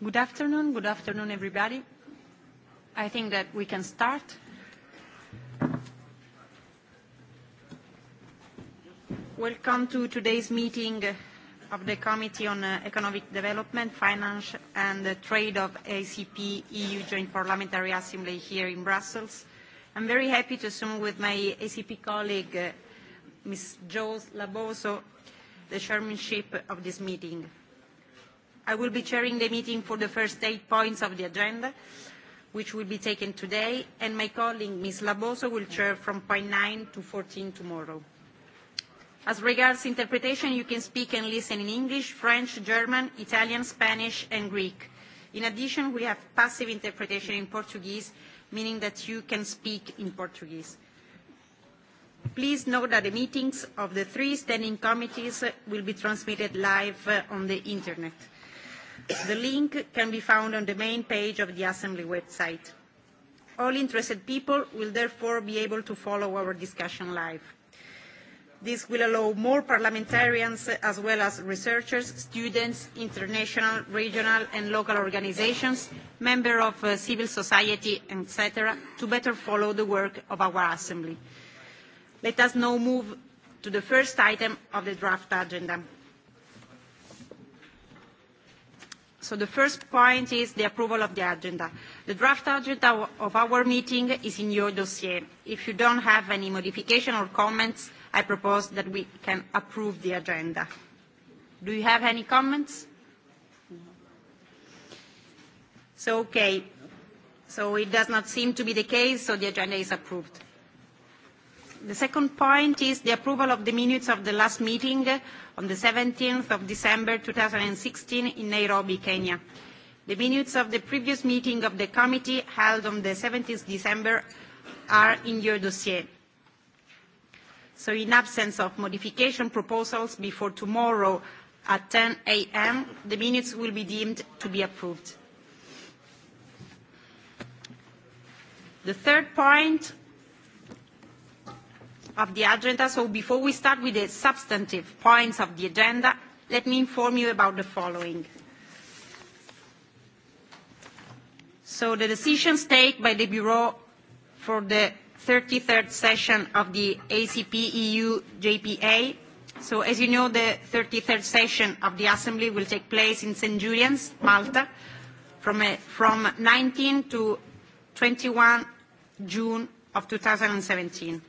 Good afternoon. Good afternoon, everybody. I think that we can start. Welcome to today's meeting of the Committee on uh, Economic Development, Finance and Trade of ACP-EU Joint Parliamentary Assembly here in Brussels. I'm very happy to assume with my ACP colleague, uh, Ms. Jo Laboso, the chairmanship of this meeting. I will be chairing the meeting for the first eight points of the agenda, which will be taken today, and my colleague, Ms. Laboso, will chair from point nine to fourteen tomorrow. As regards interpretation, you can speak and listen in English, French, German, Italian, Spanish, and Greek. In addition, we have passive interpretation in Portuguese, meaning that you can speak in Portuguese. Please note that the meetings of the three standing committees will be transmitted live uh, on the internet. The link can be found on the main page of the Assembly website. All interested people will therefore be able to follow our discussion live. This will allow more parliamentarians as well as researchers, students, international, regional and local organisations, members of uh, civil society, etc., to better follow the work of our Assembly. Let us now move to the first item of the draft agenda. So the first point is the approval of the agenda. The draft agenda of our meeting is in your dossier. If you don't have any modification or comments, I propose that we can approve the agenda. Do you have any comments? So, okay. So it does not seem to be the case, so the agenda is approved. The second point is the approval of the minutes of the last meeting on the 17th of December 2016 in Nairobi, Kenya. The minutes of the previous meeting of the committee held on the 17th December are in your dossier. So in absence of modification proposals before tomorrow at 10 a.m., the minutes will be deemed to be approved. The third point of the agenda. So before we start with the substantive points of the agenda, let me inform you about the following. So the decisions taken by the Bureau for the 33rd session of the ACP EU JPA. So as you know, the 33rd session of the Assembly will take place in St. Julian's, Malta, from, a, uh, from 19 to 21 June of 2017.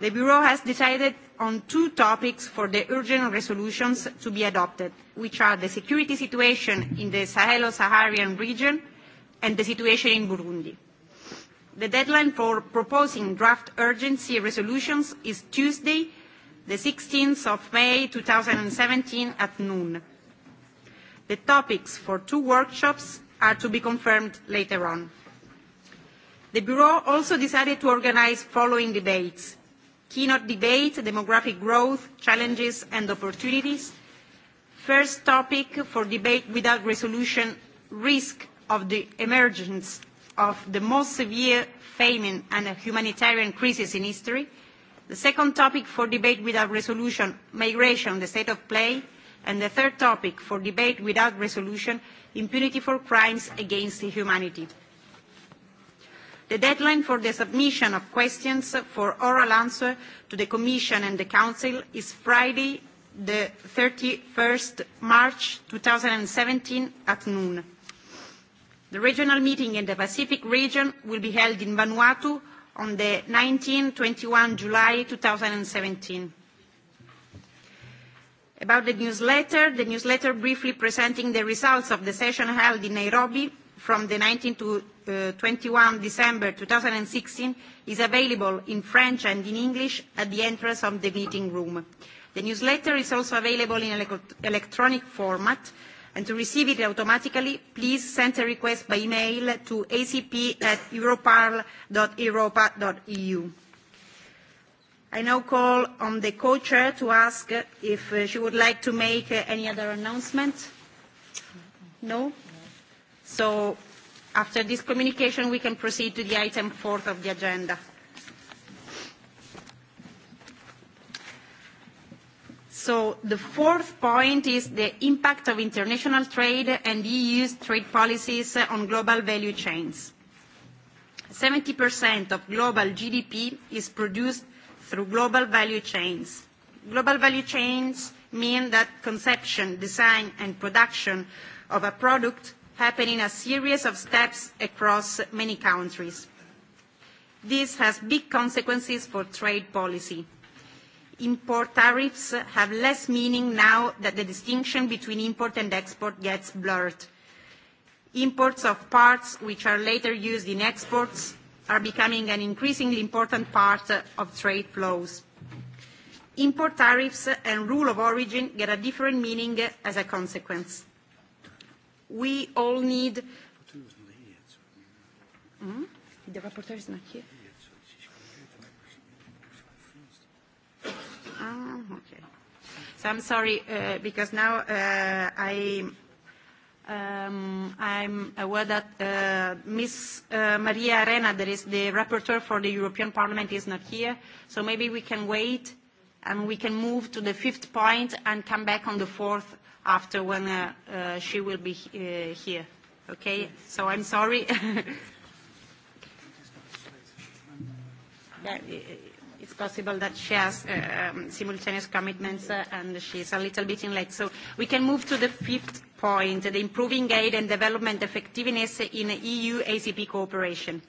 The Bureau has decided on two topics for the urgent resolutions to be adopted, which are the security situation in the Sahelo-Saharan region and the situation in Burundi. The deadline for proposing draft urgency resolutions is Tuesday, the 16th of May 2017 at noon. The topics for two workshops are to be confirmed later on. The Bureau also decided to organise following debates keynote debate, demographic growth, challenges and opportunities. First topic for debate without resolution, risk of the emergence of the most severe famine and humanitarian crisis in history. The second topic for debate without resolution, migration, the state of play. And the third topic for debate without resolution, impunity for crimes against humanity. The deadline for the submission of questions for oral answer to the Commission and the Council is Friday, the 31st March 2017 at noon. The regional meeting in the Pacific region will be held in Vanuatu on the 19-21 July 2017. About the newsletter, the newsletter briefly presenting the results of the session held in Nairobi from the 19 to uh, 21 December 2016 is available in French and in English at the entrance of the meeting room. The newsletter is also available in electronic format, and to receive it automatically, please send a request by email to acp at europarl.europa.eu. I now call on the co-chair to ask if uh, she would like to make uh, any other announcement. No? So after this communication, we can proceed to the item fourth of the agenda. So the fourth point is the impact of international trade and the EU's trade policies on global value chains. 70% of global GDP is produced through global value chains. Global value chains mean that conception, design, and production of a product happening a series of steps across many countries. This has big consequences for trade policy. Import tariffs have less meaning now that the distinction between import and export gets blurred. Imports of parts which are later used in exports are becoming an increasingly important part of trade flows. Import tariffs and rule of origin get a different meaning as a consequence we all need... Mm-hmm. The rapporteur is not here. Ah, okay. So I'm sorry, uh, because now uh, I, um, I'm aware that uh, Ms. Uh, Maria Arena, that is the rapporteur for the European Parliament, is not here. So maybe we can wait and we can move to the fifth point and come back on the fourth after when uh, uh, she will be uh, here. Okay? Yes. So I'm sorry. yeah, it's possible that she has uh, um, simultaneous commitments uh, and she's a little bit in late. So we can move to the fifth point, the improving aid and development effectiveness in EU-ACP cooperation.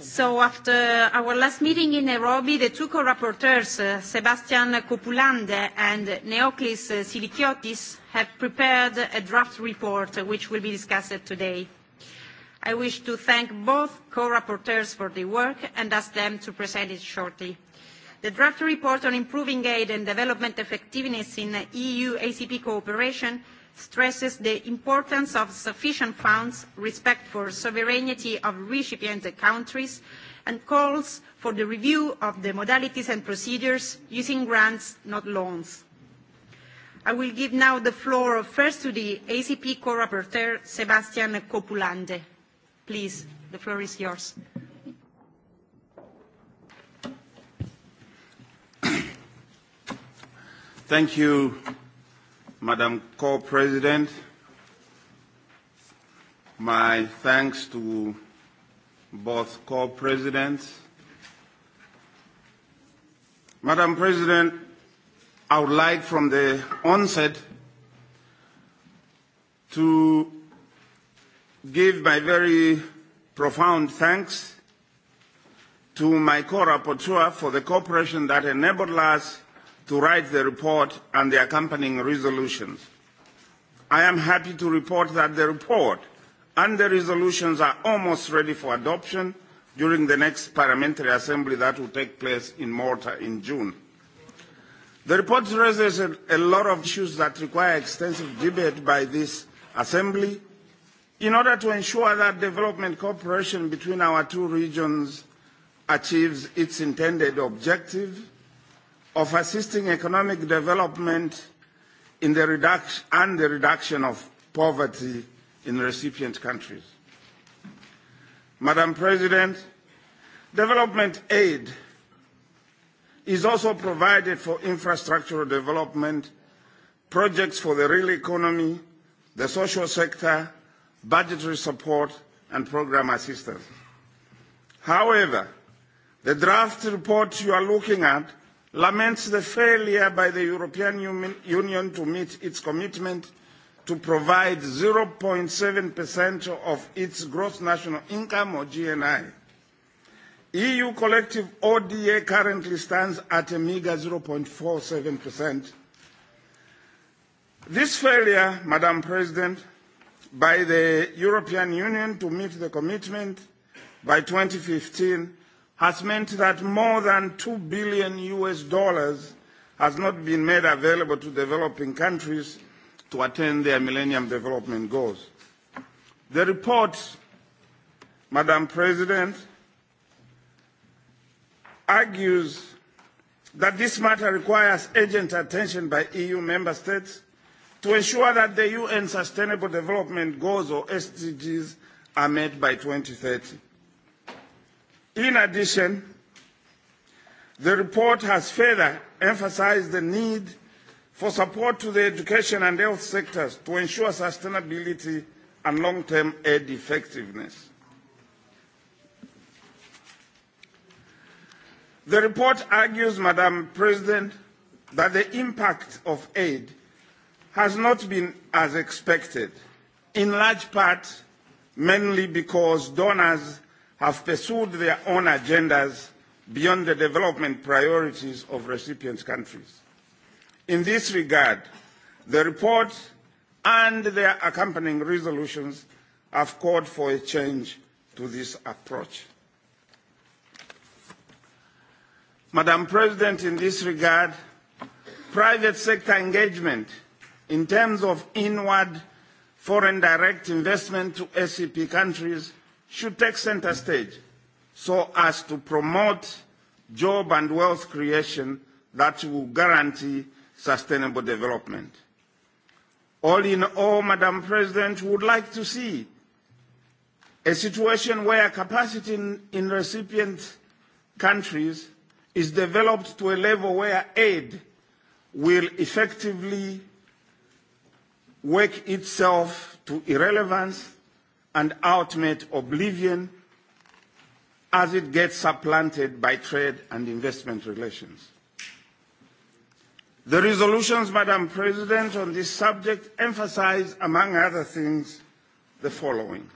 So after our last meeting in Nairobi, the two co-rapporteurs, uh, Sebastian Copulande and Neoklis uh, Silikiotis, have prepared a draft report uh, which will be discussed today. I wish to thank both co-rapporteurs for their work and ask them to present it shortly. The draft report on improving aid and development effectiveness in EU ACP cooperation stresses the importance of sufficient funds, respect for sovereignty of recipient countries, and calls for the review of the modalities and procedures using grants, not loans. I will give now the floor first to the ACP co-rapporteur, Sebastian Copulande. Please, the floor is yours. Thank you, Madam Co-President, my thanks to both co-presidents. Madam President, I would like from the onset to give my very profound thanks to my co-rapporteur for the cooperation that enabled us to write the report and the accompanying resolutions. I am happy to report that the report and the resolutions are almost ready for adoption during the next Parliamentary Assembly that will take place in Malta in June. The report raises a, a lot of issues that require extensive debate by this Assembly in order to ensure that development cooperation between our two regions achieves its intended objective of assisting economic development in the reduction, and the reduction of poverty in recipient countries. Madam President, development aid is also provided for infrastructural development, projects for the real economy, the social sector, budgetary support, and program assistance. However, the draft report you are looking at laments the failure by the European Union to meet its commitment to provide zero seven of its gross national income or GNI. EU collective ODA currently stands at a forty seven This failure, Madam President, by the European Union to meet the commitment by fifteen has meant that more than two billion US dollars has not been made available to developing countries to attain their Millennium Development Goals. The report, Madam President, argues that this matter requires urgent attention by EU member states to ensure that the UN Sustainable Development Goals or SDGs are met by 2030. In addition, the report has further emphasised the need for support to the education and health sectors to ensure sustainability and long-term aid effectiveness. The report argues, Madam President, that the impact of aid has not been as expected, in large part mainly because donors have pursued their own agendas beyond the development priorities of recipient countries. In this regard, the report and their accompanying resolutions have called for a change to this approach. Madam President, in this regard, private sector engagement in terms of inward foreign direct investment to SCP e countries should take center stage so as to promote job and wealth creation that will guarantee sustainable development. All in all, Madam President, we would like to see a situation where capacity in, in recipient countries is developed to a level where aid will effectively work itself to irrelevance and ultimate oblivion as it gets supplanted by trade and investment relations. The resolutions, Madam President, on this subject emphasize, among other things, the following.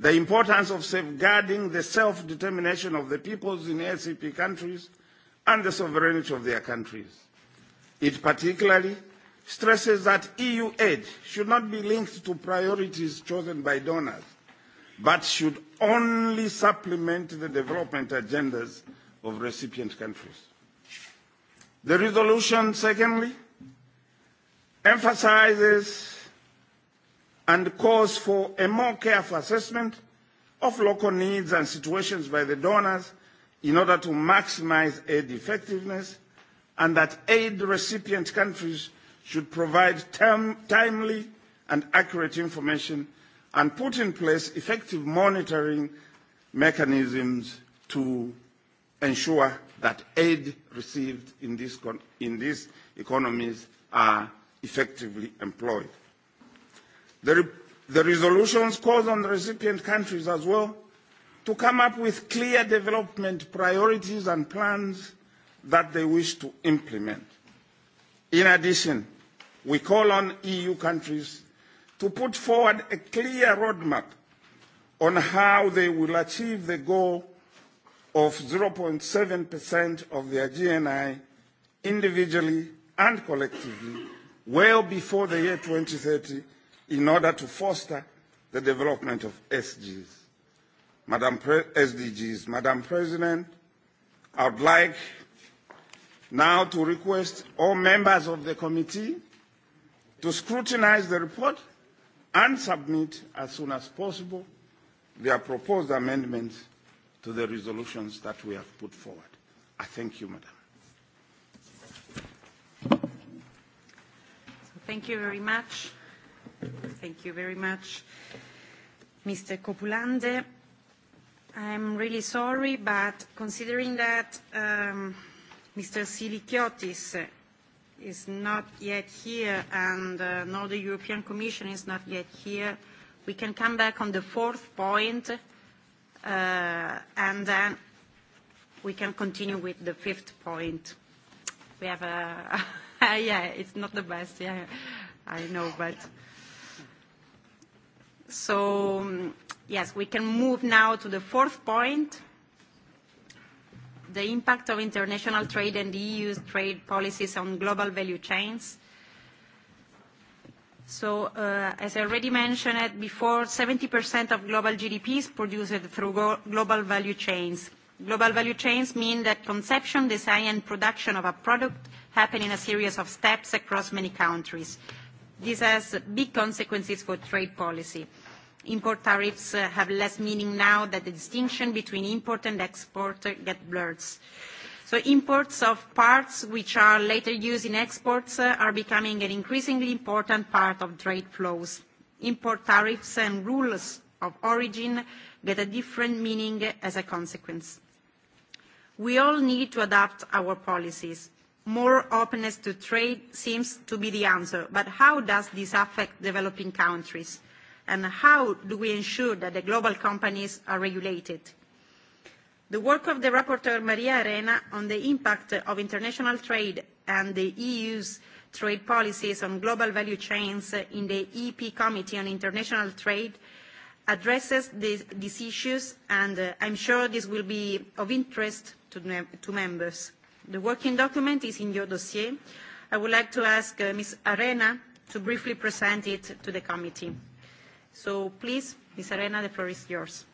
The importance of safeguarding the self-determination of the peoples in ACP countries and the sovereignty of their countries. It particularly stresses that EU aid should not be linked to priorities chosen by donors, but should only supplement the development agendas of recipient countries. The resolution, secondly, emphasizes and calls for a more careful assessment of local needs and situations by the donors in order to maximize aid effectiveness and that aid recipient countries should provide term, timely and accurate information and put in place effective monitoring mechanisms to ensure that aid received in, this in these economies are effectively employed. The, re the resolutions calls on the recipient countries as well to come up with clear development priorities and plans that they wish to implement. In addition, we call on EU countries to put forward a clear roadmap on how they will achieve the goal of 0.7% of their GNI individually and collectively well before the year 2030 in order to foster the development of SGs. Madam Pre- SDGs. Madam President, I would like now to request all members of the committee to scrutinise the report and submit as soon as possible their proposed amendments to the resolutions that we have put forward. I thank you, Madam. Thank you very much. Thank you very much, Mr. Copulande. I'm really sorry, but considering that um, Mr. Silikiotis is not yet here, and uh, no, the European Commission is not yet here. We can come back on the fourth point, uh, and then we can continue with the fifth point. We have a... yeah, it's not the best, yeah, I know, but... So, um, yes, we can move now to the fourth point the impact of international trade and the EU's trade policies on global value chains. So, uh, as I already mentioned before, 70% of global GDP is produced through global value chains. Global value chains mean that conception, design, and production of a product happen in a series of steps across many countries. This has big consequences for trade policy. Import tariffs uh, have less meaning now that the distinction between import and export uh, get blurred. So imports of parts which are later used in exports uh, are becoming an increasingly important part of trade flows. Import tariffs and rules of origin get a different meaning as a consequence. We all need to adapt our policies. More openness to trade seems to be the answer, but how does this affect developing countries? and how do we ensure that the global companies are regulated? The work of the rapporteur Maria Arena on the impact of international trade and the EU's trade policies on global value chains in the EP Committee on International Trade addresses this, these issues, and uh, I'm sure this will be of interest to, to members. The working document is in your dossier. I would like to ask uh, Ms. Arena to briefly present it to the committee please, Ms. Arena, the floor is yours.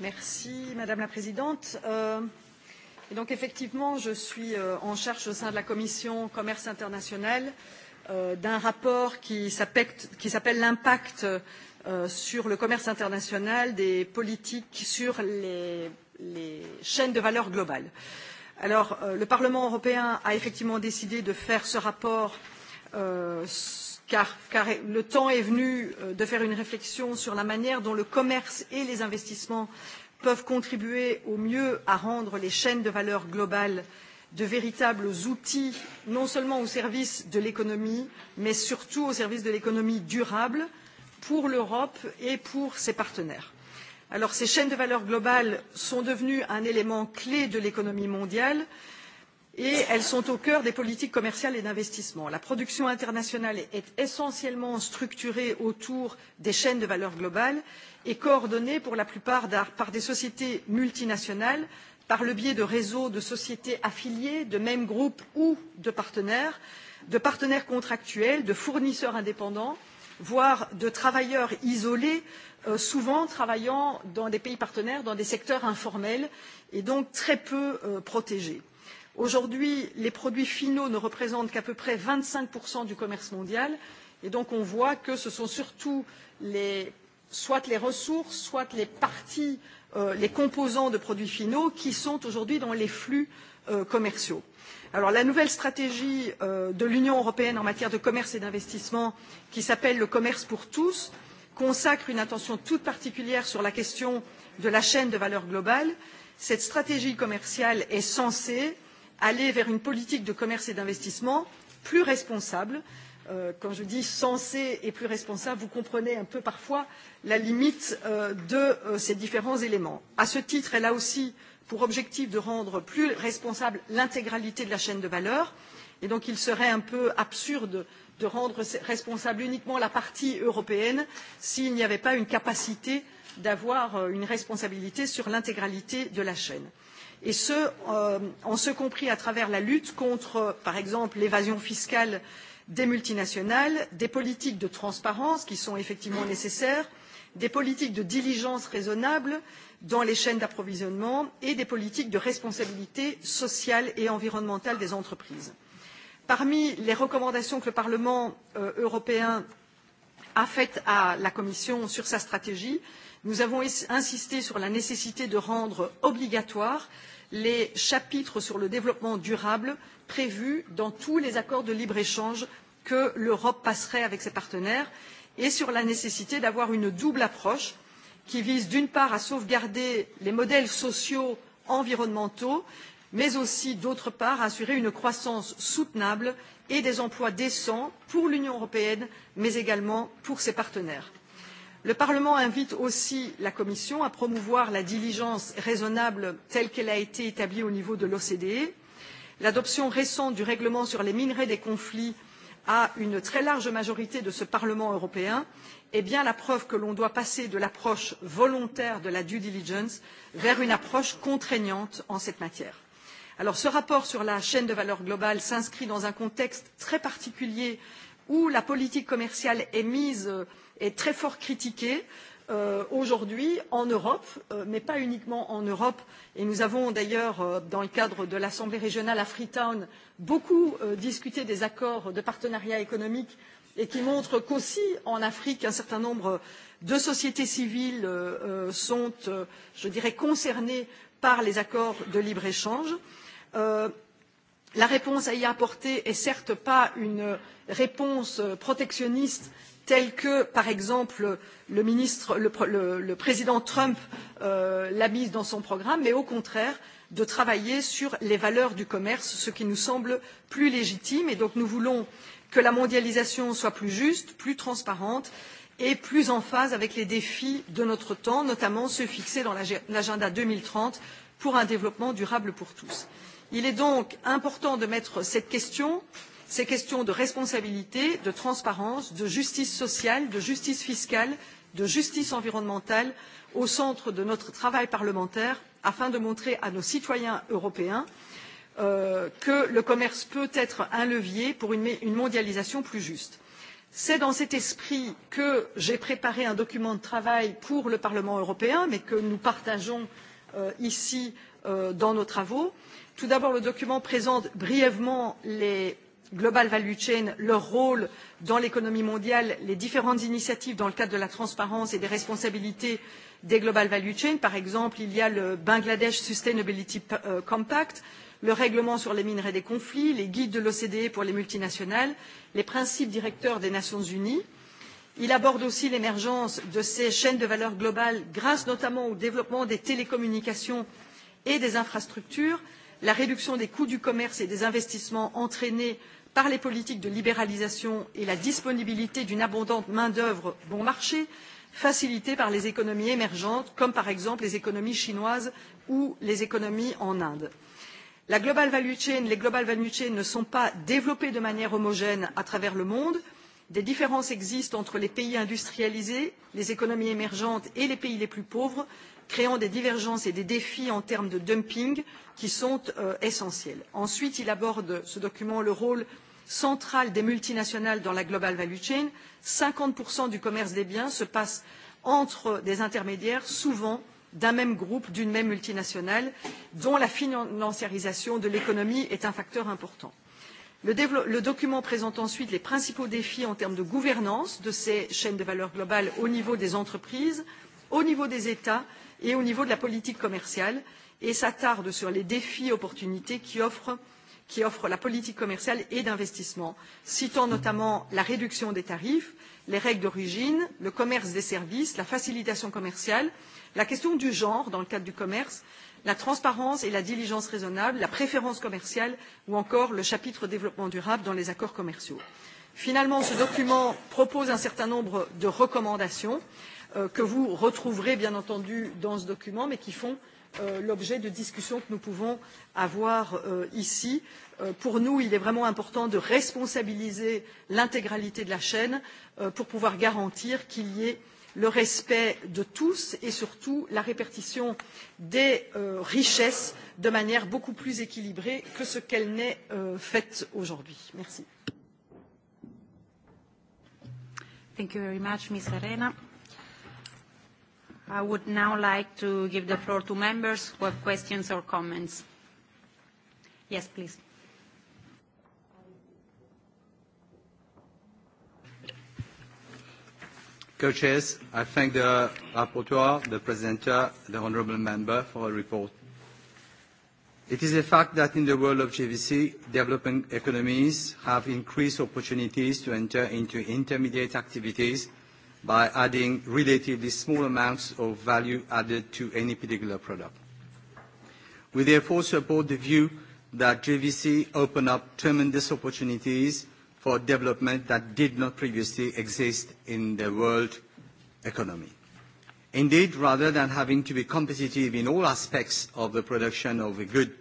Merci, Madame la Présidente. Euh, donc, effectivement, je suis euh, en charge au sein de la Commission Commerce international euh, d'un rapport qui s'appelle l'impact sur le commerce international des politiques sur les, chaînes de valeur globales. Alors, le Parlement européen a effectivement décidé de faire ce rapport euh, car, car le temps est venu euh, de faire une réflexion sur la manière dont le commerce et les investissements peuvent contribuer au mieux à rendre les chaînes de valeur globales de véritables outils non seulement au service de l'économie mais surtout au service de l'économie durable pour l'europe et pour ses partenaires. Alors, ces chaînes de valeur globales sont devenues un élément clé de l'économie mondiale et elles sont au cœur des politiques commerciales et d'investissement. la production internationale est essentiellement structurée autour des chaînes de valeur globale et coordonnée pour la plupart par des sociétés multinationales par le biais de réseaux de sociétés affiliées de mêmes groupes ou de partenaires de partenaires contractuels de fournisseurs indépendants voire de travailleurs isolés euh, souvent travaillant dans des pays partenaires dans des secteurs informels et donc très peu euh, protégés aujourd'hui les produits finaux ne représentent qu'à peu près vingt cinq du commerce mondial et donc on voit que ce sont surtout soit les ressources soit les parties euh, les composants de produits finaux qui sont aujourd'hui dans les flux euh, commerciaux. Alors, la nouvelle stratégie euh, de l'union européenne en matière de commerce et d'investissement qui s'appelle le commerce pour tous consacre une attention toute particulière sur la question de la chaîne de valeur globale. cette stratégie commerciale est censée aller vers une politique de commerce et d'investissement plus responsable euh, quand je dis sensée et plus responsable vous comprenez un peu parfois la limite euh, de euh, ces différents éléments. à ce titre elle a aussi pour objectif de rendre plus responsable l'intégralité de la chaîne de valeur et donc il serait un peu absurde de rendre responsable uniquement la partie européenne s'il n'y avait pas une capacité d'avoir une responsabilité sur l'intégralité de la chaîne et ce euh, en ce compris à travers la lutte contre par exemple l'évasion fiscale des multinationales des politiques de transparence qui sont effectivement nécessaires des politiques de diligence raisonnable dans les chaînes d'approvisionnement et des politiques de responsabilité sociale et environnementale des entreprises. parmi les recommandations que le parlement euh, européen a faites à la commission sur sa stratégie nous avons insisté sur la nécessité de rendre obligatoire les chapitres sur le développement durable prévus dans tous les accords de libre échange que l'europe passerait avec ses partenaires et sur la nécessité d'avoir une double approche qui vise d'une part à sauvegarder les modèles sociaux environnementaux mais aussi d'autre part à assurer une croissance soutenable et des emplois décents pour l'union européenne mais également pour ses partenaires le parlement invite aussi la commission à promouvoir la diligence raisonnable telle qu'elle a été établie au niveau de l'ocde. l'adoption récente du règlement sur les minerais des conflits à une très large majorité de ce parlement européen est bien la preuve que l'on doit passer de l'approche volontaire de la due diligence vers une approche contraignante en cette matière. ce rapport sur la chaîne de valeur globale s'inscrit dans un contexte très particulier où la politique commerciale est mise est très fort critiqué euh, aujourd'hui en europe euh, mais pas uniquement en europe et nous avons d'ailleurs euh, dans le cadre de l'assemblée régionale à freetown beaucoup discuté des accords de partenariat économique et qui montrent qu'aussi en afrique un certain nombre de sociétés civiles sont je dirais concernées par les accords de libre échange. la réponse à y apporter n'est certes pas une réponse protectionniste telles que par exemple le, ministre, le, président trump euh, l'a mise dans son programme mais au contraire de travailler sur les valeurs du commerce ce qui nous semble plus légitime et donc nous voulons que la mondialisation soit plus juste plus transparente et plus en phase avec les défis de notre temps notamment ceux fixés dans l'agenda deux mille trente pour un développement durable pour tous. il est donc important de mettre cette question au ces questions de responsabilité de transparence de justice sociale de justice fiscale de justice environnementale au centre de notre travail parlementaire afin de montrer à nos citoyens européens euh, que le commerce peut être un levier pour une, une mondialisation plus juste. c'est dans cet esprit que j'ai préparé un document de travail pour le parlement européen mais que nous partageons euh, ici euh, dans nos travaux. tout d'abord le document présente brièvement les global value chain, leur rôle dans l'économie mondiale, les différentes initiatives dans le cadre de la transparence et des responsabilités des global value chain. Par exemple, il y a le Bangladesh Sustainability euh, Compact, le règlement sur les minerais des conflits, les guides de l'OCDE pour les multinationales, les principes directeurs des Nations unies. Il aborde aussi l'émergence de ces chaînes de valeur globales grâce notamment au développement des télécommunications et des infrastructures, la réduction des coûts du commerce et des investissements entraînés par les politiques de libéralisation et la disponibilité d'une abondante main d'œuvre bon marché facilitée par les économies émergentes comme par exemple les économies chinoises ou les économies en inde. La global value chain, les global value chains ne sont pas développées de manière homogène à travers le monde des différences existent entre les pays industrialisés les économies émergentes et les pays les plus pauvres créant des divergences et des défis en termes de dumping qui sont euh, essentiels. ensuite il aborde ce document le rôle central des multinationales dans la global value chain cinquante du commerce des biens se passe entre des intermédiaires souvent d'un même groupe d'une même multinationale dont la financiarisation de l'économie est un facteur important. Le, le document présente ensuite les principaux défis en termes de gouvernance de ces chaînes de valeur globale au niveau des entreprises au niveau des états et au niveau de la politique commerciale et s'attarde sur les défis et opportunités qui offrent la politique commerciale et d'investissement citant notamment la réduction des tarifs les règles d'origine le commerce des services la facilitation commerciale la question du genre dans le cadre du commerce la transparence et la diligence raisonnable la préférence commerciale ou encore le chapitre développement durable dans les accords commerciaux. finalement ce document propose un certain nombre de recommandations Euh, que vous retrouverez bien entendu dans ce document mais qui font euh, l'objet de discussions que nous pouvons avoir euh, ici. pour nous il est vraiment important de responsabiliser l'intégralité de la chaîne pour pouvoir garantir qu'il y ait le respect de tous et surtout la répartition des richesses de manière beaucoup plus équilibrée que ce qu'elle n'est faite aujourd'hui. merci. Thank you very much, Ms. I would now like to give the floor to members who have questions or comments. Yes, please. Co-chairs, I thank the rapporteur, the presenter, the honorable member for her report. It is a fact that in the world of JVC, developing economies have increased opportunities to enter into intermediate activities by adding relatively small amounts of value added to any particular product. We therefore support the view that JVC open up tremendous opportunities for development that did not previously exist in the world economy. Indeed, rather than having to be competitive in all aspects of the production of a good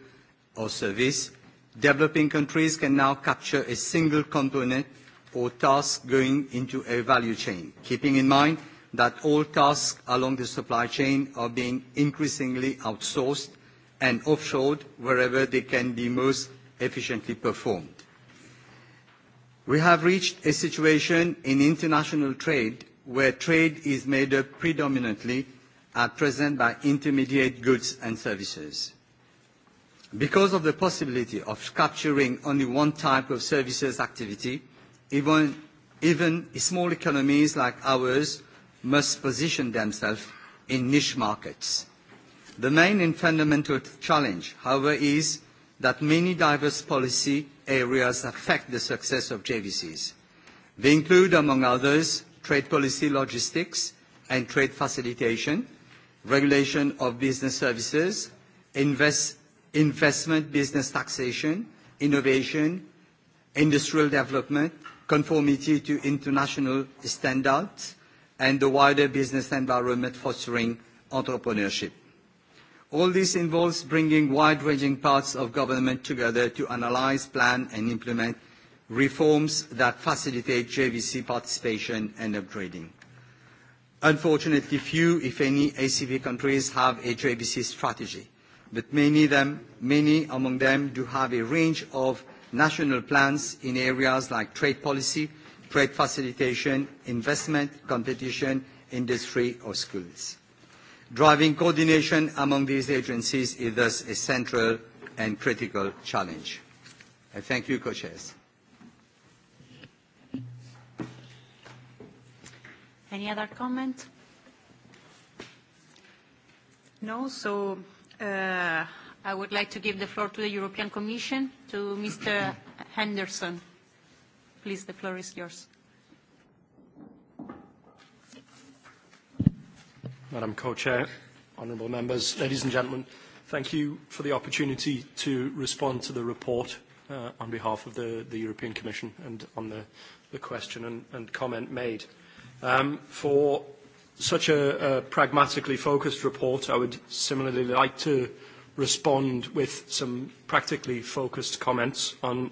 or service, developing countries can now capture a single component or tasks going into a value chain, keeping in mind that all tasks along the supply chain are being increasingly outsourced and offshored wherever they can be most efficiently performed. We have reached a situation in international trade where trade is made up predominantly at present by intermediate goods and services. Because of the possibility of capturing only one type of services activity, Even, even small economies like ours must position themselves in niche markets. The main and fundamental challenge, however, is that many diverse policy areas affect the success of JVCs. They include, among others, trade policy logistics and trade facilitation, regulation of business services, invest, investment business taxation, innovation, industrial development, conformity to international standards, and the wider business environment fostering entrepreneurship. All this involves bringing wide-ranging parts of government together to analyse, plan, and implement reforms that facilitate JVC participation and upgrading. Unfortunately, few, if any, ACP countries have a JVC strategy, but many, them, many among them do have a range of national plans in areas like trade policy, trade facilitation, investment, competition, industry or schools. Driving coordination among these agencies is thus a central and critical challenge. I thank you, co-chairs. Any other comment? No, so uh, i would like to give the floor to the European Commission, to Mr. Henderson. Please, the floor is yours. Madam Co-Chair, honourable members, ladies and gentlemen, thank you for the opportunity to respond to the report uh, on behalf of the, the European Commission and on the, the question and, and comment made. Um, for such a, a pragmatically focused report, I would similarly like to uh, respond with some practically focused comments on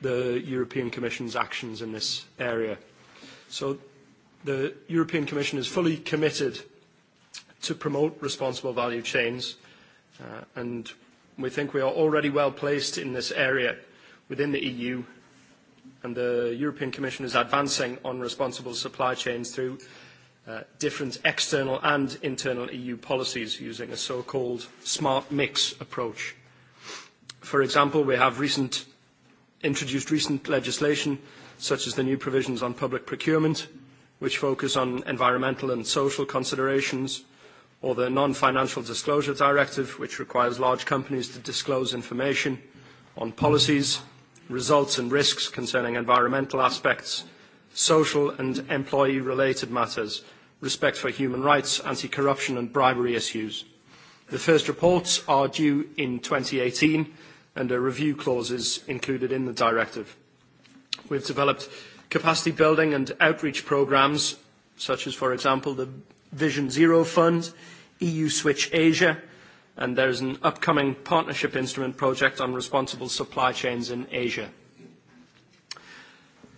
the European Commission's actions in this area. So the European Commission is fully committed to promote responsible value chains, uh, and we think we are already well placed in this area within the EU, and the European Commission is advancing on responsible supply chains through Uh, different external and internal EU policies using a so-called smart mix approach. For example, we have recent, introduced recent legislation such as the new provisions on public procurement, which focus on environmental and social considerations, or the Non-Financial Disclosure Directive, which requires large companies to disclose information on policies, results and risks concerning environmental aspects, social and employee-related matters, respect for human rights, anti-corruption and bribery issues. The first reports are due in 2018 and a review clause is included in the directive. We've developed capacity building and outreach programmes, such as, for example, the Vision Zero Fund, EU Switch Asia, and there is an upcoming partnership instrument project on responsible supply chains in Asia.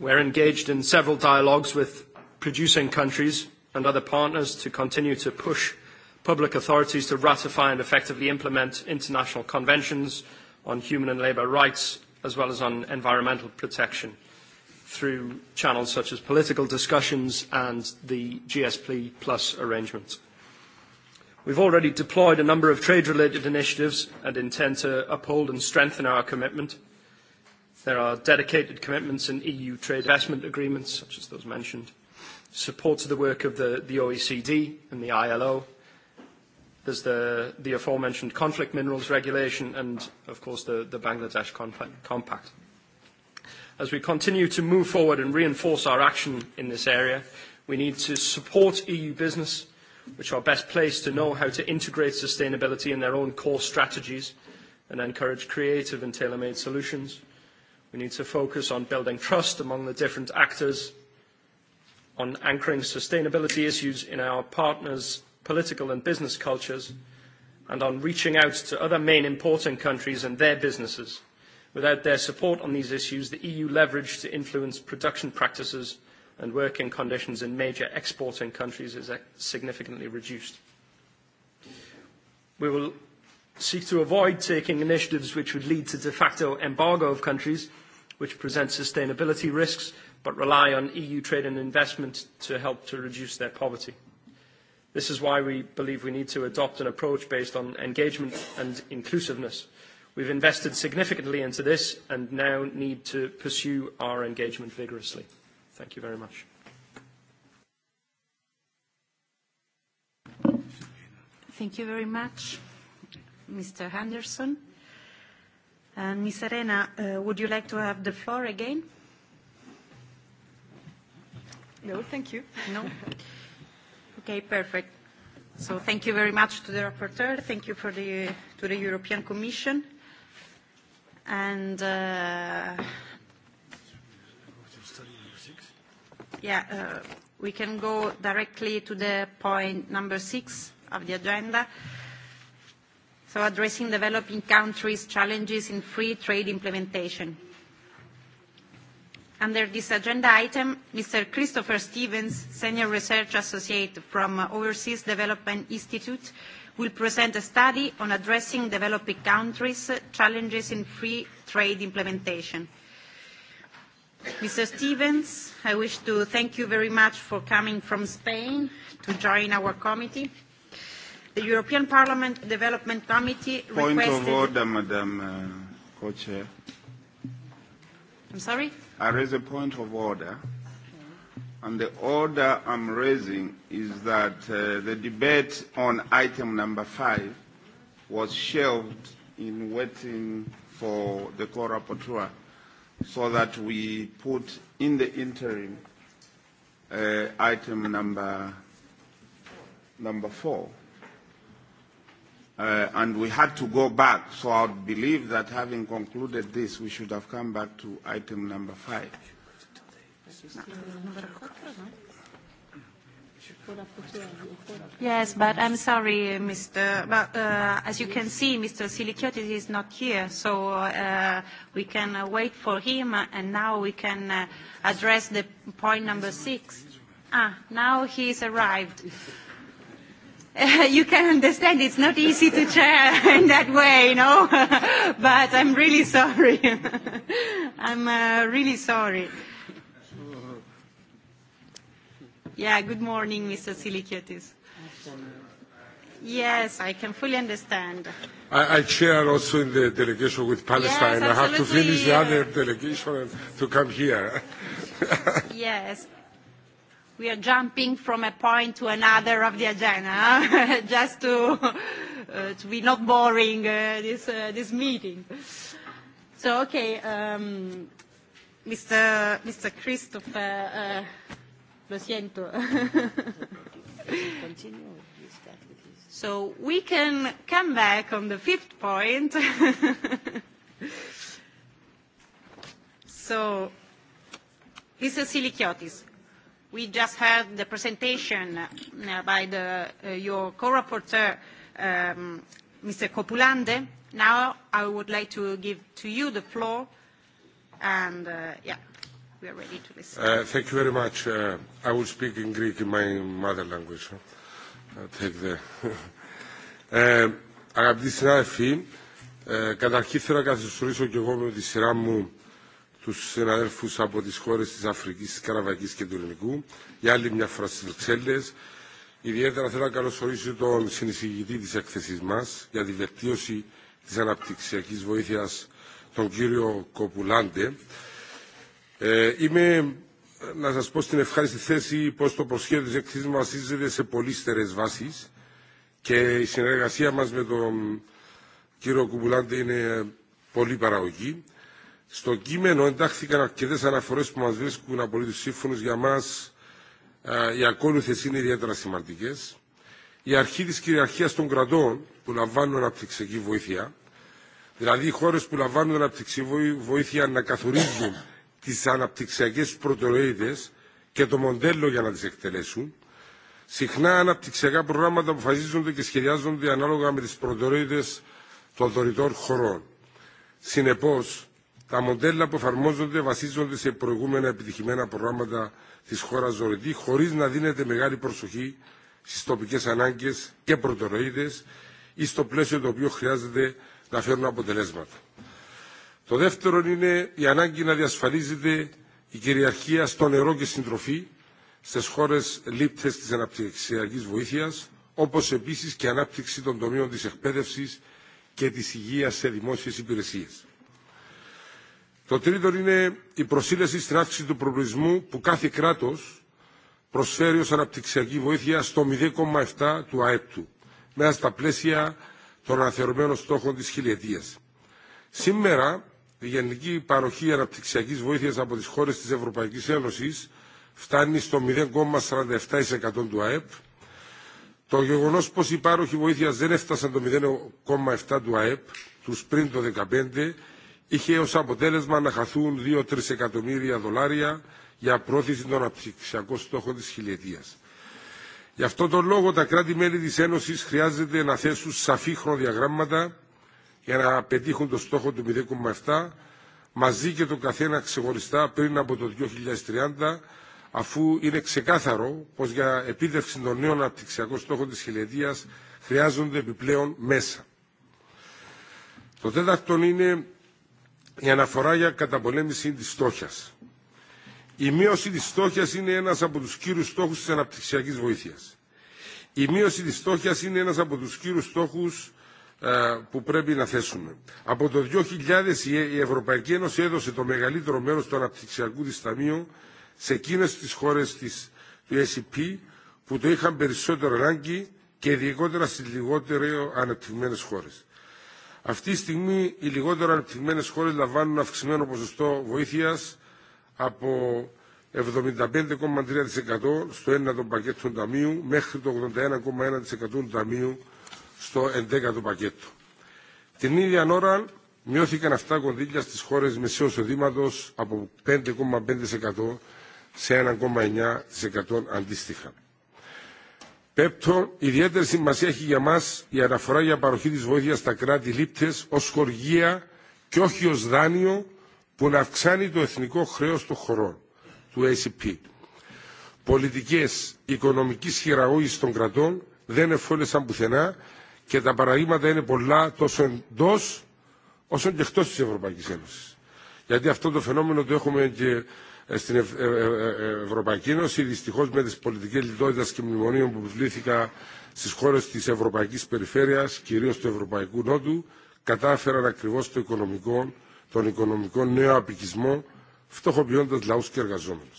We're engaged in several dialogues with producing countries and other partners to continue to push public authorities to ratify and effectively implement international conventions on human and labour rights, as well as on environmental protection, through channels such as political discussions and the GSP Plus arrangement. We've already deployed a number of trade-related initiatives and intend to uphold and strengthen our commitment. There are dedicated commitments in EU trade investment agreements, such as those mentioned, support to the work of the, the OECD and the ILO. There's the, the aforementioned conflict minerals regulation and, of course, the, the Bangladesh Compact. As we continue to move forward and reinforce our action in this area, we need to support EU business, which are best placed to know how to integrate sustainability in their own core strategies and encourage creative and tailor-made solutions. We need to focus on building trust among the different actors on anchoring sustainability issues in our partners' political and business cultures, and on reaching out to other main importing countries and their businesses. Without their support on these issues, the EU leverage to influence production practices and working conditions in major exporting countries is uh, significantly reduced. We will seek to avoid taking initiatives which would lead to de facto embargo of countries which present sustainability risks but rely on EU trade and investment to help to reduce their poverty. This is why we believe we need to adopt an approach based on engagement and inclusiveness. We've invested significantly into this and now need to pursue our engagement vigorously. Thank you very much. Thank you very much, Mr. Henderson. Ms. Arena, uh, would you like to have the floor again? No, thank you. No? Okay, perfect. So thank you very much to the rapporteur. Thank you for the, to the European Commission. And uh, yeah, uh, we can go directly to the point number six of the agenda. So addressing developing countries' challenges in free trade implementation. Under this agenda item, Mr. Christopher Stevens, Senior Research Associate from uh, Overseas Development Institute, will present a study on addressing developing countries' challenges in free trade implementation. Mr. Stevens, I wish to thank you very much for coming from Spain to join our committee. The European Parliament Development Committee Point requested... Point of order, Madam uh, Co-Chair. I'm sorry? I raise a point of order. And the order I'm raising is that uh, the debate on item number five was shelved in waiting for the co-rapporteur so that we put in the interim uh, item number, number four uh, and we had to go back. So I would believe that having concluded this, we should have come back to item number five. Yes, but I'm sorry, Mr. But uh, as you can see, Mr. Silikiotis is not here, so uh, we can uh, wait for him, uh and now we can uh, address the point number six. Ah, now he's arrived uh, you can understand it's not easy to chair in that way, you know. but I'm really sorry. I'm uh, really sorry. Yeah, good morning, Mr. Silikiotis. Yes, I can fully understand. I, I chair also in the delegation with Palestine. Yes, I have to finish the other delegation to come here. yes, we are jumping from a point to another of the agenda, just to, uh, to be not boring uh, this, uh, this meeting. So, okay, um, Mr. Mr. Christopher uh, Lo siento. So we can come back on the fifth point. so, Mr. Silikiotis, We just had the presentation uh, by the, uh, your co-rapporteur, um, Mr. Copulande. Now I would like to give to you the floor, and uh, yeah, we are ready to listen. Uh, thank you very much. Uh, I will speak in Greek, in my mother language. Huh? I'll take the... ε, uh, αγαπητοί συνάδελφοι, ε, uh, καταρχήν θέλω να καθιστορήσω και εγώ με τη σειρά μου τους συναδέλφους από τις χώρες της Αφρικής, της Καραβακής και του Ελληνικού, για άλλη μια φορά στις Βρυξέλλες. Ιδιαίτερα θέλω να καλωσορίσω τον συνεισηγητή της έκθεσης μας για τη βελτίωση της αναπτυξιακής βοήθειας, τον κύριο Κοπουλάντε. Ε, είμαι να σας πω στην ευχάριστη θέση πως το προσχέδιο της έκθεσης μας βασίζεται σε πολύ στερές βάσεις και η συνεργασία μας με τον κύριο Κοπουλάντε είναι πολύ παραγωγή. Στο κείμενο εντάχθηκαν αρκετέ αναφορέ που μα βρίσκουν απολύτω σύμφωνου. Για μα οι ακόλουθε είναι ιδιαίτερα σημαντικέ. Η αρχή τη κυριαρχία των κρατών που λαμβάνουν αναπτυξιακή βοήθεια, δηλαδή οι χώρε που λαμβάνουν αναπτυξιακή βοήθεια να καθορίζουν τι αναπτυξιακέ προτεραιότητε και το μοντέλο για να τι εκτελέσουν. Συχνά αναπτυξιακά προγράμματα αποφασίζονται και σχεδιάζονται ανάλογα με τι προτεραιότητε των δωρητών χωρών. Συνεπώς, Τα μοντέλα που εφαρμόζονται βασίζονται σε προηγούμενα επιτυχημένα προγράμματα τη χώρα ζωρετή, χωρί να δίνεται μεγάλη προσοχή στι τοπικέ ανάγκε και προτεραιότητες ή στο πλαίσιο το οποίο χρειάζεται να φέρουν αποτελέσματα. Το δεύτερο είναι η ανάγκη να διασφαλίζεται η κυριαρχία στο νερό και στην τροφή στι χώρε λήπτε τη αναπτυξιακή βοήθεια, όπω επίση και ανάπτυξη των τομείων τη εκπαίδευση και τη υγεία σε δημόσιε υπηρεσίε. Το τρίτο είναι η προσήλεση στην αύξηση του προβλησμού που κάθε κράτος προσφέρει ως αναπτυξιακή βοήθεια στο 0,7 του ΑΕΠ του, μέσα στα πλαίσια των αναθεωρημένων στόχων της χιλιετίας. Σήμερα, η γενική παροχή αναπτυξιακής βοήθειας από τις χώρες της Ευρωπαϊκής Ένωσης φτάνει στο 0,47% του ΑΕΠ. Το γεγονός πως οι πάροχοι βοήθεια δεν έφτασαν το 0,7% του ΑΕΠ τους πριν το 2015 είχε ως αποτέλεσμα να χαθούν 2-3 εκατομμύρια δολάρια για πρόθεση των αψηξιακών στόχων της χιλιετίας. Γι' αυτό τον λόγο τα κράτη-μέλη της Ένωσης χρειάζεται να θέσουν σαφή χρονοδιαγράμματα για να πετύχουν το στόχο του 0,7 μαζί και το καθένα ξεχωριστά πριν από το 2030 αφού είναι ξεκάθαρο πως για επίτευξη των νέων αναπτυξιακών στόχων της χιλιετίας χρειάζονται επιπλέον μέσα. Το τέταρτο είναι η αναφορά για καταπολέμηση της στόχιας. Η μείωση της στόχιας είναι ένας από τους κύριους στόχους της αναπτυξιακής βοήθειας. Η μείωση της στόχιας είναι ένας από τους κύριους στόχους που πρέπει να θέσουμε. Από το 2000 η Ευρωπαϊκή Ένωση έδωσε το μεγαλύτερο μέρος του αναπτυξιακού Δισταμίου σε εκείνες τις χώρες της, του ACP που το είχαν περισσότερο ανάγκη και ειδικότερα στις λιγότερο ανεπτυγμένες χώρες. Αυτή τη στιγμή οι λιγότερο ανεπτυγμένες χώρες λαμβάνουν αυξημένο ποσοστό βοήθειας από 75,3% στο 1 το πακέτο του Ταμείου μέχρι το 81,1% του Ταμείου στο 11ο πακέτο. Την ίδια ώρα μειώθηκαν αυτά κονδύλια στις χώρες μεσαίου εισοδήματο από 5,5% σε 1,9% αντίστοιχα. Πέπτο, ιδιαίτερη σημασία έχει για μας η αναφορά για παροχή της βοήθειας στα κράτη λήπτες ως χοργία και όχι ως δάνειο που να αυξάνει το εθνικό χρέος των χωρών, του ACP. Πολιτικές οικονομικής χειραγώγησης των κρατών δεν εφόλεσαν πουθενά και τα παραδείγματα είναι πολλά τόσο εντό όσο και εκτός της Ευρωπαϊκής Ένωσης. Γιατί αυτό το φαινόμενο το έχουμε και στην Ευρωπαϊκή Ένωση. Δυστυχώ με τι πολιτικέ λιτότητα και μνημονίων που βλήθηκα στι χώρε τη Ευρωπαϊκή Περιφέρεια, κυρίω του Ευρωπαϊκού Νότου, κατάφεραν ακριβώ το οικονομικό, τον οικονομικό νέο απικισμό, φτωχοποιώντα λαού και εργαζόμενου.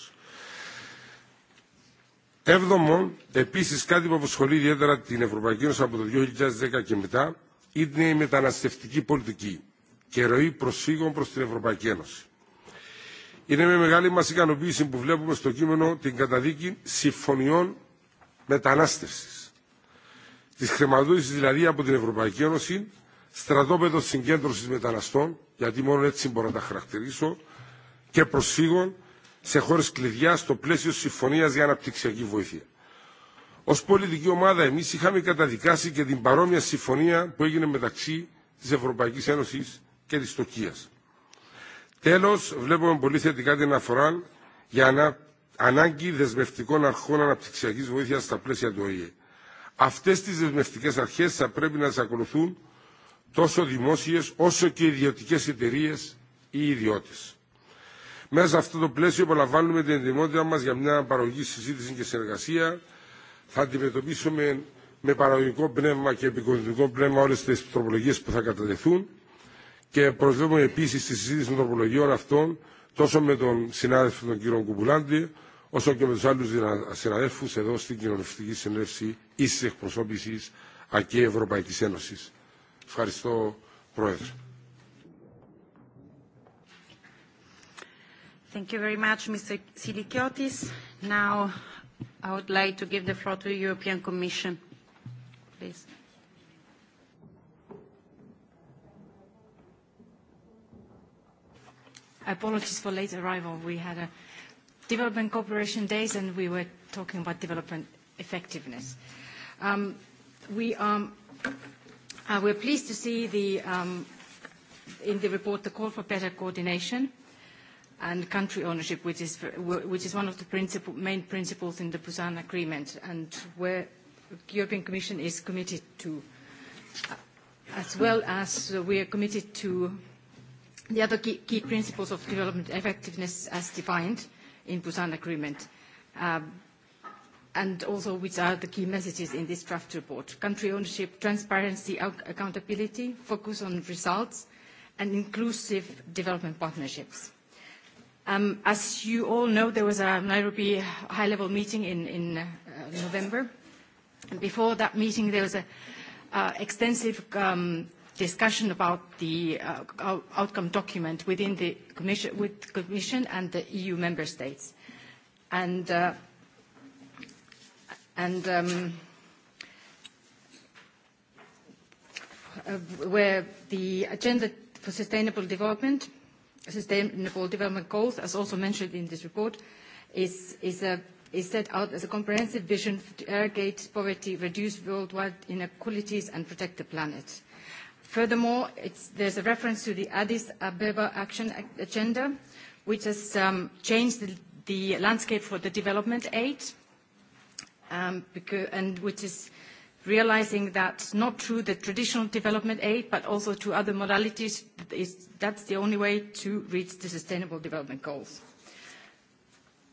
Έβδομον, επίση κάτι που αποσχολεί ιδιαίτερα την Ευρωπαϊκή Ένωση από το 2010 και μετά, είναι η μεταναστευτική πολιτική και ροή προσφύγων προ την Ευρωπαϊκή Ένωση. Είναι με μεγάλη μας ικανοποίηση που βλέπουμε στο κείμενο την καταδίκη συμφωνιών μετανάστευσης. τη χρηματοδότηση δηλαδή από την Ευρωπαϊκή Ένωση, στρατόπεδο συγκέντρωσης μεταναστών, γιατί μόνο έτσι μπορώ να τα χαρακτηρίσω, και προσφύγων σε χώρες κλειδιά στο πλαίσιο συμφωνίας για αναπτυξιακή βοήθεια. Ω πολιτική ομάδα, εμεί είχαμε καταδικάσει και την παρόμοια συμφωνία που έγινε μεταξύ τη Ευρωπαϊκή Ένωση και τη Τουρκία. Τέλος, βλέπουμε πολύ θετικά την αφορά για ανά, ανάγκη δεσμευτικών αρχών αναπτυξιακής βοήθειας στα πλαίσια του ΟΗΕ. Αυτές τις δεσμευτικές αρχές θα πρέπει να τις ακολουθούν τόσο δημόσιες όσο και ιδιωτικές εταιρείε ή ιδιώτες. Μέσα σε αυτό το πλαίσιο απολαμβάνουμε την ετοιμότητα μας για μια παραγωγή συζήτηση και συνεργασία. Θα αντιμετωπίσουμε με παραγωγικό πνεύμα και επικοδομητικό πνεύμα όλες τις τροπολογίες που θα κατατεθούν και προσβλέπουμε επίση τη συζήτηση των τροπολογιών αυτών τόσο με τον συνάδελφο τον κύριο Κουμπουλάντη, όσο και με του άλλου συναδέλφου εδώ στην κοινοβουλευτική συνέλευση ίση εκπροσώπηση ΑΚΕ Ευρωπαϊκή Ένωση. Ευχαριστώ, Πρόεδρε. Thank you very much, Mr. Silikiotis. Now, I would like to give the floor to the European Commission, please. Apologies for late arrival. We had a development cooperation days and we were talking about development effectiveness. Um, we are um, uh, we're pleased to see the, um, in the report the call for better coordination and country ownership, which is, which is one of the principal, main principles in the Busan Agreement and where the European Commission is committed to, as well as we are committed to The other key, key principles of development effectiveness as defined in Busan Agreement, um, and also which are the key messages in this draft report. Country ownership, transparency, accountability, focus on results, and inclusive development partnerships. Um, as you all know, there was a Nairobi high-level meeting in, in uh, November. And before that meeting, there was an uh, extensive um, discussion about the uh, outcome document within the commission, with the commission and the EU member states. And, uh, and um, uh, where the agenda for sustainable development, sustainable development goals, as also mentioned in this report, is, is a is set out as a comprehensive vision to eradicate poverty, reduce worldwide inequalities, and protect the planet. Furthermore, there's a reference to the Addis Ababa Action Agenda, which has um, changed the, the landscape for the development aid, um, because, and which is realizing that not through the traditional development aid, but also through other modalities, is, that's the only way to reach the sustainable development goals.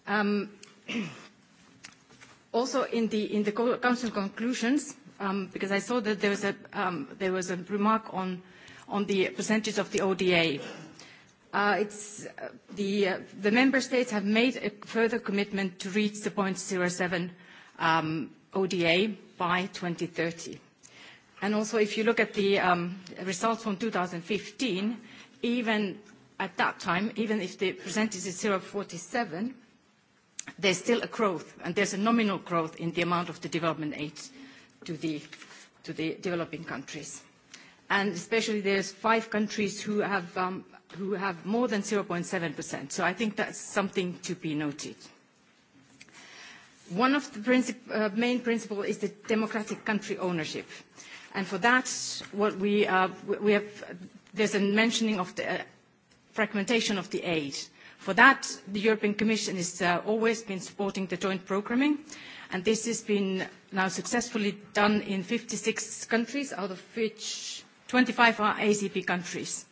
Um, also, in the, in the Council conclusions, Um, because I saw that there was a, um, there was a remark on, the percentage of the ODA. Uh, it's, uh, uh, the, member states have made a further commitment to reach the 0.07 um, ODA by 2030. And also, if you look at the results from 2015, even at that time, even if the percentage is 0.47, there's still a growth, and there's a nominal growth in the amount of the development aid to the, to the developing countries. And especially there's five countries who have, um, who have more than 0.7%. So I think that's something to be noted. One of the princip uh, main principles is the democratic country ownership. And for that, what we, uh, we have, there's a mentioning of the uh, fragmentation of the aid. For that, the European Commission has uh, always been supporting the joint programming, and this has been now successfully done in 56 countries, out of which 25 are ACP countries.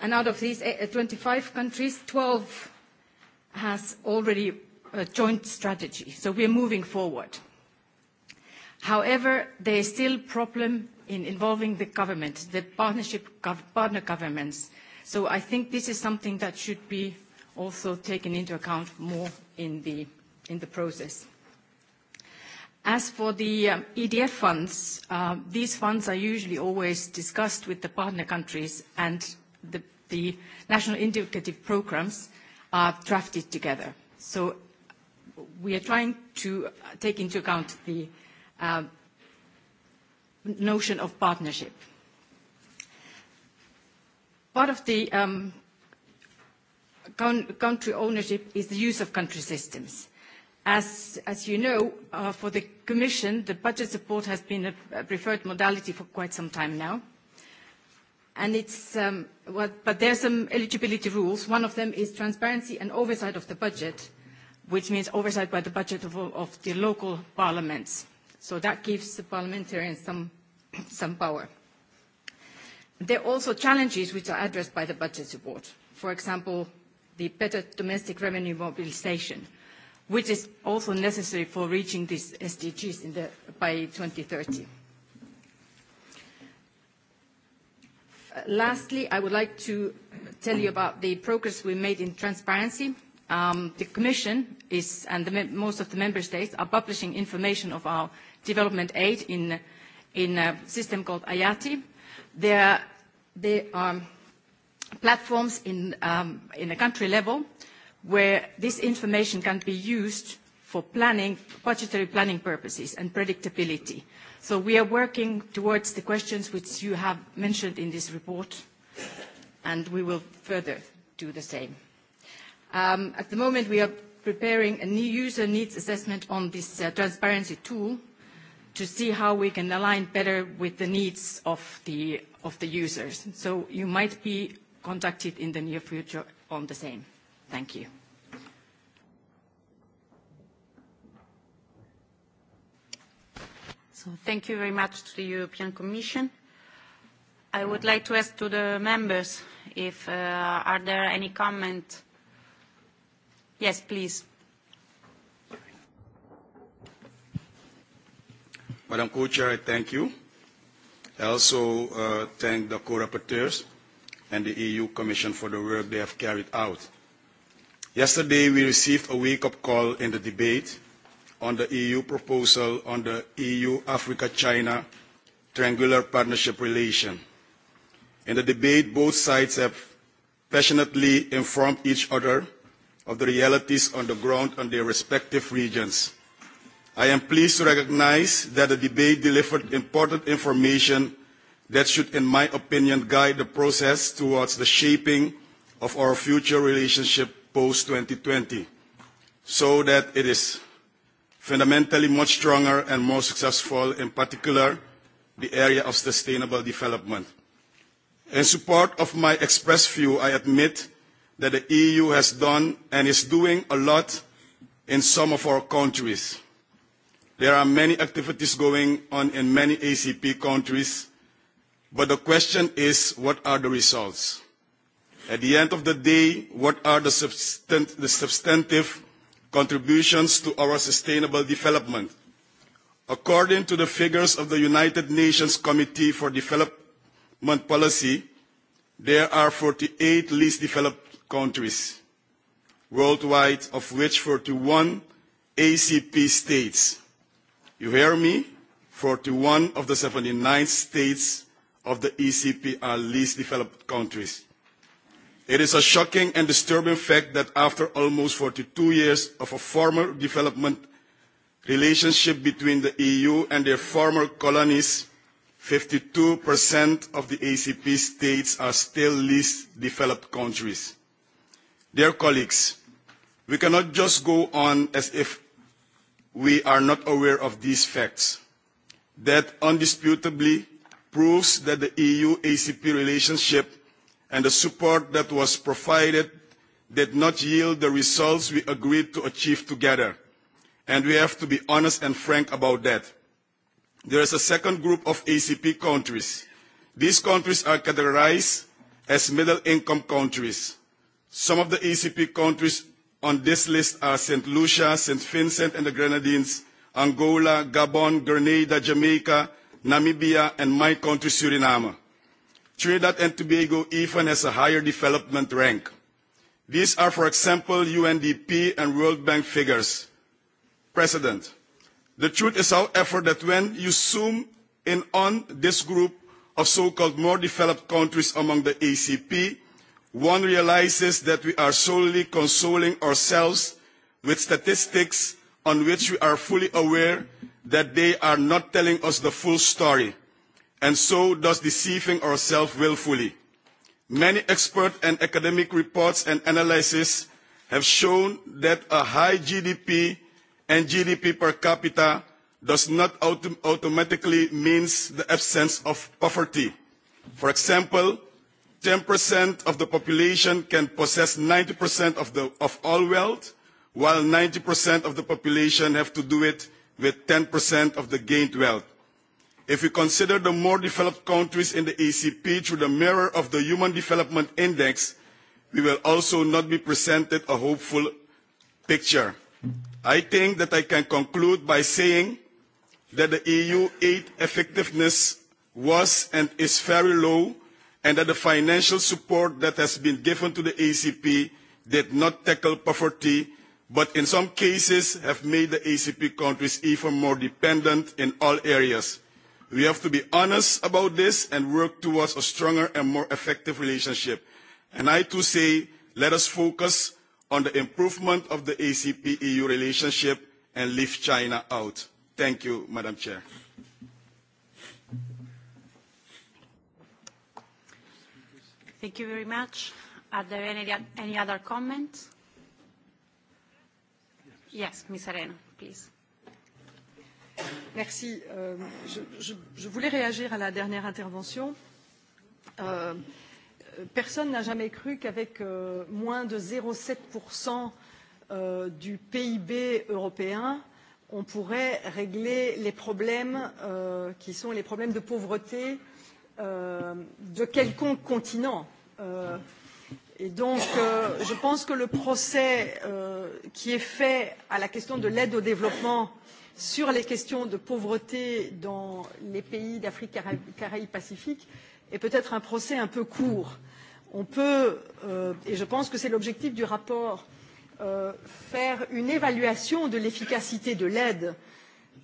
And out of these 25 eh, countries, 12 has already a uh, joint strategy, so we are moving forward. However, there is still problem in involving the government, the partnership gov partner governments. So I think this is something that should be also taken into account more in the, in the process. As for the um, EDF funds, uh, these funds are usually always discussed with the partner countries and the, national indicative programs are drafted together. So we are trying to uh, take into account the um, notion of partnership. Part of the um, country ownership is the use of country systems. As, you know, uh, for the Commission, the budget support has been a, preferred modality for quite some time now. And it's, um, but there are some eligibility rules. One of them is transparency and oversight of the budget, which means oversight by the budget of, of the local parliaments. So that gives the parliamentarians some, some power. There are also challenges which are addressed by the budget support. For example, the better domestic revenue mobilization – which is also necessary for reaching these SDGs in the, by 2030. lastly, I would like to tell you about the progress we made in transparency. Um, the Commission is, and the, most of the member states are publishing information of our development aid in, in a system called IATI. There, there are platforms in, um, in a country level where this information can be used for planning, budgetary planning purposes and predictability. So we are working towards the questions which you have mentioned in this report, and we will further do the same. Um, at the moment, we are preparing a new user needs assessment on this uh, transparency tool to see how we can align better with the needs of the, of the users. So you might be contacted in the near future on the same. Thank you. So thank you very much to the European Commission. I would like to ask to the members if uh, are there any comment? Yes, please. Madam Co-Chair, I thank you. I also uh, thank the co-rapporteurs and the EU Commission for the work they have carried out Yesterday, we received a wake-up call in the debate on the EU proposal on the EU-Africa-China triangular partnership relation. In the debate, both sides have passionately informed each other of the realities on the ground in their respective regions. I am pleased to recognize that the debate delivered important information that should, in my opinion, guide the process towards the shaping of our future relationship post-2020 so that it is fundamentally much stronger and more successful, in particular, the area of sustainable development. In support of my expressed view, I admit that the EU has done and is doing a lot in some of our countries. There are many activities going on in many ACP countries, but the question is, what are the results? At the end of the day, what are the, substant the substantive contributions to our sustainable development? According to the figures of the United Nations Committee for Development Policy, there are 48 least developed countries worldwide, of which 41 ACP states. You hear me? 41 of the 79 states of the ECP are least developed countries. It is a shocking and disturbing fact that after almost forty two years of a formal development relationship between the EU and their former colonies, fifty 52% of the ACP states are still least developed countries. Dear colleagues, we cannot just go on as if we are not aware of these facts. That undisputably proves that the EU-ACP relationship and the support that was provided did not yield the results we agreed to achieve together. And we have to be honest and frank about that. There is a second group of ACP countries. These countries are categorized as middle-income countries. Some of the ACP countries on this list are St. Lucia, St. Vincent and the Grenadines, Angola, Gabon, Grenada, Jamaica, Namibia, and my country, Suriname. Trinidad and Tobago even has a higher development rank. These are, for example, UNDP and World Bank figures. President, the truth is, however, that when you zoom in on this group of so-called more developed countries among the ACP, one realises that we are solely consoling ourselves with statistics on which we are fully aware that they are not telling us the full story and so does deceiving ourselves wilfully. Many expert and academic reports and analyses have shown that a high GDP and GDP per capita does not autom automatically mean the absence of poverty. For example, 10% of the population can possess 90% of, of all wealth, while 90% of the population have to do it with 10% of the gained wealth. If we consider the more developed countries in the ACP through the mirror of the Human Development Index, we will also not be presented a hopeful picture. I think that I can conclude by saying that the EU aid effectiveness was and is very low and that the financial support that has been given to the ACP did not tackle poverty, but in some cases have made the ACP countries even more dependent in all areas. We have to be honest about this and work towards a stronger and more effective relationship. And I too say, let us focus on the improvement of the ACP-EU relationship and leave China out. Thank you, Madam Chair. Thank you very much. Are there any, any other comments? Yes, Ms. Arena, please. Merci. Euh, je, je, je voulais réagir à la dernière intervention. Euh, personne n'a jamais cru qu'avec euh, moins de 0,7% euh, du PIB européen, on pourrait régler les problèmes euh, qui sont les problèmes de pauvreté euh, de quelconque continent. Euh, et donc, euh, je pense que le procès euh, qui est fait à la question de l'aide au développement euh, sur les questions de pauvreté dans les pays d'afrique caraïbes pacifique est peut être un procès un peu court. on peut euh, et je pense que c'est l'objectif du rapport euh, faire une évaluation de l'efficacité de l'aide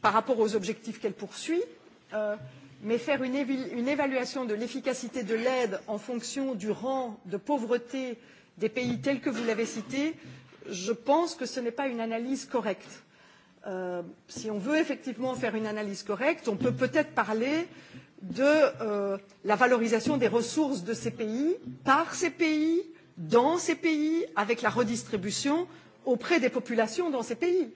par rapport aux objectifs qu'elle poursuit euh, mais faire une, une évaluation de l'efficacité de l'aide en fonction du rang de pauvreté des pays tels que vous l'avez cité je pense que ce n'est pas une analyse correcte Euh, si on veut effectivement faire une analyse correcte, on peut peut-être parler de euh, la valorisation des ressources de ces pays par ces pays, dans ces pays, avec la redistribution auprès des populations dans ces pays.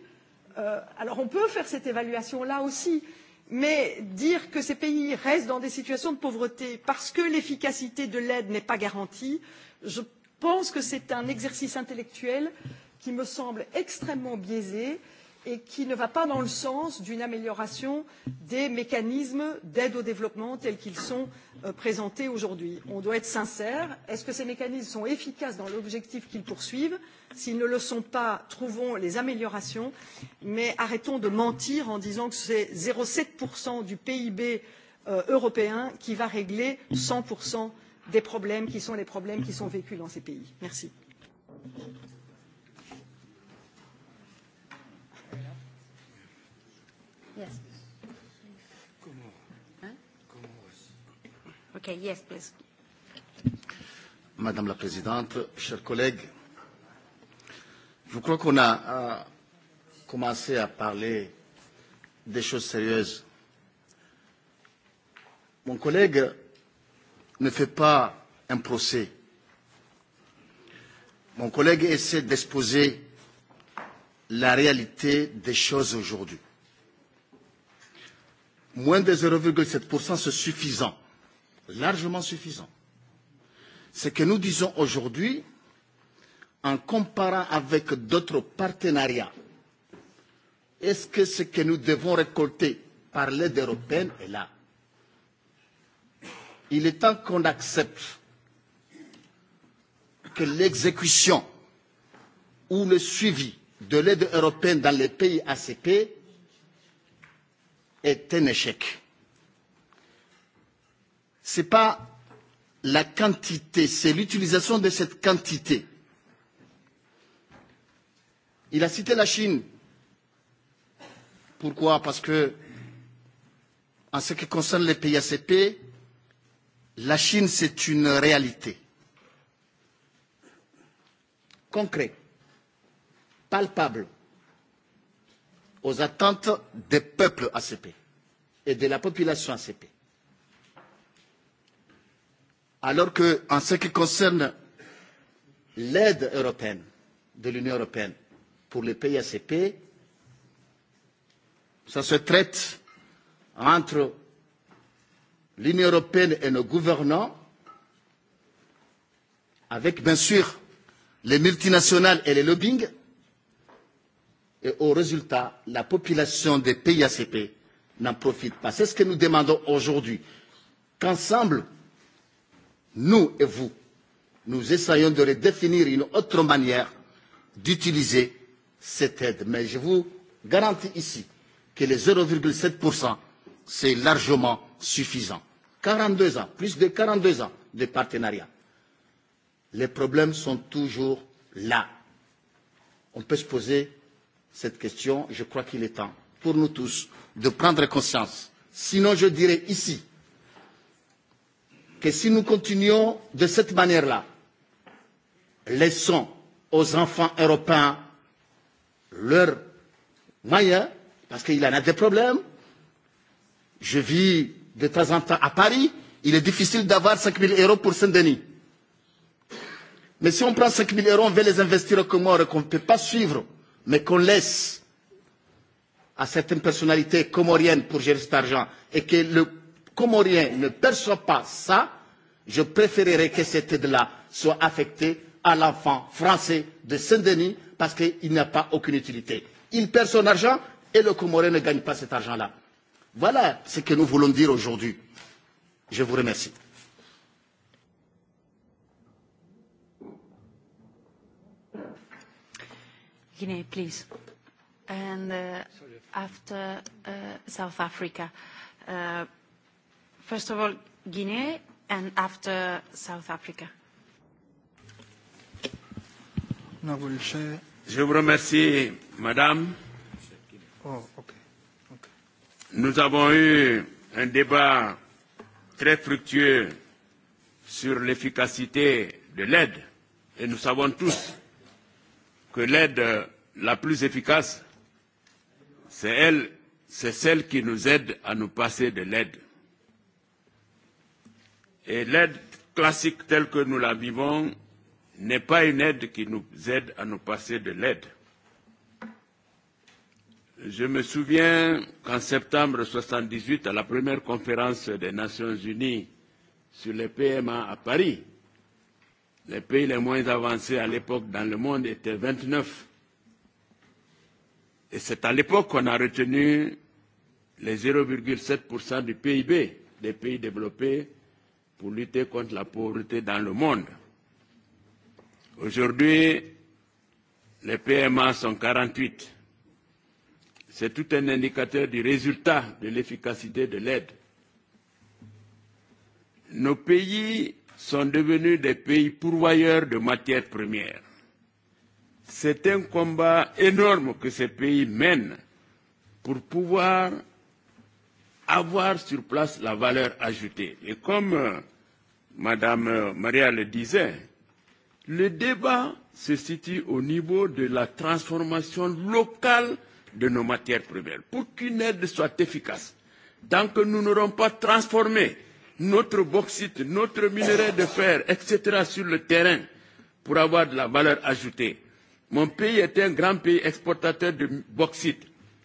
Euh, alors on peut faire cette évaluation-là aussi, mais dire que ces pays restent dans des situations de pauvreté parce que l'efficacité de l'aide n'est pas garantie, je pense que c'est un exercice intellectuel qui me semble extrêmement biaisé et qui ne va pas dans le sens d'une amélioration des mécanismes d'aide au développement tels qu'ils sont euh, présentés aujourd'hui. On doit être sincère. Est-ce que ces mécanismes sont efficaces dans l'objectif qu'ils poursuivent S'ils ne le sont pas, trouvons les améliorations, mais arrêtons de mentir en disant que c'est 0,7% du PIB euh, européen qui va régler 100% des problèmes qui sont les problèmes qui sont vécus dans ces pays. Merci. Yes. Comment hein? Comment Okay, yes, please. Madame la Présidente, chers collègues, je crois qu'on a commencé à parler des choses sérieuses. Mon collègue ne fait pas un procès. Mon collègue essaie d'exposer la réalité des choses aujourd'hui moins de 0,7%, c'est suffisant, largement suffisant. Ce que nous disons aujourd'hui, en comparant avec d'autres partenariats, est-ce que ce que nous devons récolter par l'aide européenne est là Il est temps qu'on accepte que l'exécution ou le suivi de l'aide européenne dans les pays ACP est un échec. Ce n'est pas la quantité, c'est l'utilisation de cette quantité. Il a cité la Chine. Pourquoi Parce que, en ce qui concerne les pays ACP, la Chine, c'est une réalité. Concret, palpable aux attentes des peuples ACP et de la population ACP. Alors que, en ce qui concerne l'aide européenne de l'Union européenne pour les pays ACP, ça se traite entre l'Union européenne et nos gouvernants, avec bien sûr les multinationales et les lobbying, Et au résultat, la population des pays ACP n'en profite pas. C'est ce que nous demandons aujourd'hui. Qu'ensemble, nous et vous, nous essayons de redéfinir une autre manière d'utiliser cette aide. Mais je vous garantis ici que les 0,7%, c'est largement suffisant. 42 ans, plus de 42 ans de partenariat. Les problèmes sont toujours là. On peut se poser cette question. Je crois qu'il est temps pour nous tous de prendre conscience. Sinon, je dirais ici que si nous continuons de cette manière-là, laissons aux enfants européens leurs moyens, parce qu'il en a des problèmes. Je vis de temps en temps à Paris, il est difficile d'avoir 5 000 euros pour Saint-Denis. Mais si on prend 5 000 euros, on veut les investir au Comores, qu'on ne peut pas suivre mais qu'on laisse à certaines personnalités comoriennes pour gérer cet argent et que le comorien ne perçoit pas ça, je préférerais que cette aide-là soit affectée à l'enfant français de Saint-Denis parce qu'il n'a pas aucune utilité. Il perd son argent et le comorien ne gagne pas cet argent-là. Voilà ce que nous voulons dire aujourd'hui. Je vous remercie. Guinea, please. Uh, after uh, South Africa. Uh, first of all, Guinea, and after South Africa. Je vous remercie, Madame. Oh, okay. Okay. Nous avons eu un débat très fructueux sur l'efficacité de l'aide et nous savons tous que l'aide la plus efficace, c'est elle, c'est celle qui nous aide à nous passer de l'aide. Et l'aide classique telle que nous la vivons n'est pas une aide qui nous aide à nous passer de l'aide. Je me souviens qu'en septembre 1978, à la première conférence des Nations Unies sur les PMA à Paris, les pays les moins avancés à l'époque dans le monde étaient 29 Et c'est à l'époque qu'on a retenu les 0,7% du PIB des pays développés pour lutter contre la pauvreté dans le monde. Aujourd'hui, les PMA sont 48. C'est tout un indicateur du résultat de l'efficacité de l'aide. Nos pays sont devenus des pays pourvoyeurs de matières premières. C'est un combat énorme que ces pays mènent pour pouvoir avoir sur place la valeur ajoutée. Et comme euh, Madame euh, Maria le disait, le débat se situe au niveau de la transformation locale de nos matières premières. Pour qu'une aide soit efficace, tant que nous n'aurons pas transformé notre bauxite, notre minerai de fer, etc. sur le terrain pour avoir de la valeur ajoutée, Mon pays est un grand pays exportateur de bauxite.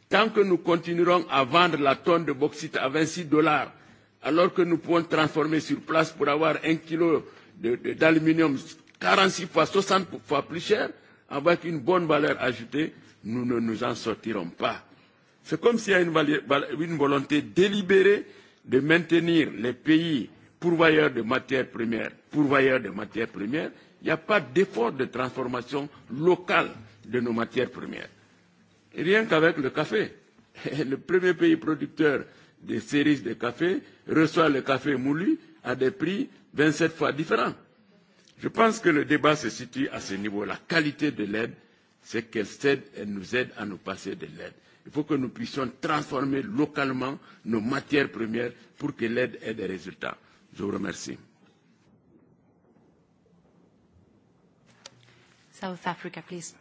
Tant que nous continuerons à vendre la tonne de bauxite à 26 dollars, alors que nous pouvons transformer sur place pour avoir un kilo d'aluminium 46 fois, 60 fois plus cher, avec une bonne valeur ajoutée, nous ne nous en sortirons pas. C'est comme s'il y a une, une volonté délibérée de maintenir les pays pourvoyeurs de matières premières, pourvoyeurs de matières premières, il n'y a pas d'effort de transformation locale de nos matières premières. Rien qu'avec le café, le premier pays producteur de cerises de café reçoit le café moulu à des prix 27 fois différents. Je pense que le débat se situe à ce niveau. La qualité de l'aide, c'est qu'elle cède nous aide à nous passer de l'aide. Il faut que nous puissions transformer localement nos matières premières pour que l'aide ait des résultats. Je vous remercie. South Africa, please.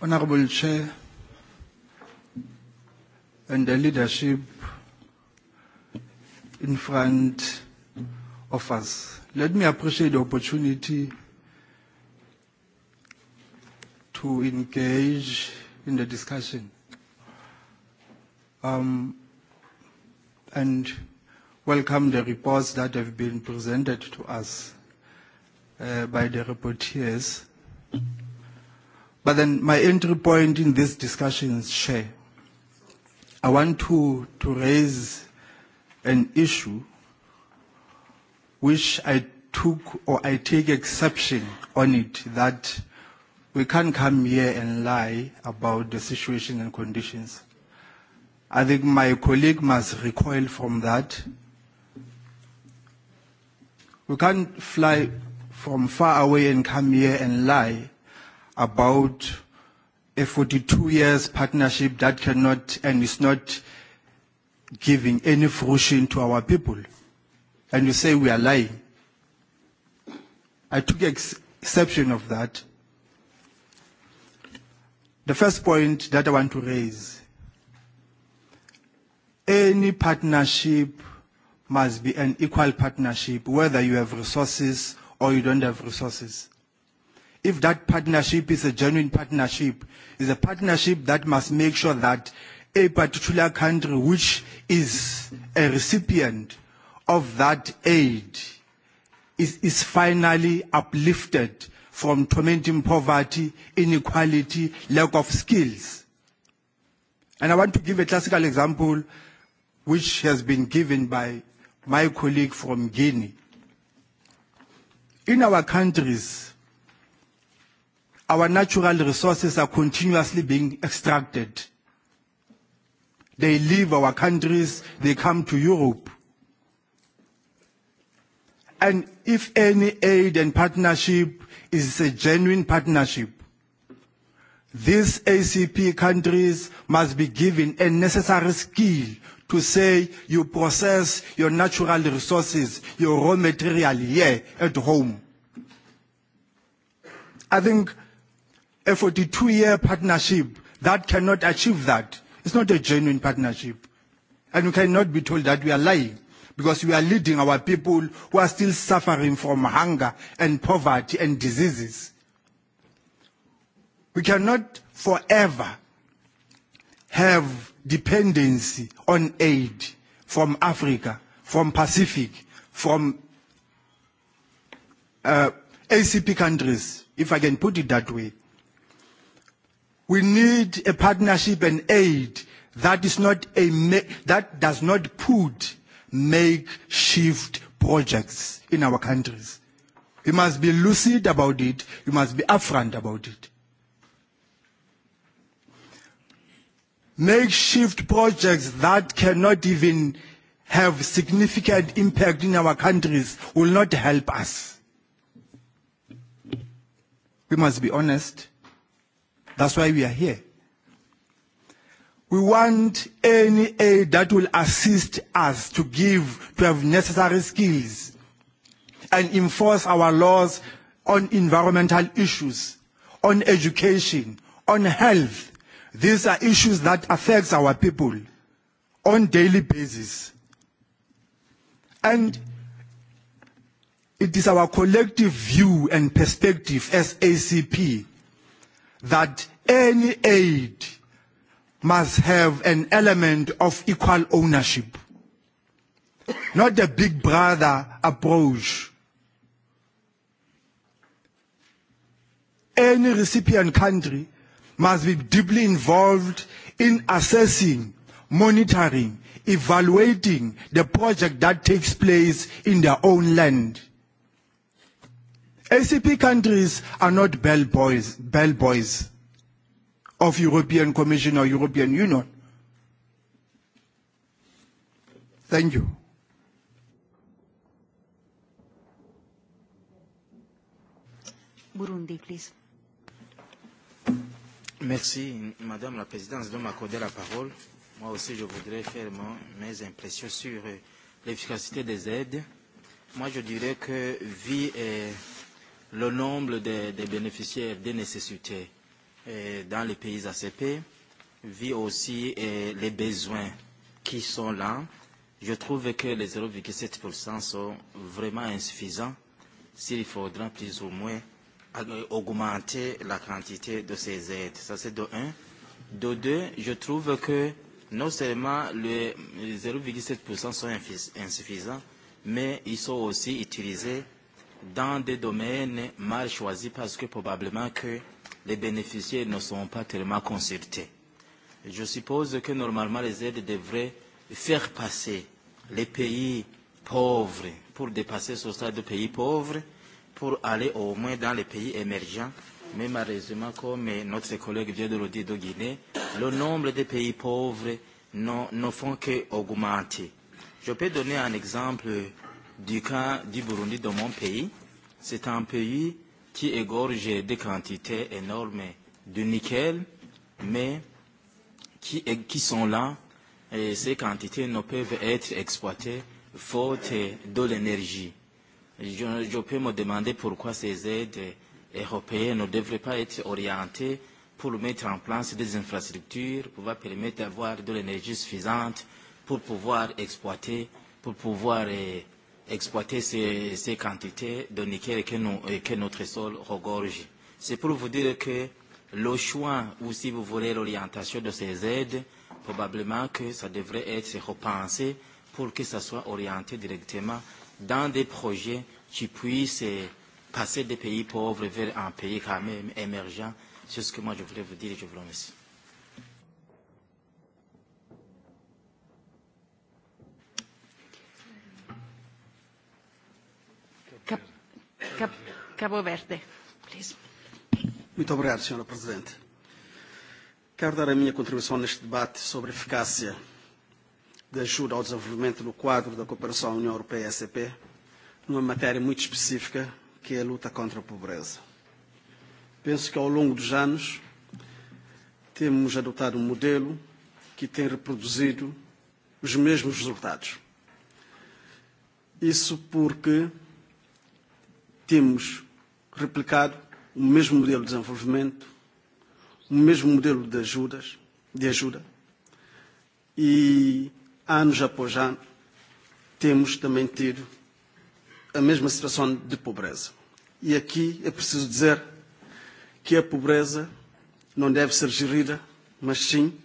Honorable Chair, and the leadership in front of us, let me appreciate the opportunity to engage in the discussion. Um, and welcome the reports that have been presented to us uh, by the rapporteurs. But then my entry point in this discussion is share. I want to, to raise an issue which I took or I take exception on it that we can't come here and lie about the situation and conditions. I think my colleague must recoil from that We can't fly from far away and come here and lie about a 42 years partnership that cannot and is not giving any fruition to our people. And you say we are lying. I took ex exception of that. The first point that I want to raise, any partnership must be an equal partnership, whether you have resources or you don't have resources. If that partnership is a genuine partnership, it's a partnership that must make sure that a particular country which is a recipient of that aid is, is finally uplifted from tormenting poverty, inequality, lack of skills. And I want to give a classical example which has been given by my colleague from Guinea. In our countries, our natural resources are continuously being extracted. They leave our countries, they come to Europe. And if any aid and partnership is a genuine partnership, these ACP countries must be given a necessary skill to say you process your natural resources, your raw material here at home. I think a 42-year partnership that cannot achieve that. It's not a genuine partnership. And we cannot be told that we are lying because we are leading our people who are still suffering from hunger and poverty and diseases. We cannot forever have dependency on aid from Africa, from Pacific, from uh, ACP countries, if I can put it that way. We need a partnership and aid that, is not a ma that does not put makeshift projects in our countries. We must be lucid about it. We must be upfront about it. makeshift projects that cannot even have significant impact in our countries will not help us. We must be honest. That's why we are here. We want any aid that will assist us to give, to have necessary skills and enforce our laws on environmental issues, on education, on health, These are issues that affect our people on daily basis. And it is our collective view and perspective as ACP that any aid must have an element of equal ownership, not a big brother approach. Any recipient country must be deeply involved in assessing, monitoring, evaluating the project that takes place in their own land. ACP countries are not bellboys, boys of European Commission or European Union. Thank you. Burundi, please. Merci, Madame la Présidente, de m'accorder la parole. Moi aussi, je voudrais faire mon, mes impressions sur euh, l'efficacité des aides. Moi, je dirais que, vu euh, le nombre des, de bénéficiaires des nécessités euh, dans les pays ACP, vu aussi les besoins qui sont là, je trouve que les 0,7% sont vraiment insuffisants s'il faudra plus ou moins augmenter la quantité de ces aides. Ça, c'est de un. De deux, je trouve que non seulement les 0,7% sont insuffisants, mais ils sont aussi utilisés dans des domaines mal choisis parce que probablement que les bénéficiaires ne sont pas tellement consultés. Je suppose que normalement les aides devraient faire passer les pays pauvres pour dépasser ce stade de pays pauvres pour aller au moins dans les pays émergents. Mais malheureusement, comme notre collègue vient de le dire de Guinée, le nombre de pays pauvres ne font qu'augmenter. Je peux donner un exemple du cas du Burundi, dans mon pays. C'est un pays qui égorge des quantités énormes de nickel, mais qui, qui sont là, et ces quantités ne peuvent être exploitées faute de l'énergie je, je peux me demander pourquoi ces aides européennes ne devraient pas être orientées pour mettre en place des infrastructures, pour pouvoir permettre d'avoir de l'énergie suffisante pour pouvoir exploiter, pour pouvoir eh, exploiter ces, ces quantités de nickel que, nous, eh, que notre sol regorge. C'est pour vous dire que le choix, ou si vous voulez l'orientation de ces aides, probablement que ça devrait être repensé pour que ça soit orienté directement dans des projets qui puissent euh, passer des pays pauvres vers un pays quand même émergent. C'est ce que moi je voulais vous dire et je vous remercie. Cap, cap, Cabo Verde, please. Muito obrigado, Sra. Presidente. Quero dar a minha contribuição neste debate sobre eficácia de ajuda ao desenvolvimento no quadro da cooperação União Europeia-ACP, numa matéria muito específica, que é a luta contra a pobreza. Penso que ao longo dos anos temos adotado um modelo que tem reproduzido os mesmos resultados. Isso porque temos replicado o mesmo modelo de desenvolvimento, o mesmo modelo de ajudas, de ajuda, e anos após ano, temos também tido a mesma situação de pobreza. E aqui é preciso dizer que a pobreza não deve ser gerida, mas sim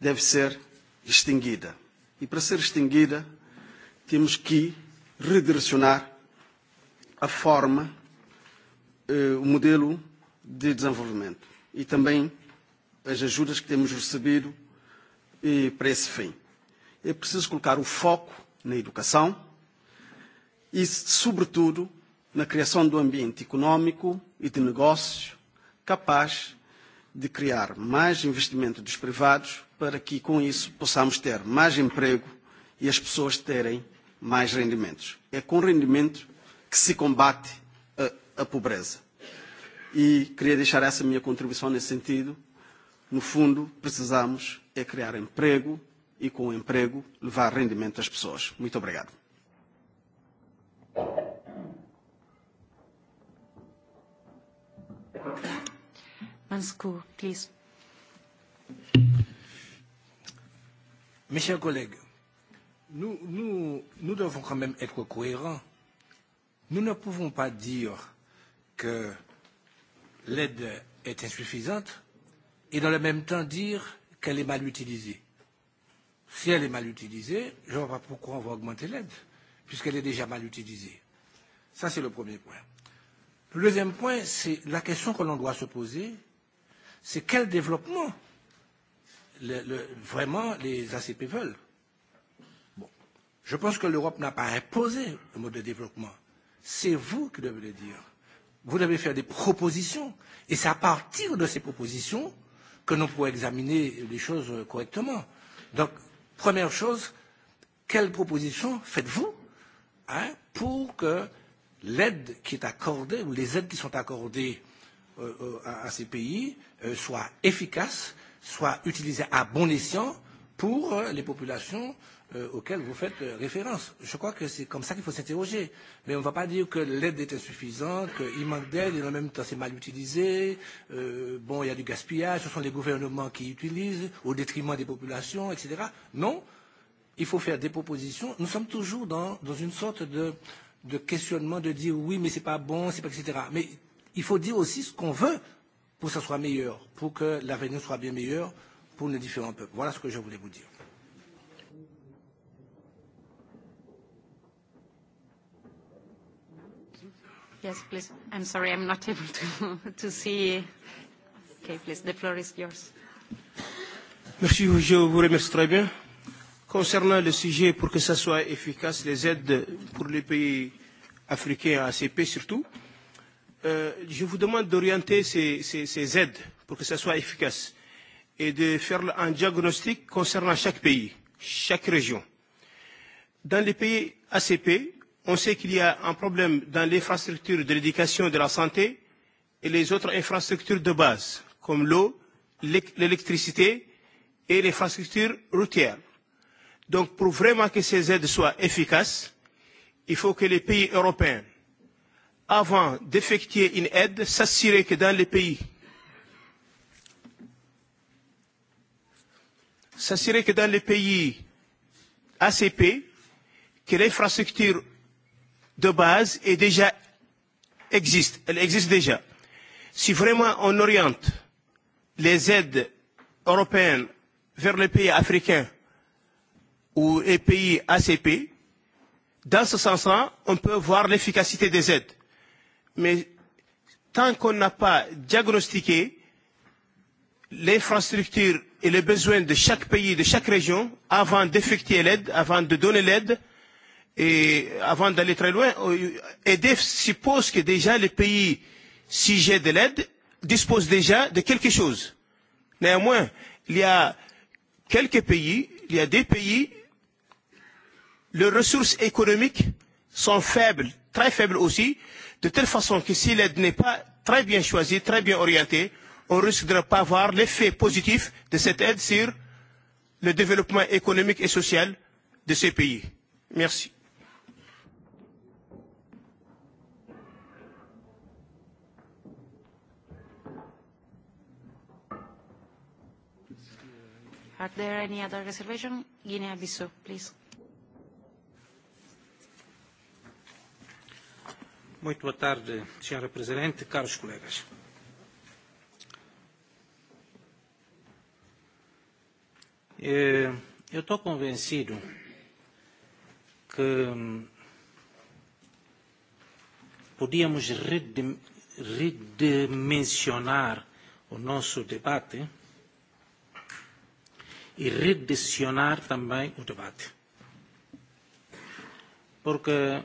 deve ser extinguida. E para ser extinguida, temos que redirecionar a forma, eh, o modelo de desenvolvimento e também as ajudas que temos recebido eh, para esse fim é preciso colocar o foco na educação e, sobretudo, na criação de um ambiente económico e de negócio capaz de criar mais investimento dos privados para que, com isso, possamos ter mais emprego e as pessoas terem mais rendimentos. É com rendimento que se combate a, a pobreza. E queria deixar essa minha contribuição nesse sentido. No fundo, precisamos é criar emprego e, com o emprego, levar rendimento às pessoas. Muito obrigado. please. Mes chers collègues, nous, nous, nous devons quand même être cohérents. Nous ne pouvons pas dire que l'aide est insuffisante et dans le même temps dire qu'elle est mal utilisée. Si elle est mal utilisée, je ne vois pas pourquoi on va augmenter l'aide, puisqu'elle est déjà mal utilisée. Ça, c'est le premier point. Le deuxième point, c'est la question que l'on doit se poser, c'est quel développement le, le, vraiment les ACP veulent. Bon. Je pense que l'Europe n'a pas imposé le mode de développement. C'est vous qui devez le dire. Vous devez faire des propositions. Et c'est à partir de ces propositions que nous pourrons examiner les choses correctement. Donc, Première chose, quelles propositions faites-vous hein, pour que l'aide qui est accordée ou les aides qui sont accordées euh, euh, à, à ces pays euh, soient efficaces, soient utilisées à bon escient pour euh, les populations euh, auquel vous faites euh, référence. Je crois que c'est comme ça qu'il faut s'interroger. Mais on ne va pas dire que l'aide est insuffisante, qu'il manque d'aide et en même temps c'est mal utilisé. Euh, bon, il y a du gaspillage, ce sont les gouvernements qui utilisent au détriment des populations, etc. Non, il faut faire des propositions. Nous sommes toujours dans, dans une sorte de, de questionnement de dire oui, mais ce n'est pas bon, pas etc. Mais il faut dire aussi ce qu'on veut pour que ça soit meilleur, pour que l'avenir soit bien meilleur pour nos différents peuples. Voilà ce que je voulais vous dire. Yes, please. I'm sorry, I'm not able to, see. Okay, please, the floor is yours. Merci, je vous remercie très bien. Concernant le sujet, pour que ça soit efficace, les aides pour les pays africains, ACP surtout, euh, je vous demande d'orienter ces, ces, ces aides pour que ça soit efficace et de faire un diagnostic concernant chaque pays, chaque région. Dans les pays ACP, on sait qu'il y a un problème dans l'infrastructure de l'éducation, de la santé et les autres infrastructures de base, comme l'eau, l'électricité et l'infrastructure routière. Donc, pour vraiment que ces aides soient efficaces, il faut que les pays européens, avant d'effectuer une aide, s'assurent que dans les pays, s'assurer que dans les pays ACP, que l'infrastructure de base est déjà existe, elle existe déjà. Si vraiment on oriente les aides européennes vers les pays africains ou les pays ACP, dans ce sens-là, on peut voir l'efficacité des aides. Mais tant qu'on n'a pas diagnostiqué l'infrastructure et les besoins de chaque pays, de chaque région, avant d'effectuer l'aide, avant de donner l'aide, et avant d'aller très loin, euh, EDF suppose que déjà les pays sujets de l'aide disposent déjà de quelque chose. Néanmoins, il y a quelques pays, il y a des pays, les ressources économiques sont faibles, très faibles aussi, de telle façon que si l'aide n'est pas très bien choisie, très bien orientée, on risque de ne pas voir l'effet positif de cette aide sur le développement économique et social de ces pays. Merci. Are there any other reservation? Guinea-Bissau, please. Muito boa tarde, Sra. Presidente, caros colegas. Eh, eu estou convencido que podíamos redimensionar o nosso debate e redicionar também o debate. Porque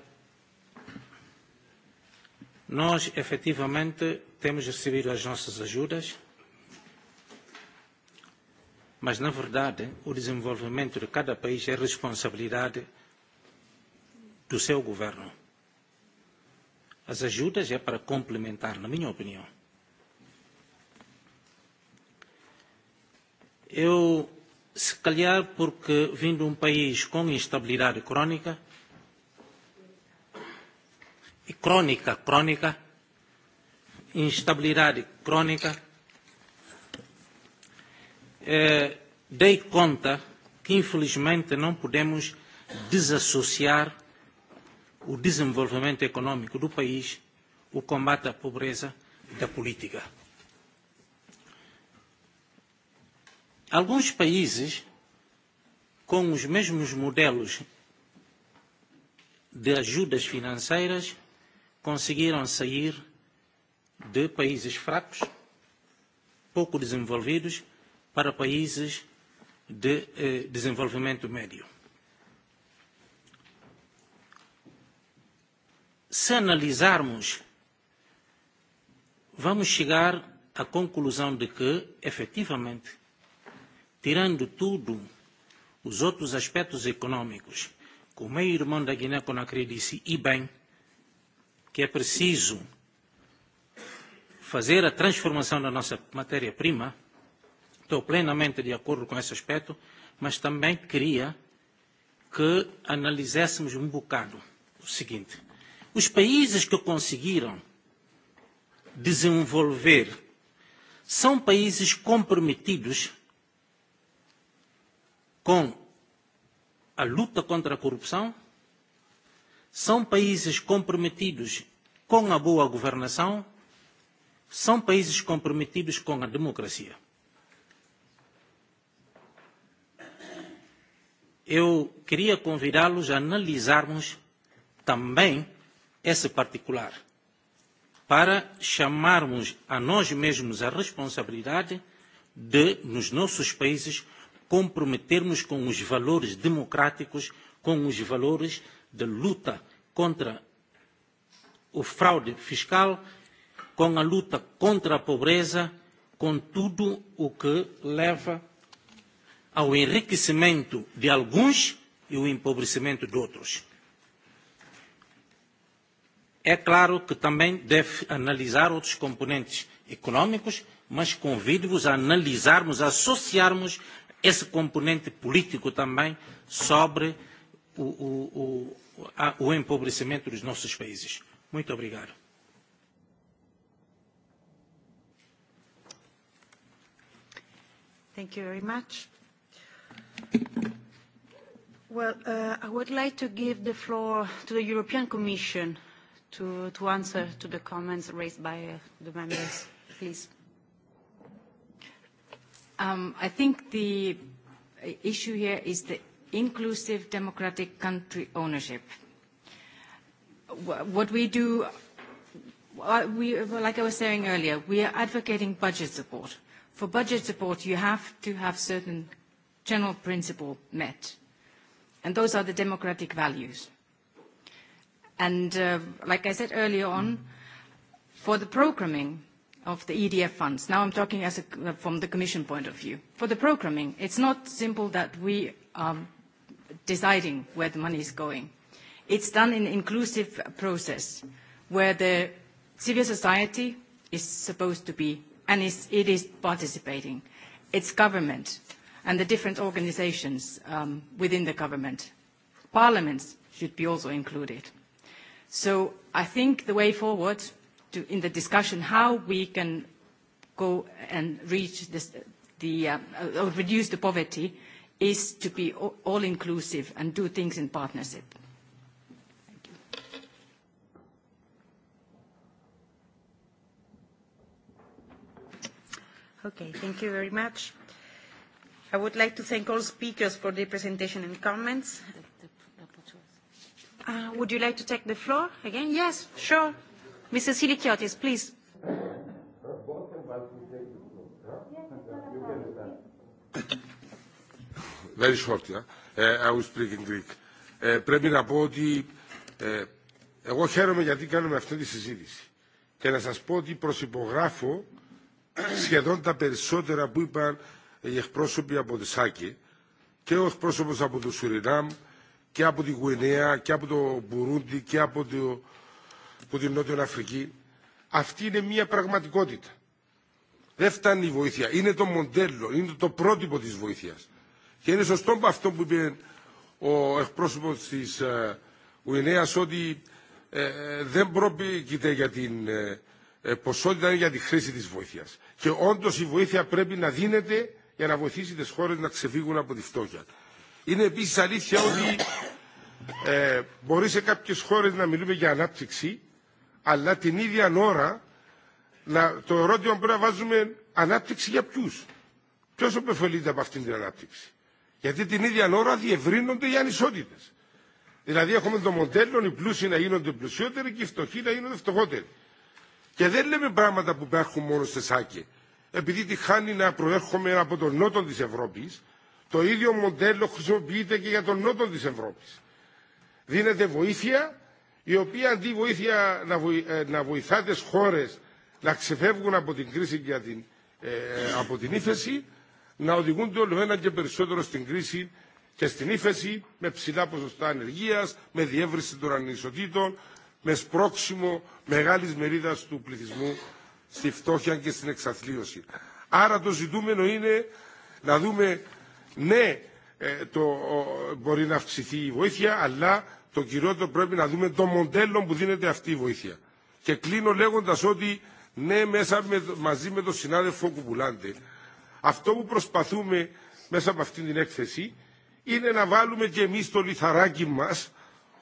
nós, efetivamente, temos recebido as nossas ajudas, mas, na verdade, o desenvolvimento de cada país é responsabilidade do seu governo. As ajudas é para complementar, na minha opinião. Eu se calhar porque vindo um país com instabilidade crónica, e crónica, crónica, instabilidade crónica, é, eh, dei conta que infelizmente não podemos desassociar o desenvolvimento econômico do país, o combate à pobreza da política Alguns países com os mesmos modelos de ajudas financeiras conseguiram sair de países fracos, pouco desenvolvidos, para países de eh, desenvolvimento médio. Se analisarmos, vamos chegar à conclusão de que, efetivamente, tirando tudo os outros aspectos econômicos, que o meio irmão da Guiné-Conakry disse, e bem, que é preciso fazer a transformação da nossa matéria-prima, estou plenamente de acordo com esse aspecto, mas também queria que analisássemos um bocado o seguinte. Os países que conseguiram desenvolver são países comprometidos com a luta contra a corrupção, são países comprometidos com a boa governação, são países comprometidos com a democracia. Eu queria convidá-los a analisarmos também esse particular, para chamarmos a nós mesmos a responsabilidade de, nos nossos países, comprometermos com os valores democráticos, com os valores de luta contra o fraude fiscal, com a luta contra a pobreza, com tudo o que leva ao enriquecimento de alguns e o empobrecimento de outros. É claro que também deve analisar outros componentes económicos, mas convido-vos a analisarmos, a associarmos esse componente político também sobre o, o, o, a, o empobrecimento dos nossos países. Muito obrigado. Thank you very much. Well, uh, I would like to give the floor to the European Commission to, to answer to the comments raised by uh, the members. Please. Um, I think the issue here is the inclusive democratic country ownership. What we do, uh, we, like I was saying earlier, we are advocating budget support. For budget support, you have to have certain general principle met, and those are the democratic values. And uh, like I said earlier on, for the programming, of the EDF funds. Now I'm talking as a, from the Commission point of view. For the programming, it's not simple that we are deciding where the money is going. It's done in an inclusive process where the civil society is supposed to be and is, it is participating. It's government and the different organizations um, within the government. Parliaments should be also included. So I think the way forward to, in the discussion how we can go and reach this, the, uh, uh or reduce the poverty is to be all-inclusive and do things in partnership. Okay, thank you very much. I would like to thank all speakers for their presentation and comments. Uh, would you like to take the floor again? Yes, sure please. Very short, yeah. uh, I will speak in Greek. Uh, πρέπει να πω ότι uh, εγώ χαίρομαι γιατί κάνουμε αυτή τη συζήτηση. Και να σας πω ότι προσυπογράφω σχεδόν τα περισσότερα που είπαν οι εκπρόσωποι από τη Σάκη και ο εκπρόσωπος από το Σουρινάμ και από τη Γουινέα και από το Μπουρούντι και από το που την Νότιο Αφρική, αυτή είναι μια πραγματικότητα. Δεν φτάνει η βοήθεια. Είναι το μοντέλο, είναι το πρότυπο της βοήθειας. Και είναι σωστό αυτό που είπε ο εκπρόσωπος της Ουινέας ότι ε, δεν πρόκειται για την ε, ποσότητα, είναι για τη χρήση της βοήθειας. Και όντως η βοήθεια πρέπει να δίνεται για να βοηθήσει τις χώρες να ξεφύγουν από τη φτώχεια. Είναι επίσης αλήθεια ότι ε, μπορεί σε κάποιες χώρες να μιλούμε για ανάπτυξη, αλλά την ίδια ώρα να, το ερώτημα πρέπει να βάζουμε ανάπτυξη για ποιους. Ποιος επεφελείται από αυτήν την ανάπτυξη. Γιατί την ίδια ώρα διευρύνονται οι ανισότητες. Δηλαδή έχουμε το μοντέλο οι πλούσιοι να γίνονται πλουσιότεροι και οι φτωχοί να γίνονται φτωχότεροι. Και δεν λέμε πράγματα που υπάρχουν μόνο σε σάκε. Επειδή τη χάνει να προέρχομαι από τον νότο της Ευρώπης, το ίδιο μοντέλο χρησιμοποιείται και για τον νότο της Ευρώπης. Δίνεται βοήθεια η οποία αντί βοήθεια να, βοη, να βοηθά τι χώρε να ξεφεύγουν από την κρίση και την, ε, από την ύφεση, να οδηγούν το όλο ένα και περισσότερο στην κρίση και στην ύφεση, με ψηλά ποσοστά ανεργία, με διεύρυνση των ανισοτήτων, με σπρόξιμο μεγάλη μερίδα του πληθυσμού στη φτώχεια και στην εξαθλίωση. Άρα το ζητούμενο είναι να δούμε, ναι, το, μπορεί να αυξηθεί η βοήθεια, αλλά το κυριότερο πρέπει να δούμε το μοντέλο που δίνεται αυτή η βοήθεια. Και κλείνω λέγοντα ότι ναι, μέσα με, μαζί με τον συνάδελφο Κουπουλάντε, αυτό που προσπαθούμε μέσα από αυτή την έκθεση είναι να βάλουμε και εμεί το λιθαράκι μα,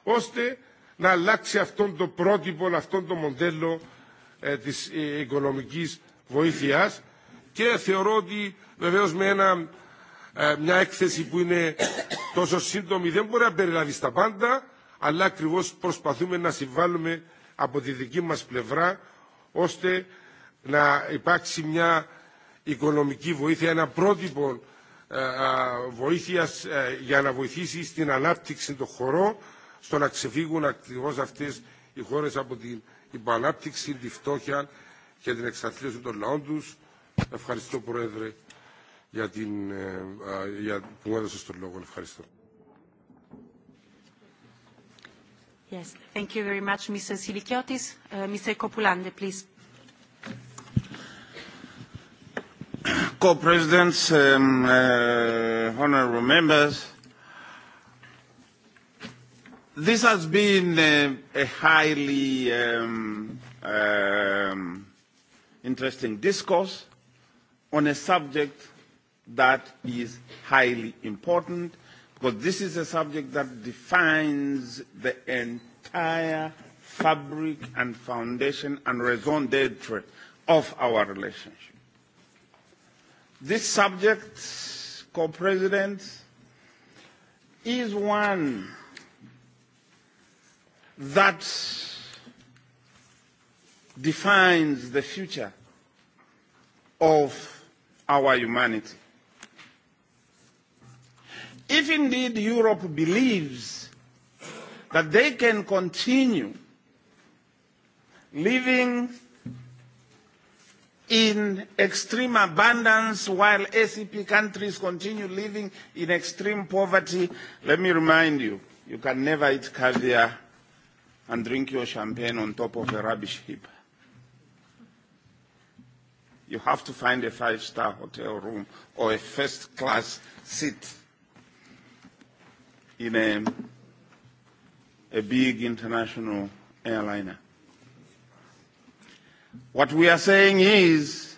ώστε να αλλάξει αυτόν το πρότυπο, αυτόν το μοντέλο ε, τη ε, οικονομική βοήθεια. και θεωρώ ότι βεβαίω με ένα, ε, μια έκθεση που είναι τόσο σύντομη δεν μπορεί να περιλάβει τα πάντα αλλά ακριβώς προσπαθούμε να συμβάλλουμε από τη δική μας πλευρά ώστε να υπάρξει μια οικονομική βοήθεια, ένα πρότυπο βοήθειας για να βοηθήσει στην ανάπτυξη των χωρών στο να ξεφύγουν ακριβώς αυτές οι χώρες από την υποανάπτυξη, τη φτώχεια και την εξαθλίωση των λαών τους. Ευχαριστώ Πρόεδρε για την, για, που μου έδωσε τον λόγο. Ευχαριστώ. Yes, thank you very much, Mr Silikiotis. Uh, Mr. Copulande, please. Co-presidents, um, uh, honorable members, this has been uh, a highly um, um, interesting discourse on a subject that is highly important because this is a subject that defines the entire fabric and foundation and raison d'etre of our relationship. This subject, co-president, is one that defines the future of our humanity. If indeed Europe believes that they can continue living in extreme abundance while ACP countries continue living in extreme poverty, let me remind you, you can never eat caviar and drink your champagne on top of a rubbish heap. You have to find a five-star hotel room or a first-class seat in a, a big international airliner. What we are saying is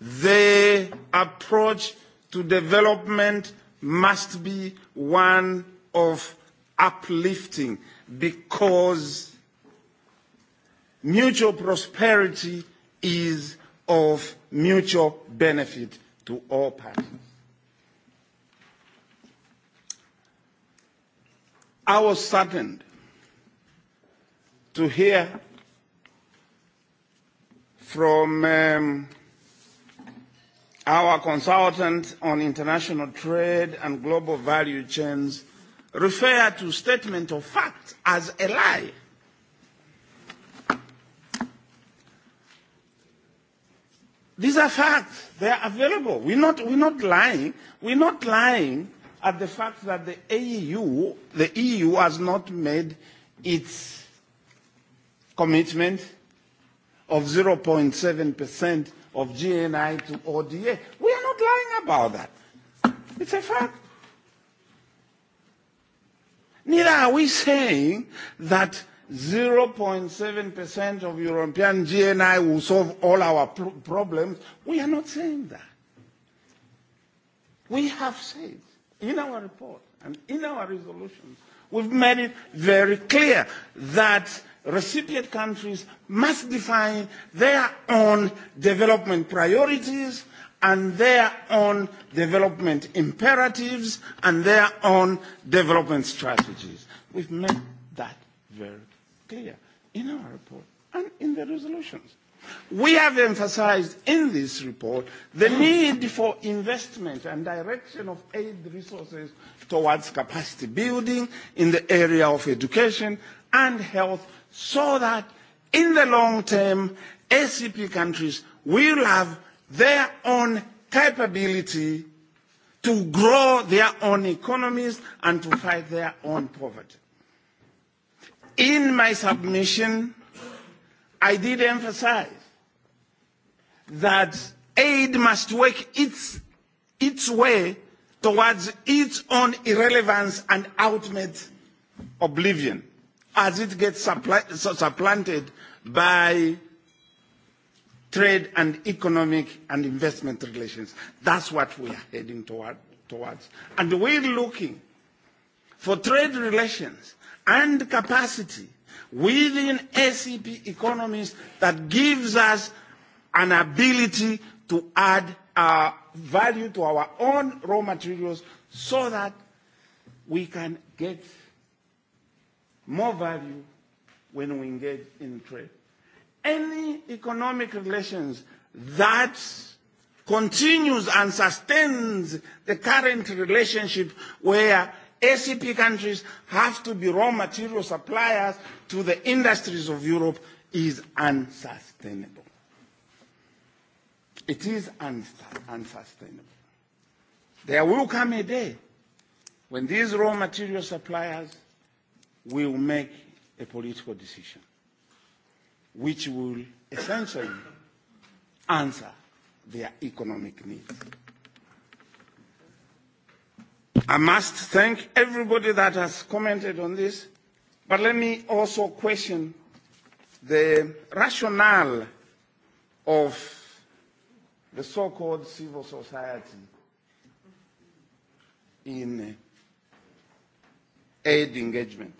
the approach to development must be one of uplifting because mutual prosperity is of mutual benefit to all parties. I was saddened to hear from um, our consultant on international trade and global value chains refer to statement of fact as a lie. These are facts. They are available. We're not, we're not lying. We're not lying at the fact that the EU, the EU e has not made its commitment of 0.7% of GNI to ODA. We are not lying about that. It's a fact. Neither are we saying that 0.7% of European GNI will solve all our problems. We are not saying that. We have said in our report and in our resolutions, we've made it very clear that recipient countries must define their own development priorities and their own development imperatives and their own development strategies. We've made that very clear in our report and in the resolutions. We have emphasized in this report the need for investment and direction of aid resources towards capacity building in the area of education and health so that in the long term, ACP countries will have their own capability to grow their own economies and to fight their own poverty. In my submission, i did emphasize that aid must work its, its way towards its own irrelevance and ultimate oblivion as it gets suppl supplanted by trade and economic and investment relations. That's what we are heading toward, towards. And we're looking for trade relations and capacity within ACP e economies that gives us an ability to add uh, value to our own raw materials so that we can get more value when we engage in trade. Any economic relations that continues and sustains the current relationship where ACP countries have to be raw material suppliers to the industries of Europe is unsustainable. It is uns unsustainable. There will come a day when these raw material suppliers will make a political decision which will essentially answer their economic needs. I must thank everybody that has commented on this, but let me also question the rationale of the so-called civil society in aid engagement.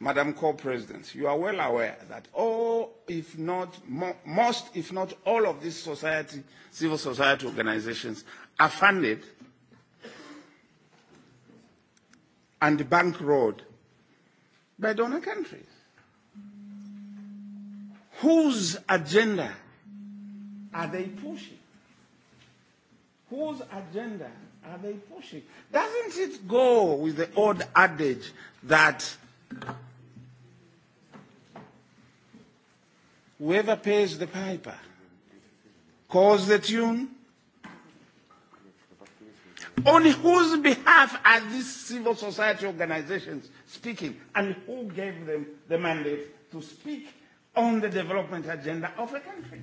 Madam Co-President, you are well aware that all, if not mo most, if not all of these society, civil society organizations are funded – and bankrolled by donor countries. Whose agenda are they pushing? Whose agenda are they pushing? Doesn't it go with the old adage that whoever pays the piper calls the tune? on whose behalf are these civil society organizations speaking and who gave them the mandate to speak on the development agenda of a country?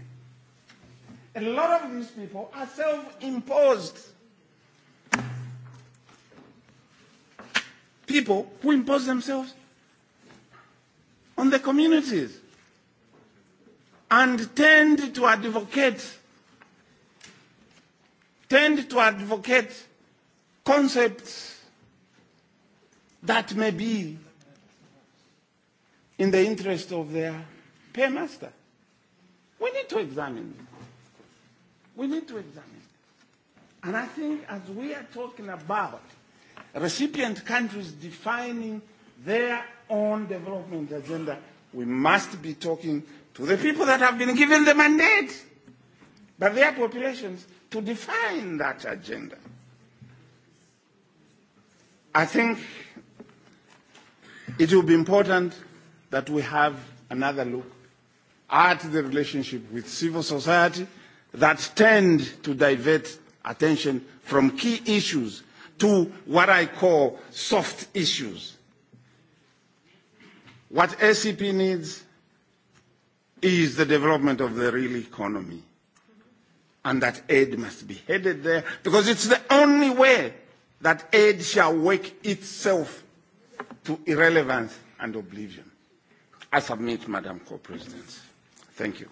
A lot of these people are self-imposed people who impose themselves on the communities and tend to advocate tend to advocate concepts that may be in the interest of their paymaster. We need to examine. We need to examine. And I think as we are talking about recipient countries defining their own development agenda, we must be talking to the people that have been given the mandate by their populations to define that agenda. I think it will be important that we have another look at the relationship with civil society that tend to divert attention from key issues to what I call soft issues. What ACP needs is the development of the real economy. And that aid must be headed there because it's the only way that aid shall work itself to irrelevance and oblivion. I submit, Madam Co-President. Thank you.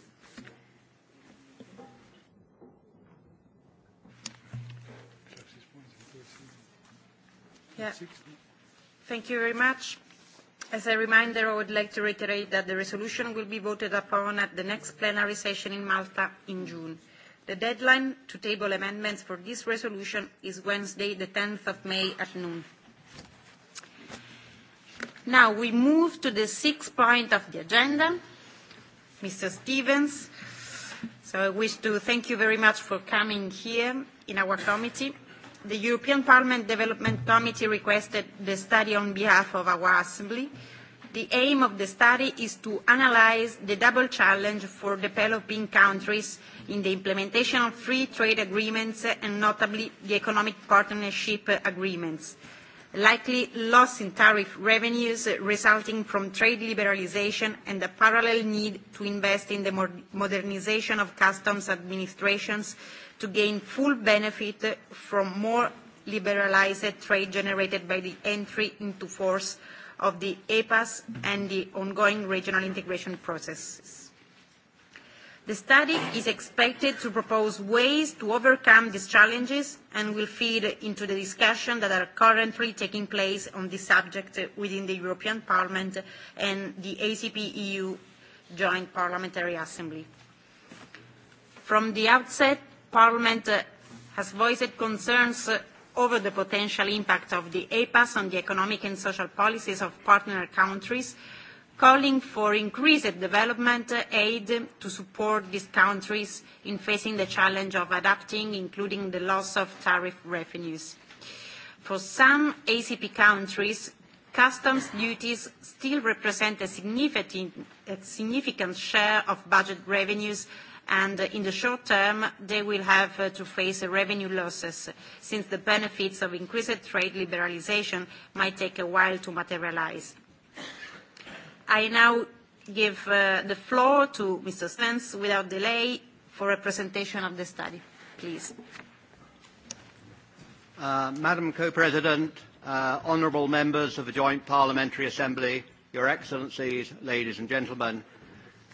Yeah. Thank you very much. As a reminder, I would like to reiterate that the resolution will be voted upon at the next plenary session in Malta in June. The deadline to table amendments for this resolution is Wednesday, the 10th of May at noon. Now we move to the sixth point of the agenda. Mr. Stevens, so I wish to thank you very much for coming here in our committee. The European Parliament Development Committee requested the study on behalf of our Assembly. The aim of the study is to analyse the double challenge for developing countries – in the implementation of free trade agreements and notably the economic partnership agreements. Likely loss in tariff revenues resulting from trade liberalisation and the parallel need to invest in the modernisation of customs administrations to gain full benefit from more liberalised trade generated by the entry into force of the EPAS and the ongoing regional integration processes. The study is expected to propose ways to overcome these challenges and will feed into the discussion that are currently taking place on this subject within the European Parliament and the ACP-EU Joint Parliamentary Assembly. From the outset, Parliament has voiced concerns over the potential impact of the EPAs on the economic and social policies of partner countries calling for increased development aid to support these countries in facing the challenge of adapting, including the loss of tariff revenues. For some ACP countries, customs duties still represent a significant, a significant share of budget revenues, and in the short term, they will have to face revenue losses, since the benefits of increased trade liberalization might take a while to materialize. I now give uh, the floor to Mr. Svens without delay for a presentation of the study. Please. Uh, Madam Co-President, uh, honourable members of the Joint Parliamentary Assembly, Your Excellencies, ladies and gentlemen,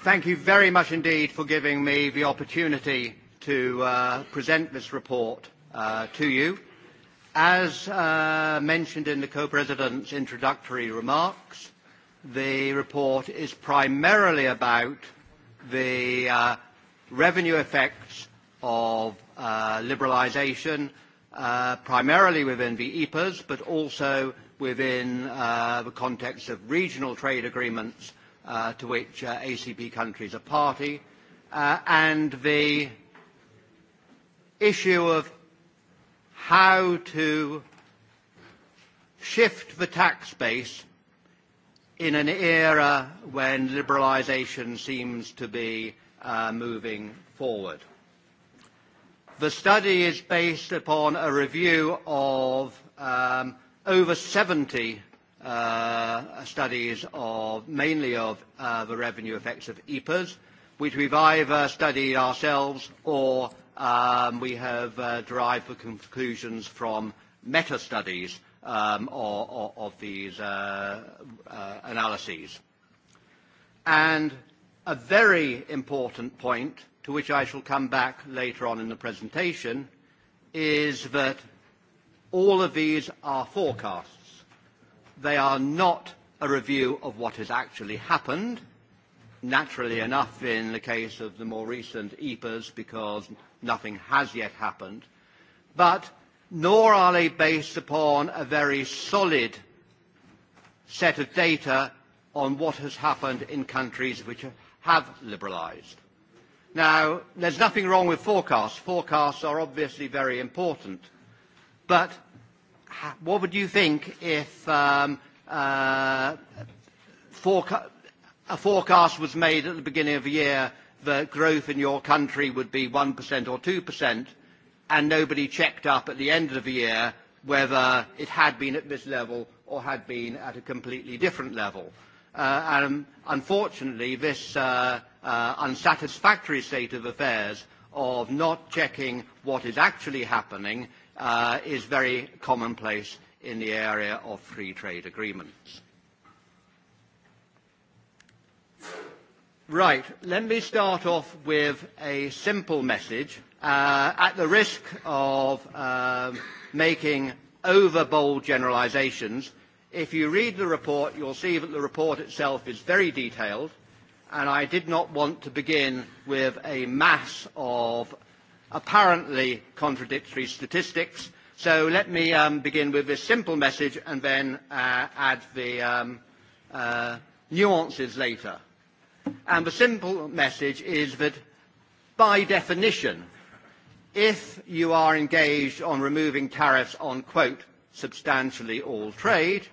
thank you very much indeed for giving me the opportunity to uh, present this report uh, to you. As uh, mentioned in the Co-President's introductory remarks, the report is primarily about the uh, revenue effects of uh, liberalisation, uh, primarily within the EPAs, but also within uh, the context of regional trade agreements uh, to which uh, ACP countries are party, uh, and the issue of how to shift the tax base in an era when liberalisation seems to be uh, moving forward. The study is based upon a review of um, over 70 uh, studies of mainly of uh, the revenue effects of EPAs, which we've either studied ourselves or um, we have uh, derived the conclusions from meta-studies um, of, of these uh, uh, analyses. And a very important point, to which I shall come back later on in the presentation, is that all of these are forecasts. They are not a review of what has actually happened, naturally enough in the case of the more recent EPAs because nothing has yet happened. But nor are they based upon a very solid set of data on what has happened in countries which have liberalised. Now, there's nothing wrong with forecasts. Forecasts are obviously very important. But what would you think if um, uh, foreca a forecast was made at the beginning of a year that growth in your country would be 1% or 2%, and nobody checked up at the end of the year whether it had been at this level or had been at a completely different level. Uh, and unfortunately, this uh, uh, unsatisfactory state of affairs of not checking what is actually happening uh, is very commonplace in the area of free trade agreements. Right, let me start off with a simple message uh, at the risk of um, making over-bold generalisations, if you read the report, you'll see that the report itself is very detailed, and I did not want to begin with a mass of apparently contradictory statistics. So let me um, begin with this simple message and then uh, add the um, uh, nuances later. And the simple message is that, by definition, if you are engaged on removing tariffs on, quote, substantially all trade,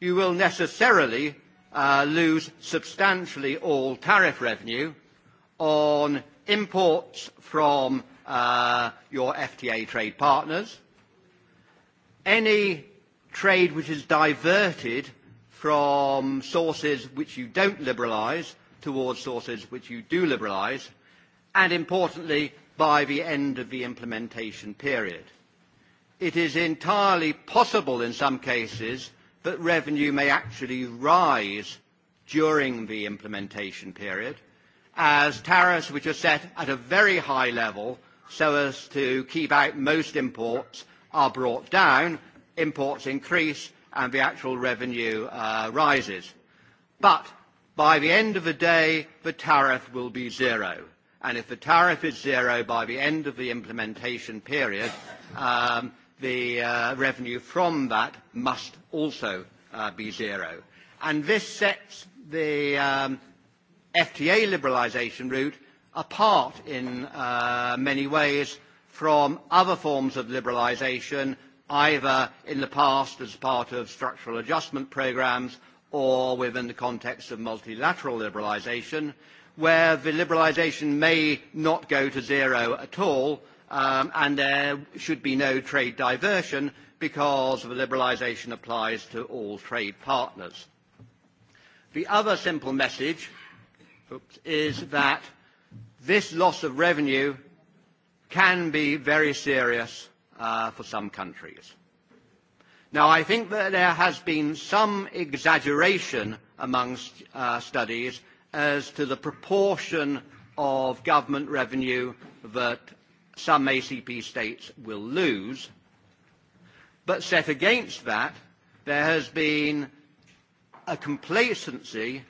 you will necessarily uh, lose substantially all tariff revenue on imports from uh, your FTA trade partners. Any trade which is diverted from sources which you don't liberalise towards sources which you do liberalise, and importantly, by the end of the implementation period. It is entirely possible in some cases that revenue may actually rise during the implementation period as tariffs which are set at a very high level so as to keep out most imports are brought down, imports increase, and the actual revenue uh, rises. But by the end of the day, the tariff will be zero and if the tariff is zero by the end of the implementation period, um, the uh, revenue from that must also uh, be zero. And this sets the um, FTA liberalisation route apart in uh, many ways from other forms of liberalisation, either in the past as part of structural adjustment programmes or within the context of multilateral liberalisation where the liberalisation may not go to zero at all, um, and there should be no trade diversion because the liberalisation applies to all trade partners. The other simple message oops, is that this loss of revenue can be very serious uh, for some countries. Now, I think that there has been some exaggeration amongst uh, studies as to the proportion of government revenue that some ACP states will lose. But set against that, there has been a complacency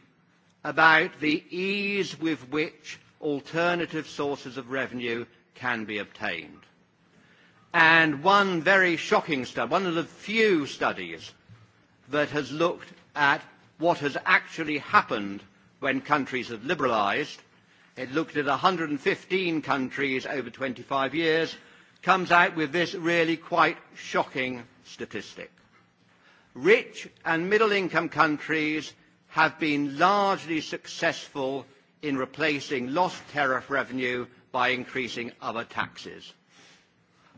about the ease with which alternative sources of revenue can be obtained. And one very shocking study, one of the few studies that has looked at what has actually happened when countries had liberalised. It looked at one hundred and fifteen countries over twenty five years, comes out with this really quite shocking statistic. Rich and middle-income countries have been largely successful in replacing lost tariff revenue by increasing other taxes.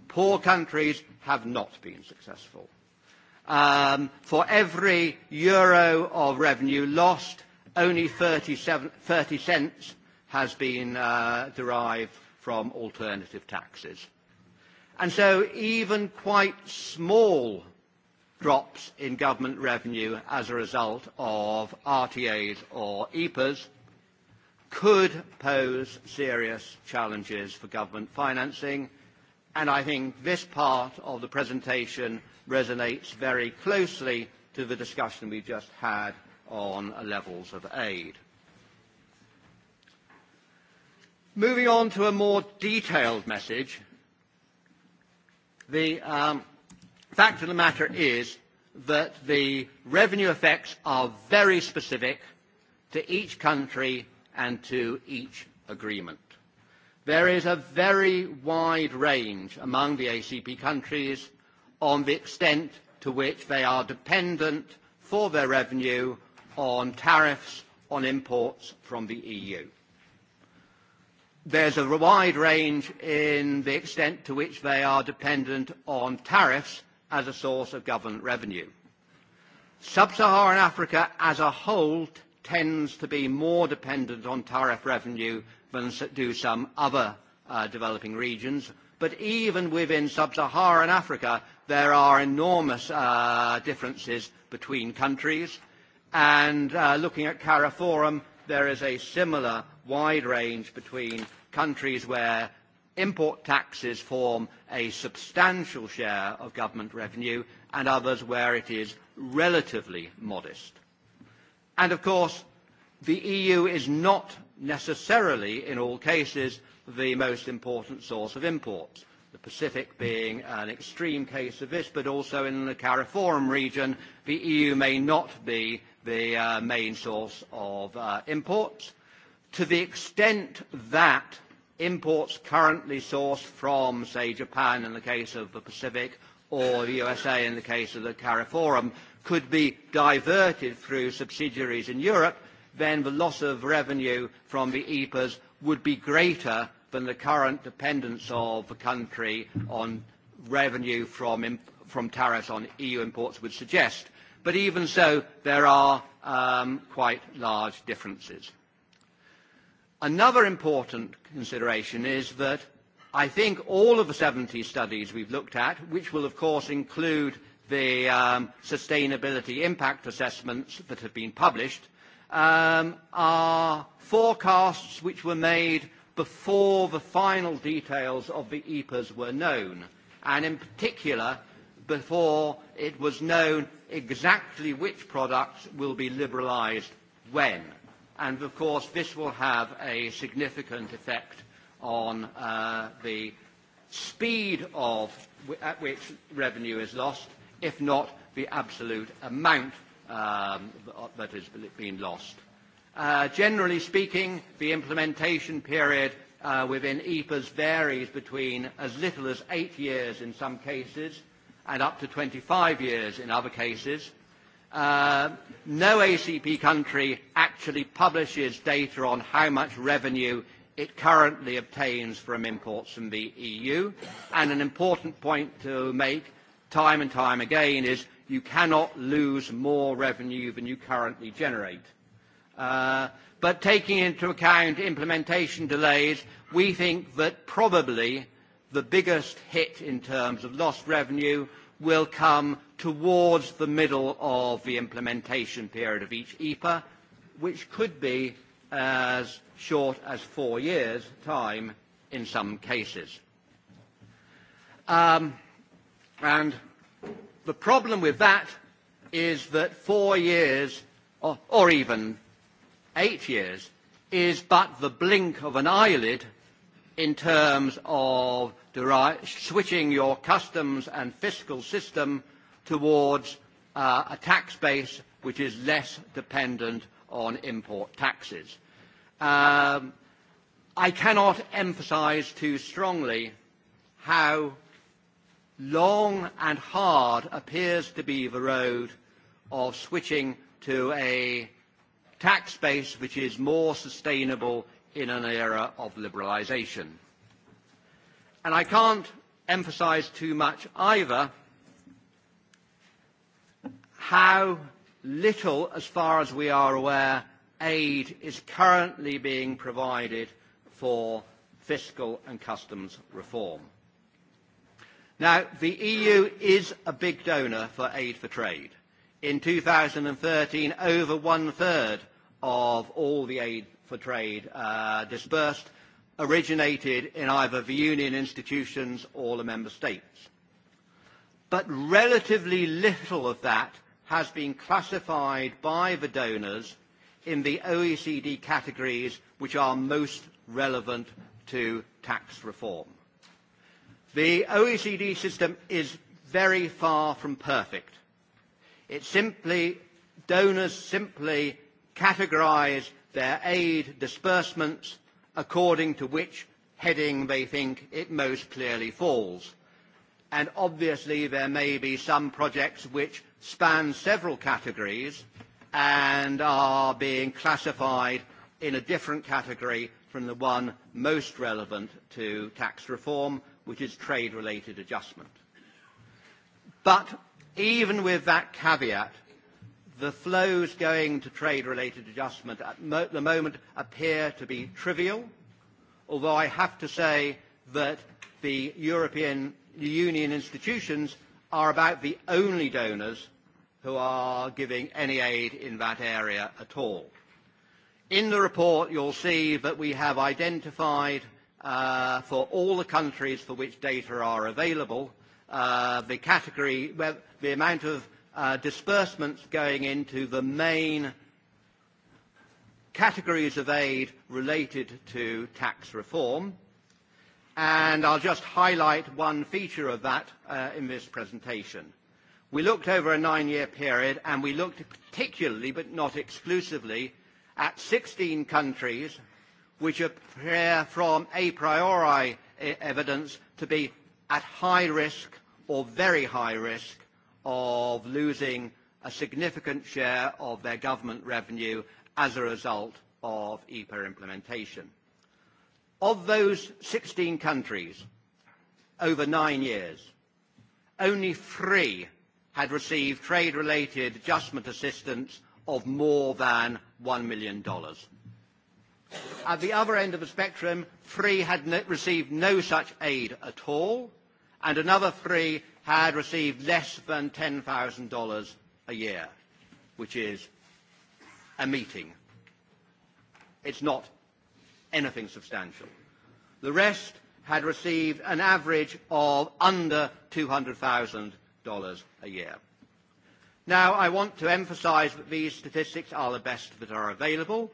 Poor countries have not been successful. Um, for every euro of revenue lost, only 37, 30 cents has been uh, derived from alternative taxes. And so even quite small drops in government revenue as a result of RTAs or EPAs could pose serious challenges for government financing. And I think this part of the presentation resonates very closely to the discussion we've just had on levels of aid. Moving on to a more detailed message, the um, fact of the matter is that the revenue effects are very specific to each country and to each agreement. There is a very wide range among the ACP countries on the extent to which they are dependent for their revenue on tariffs on imports from the EU. There's a wide range in the extent to which they are dependent on tariffs as a source of government revenue. Sub-Saharan Africa as a whole tends to be more dependent on tariff revenue than do some other uh, developing regions. But even within sub-Saharan Africa, there are enormous uh, differences between countries. And uh, looking at CARIFORUM, there is a similar wide range between countries where import taxes form a substantial share of government revenue and others where it is relatively modest. And of course, the EU is not necessarily, in all cases, the most important source of imports, the Pacific being an extreme case of this, but also in the CARIFORUM region, the EU may not be the uh, main source of uh, imports. To the extent that imports currently sourced from, say, Japan in the case of the Pacific or the USA in the case of the CARIFORUM could be diverted through subsidiaries in Europe, then the loss of revenue from the EPAs would be greater than the current dependence of the country on revenue from, from tariffs on EU imports would suggest but even so, there are um, quite large differences. Another important consideration is that I think all of the 70 studies we've looked at, which will of course include the um, sustainability impact assessments that have been published, um, are forecasts which were made before the final details of the EPAs were known. And in particular, before it was known exactly which products will be liberalised when. And of course, this will have a significant effect on uh, the speed of at which revenue is lost, if not the absolute amount um, that has been lost. Uh, generally speaking, the implementation period uh, within EPAs varies between as little as eight years in some cases and up to 25 years in other cases. Uh, no ACP country actually publishes data on how much revenue it currently obtains from imports from the EU. And an important point to make time and time again is you cannot lose more revenue than you currently generate. Uh, but taking into account implementation delays, we think that probably the biggest hit in terms of lost revenue will come towards the middle of the implementation period of each EPA, which could be as short as four years' time in some cases. Um, and the problem with that is that four years, or, or even eight years, is but the blink of an eyelid in terms of switching your customs and fiscal system towards uh, a tax base which is less dependent on import taxes. Um, I cannot emphasize too strongly how long and hard appears to be the road of switching to a tax base which is more sustainable in an era of liberalization. And I can't emphasize too much either how little, as far as we are aware, aid is currently being provided for fiscal and customs reform. Now, the EU is a big donor for aid for trade. In 2013, over one-third of all the aid for trade uh, dispersed originated in either the union institutions or the member states. But relatively little of that has been classified by the donors in the OECD categories which are most relevant to tax reform. The OECD system is very far from perfect. It simply, donors simply categorise their aid disbursements according to which heading they think it most clearly falls. And obviously there may be some projects which span several categories and are being classified in a different category from the one most relevant to tax reform, which is trade-related adjustment. But even with that caveat, the flows going to trade-related adjustment at mo the moment appear to be trivial, although I have to say that the European Union institutions are about the only donors who are giving any aid in that area at all. In the report, you'll see that we have identified uh, for all the countries for which data are available, uh, the category, well, the amount of uh, disbursements going into the main categories of aid related to tax reform. And I'll just highlight one feature of that uh, in this presentation. We looked over a nine-year period, and we looked particularly, but not exclusively, at 16 countries which appear from a priori eh, evidence to be at high risk or very high risk of losing a significant share of their government revenue as a result of EPA implementation. Of those 16 countries, over nine years, only three had received trade-related adjustment assistance of more than $1 million. At the other end of the spectrum, three had no, received no such aid at all, and another three had received less than $10,000 a year, which is a meeting. It's not anything substantial. The rest had received an average of under $200,000 a year. Now, I want to emphasize that these statistics are the best that are available.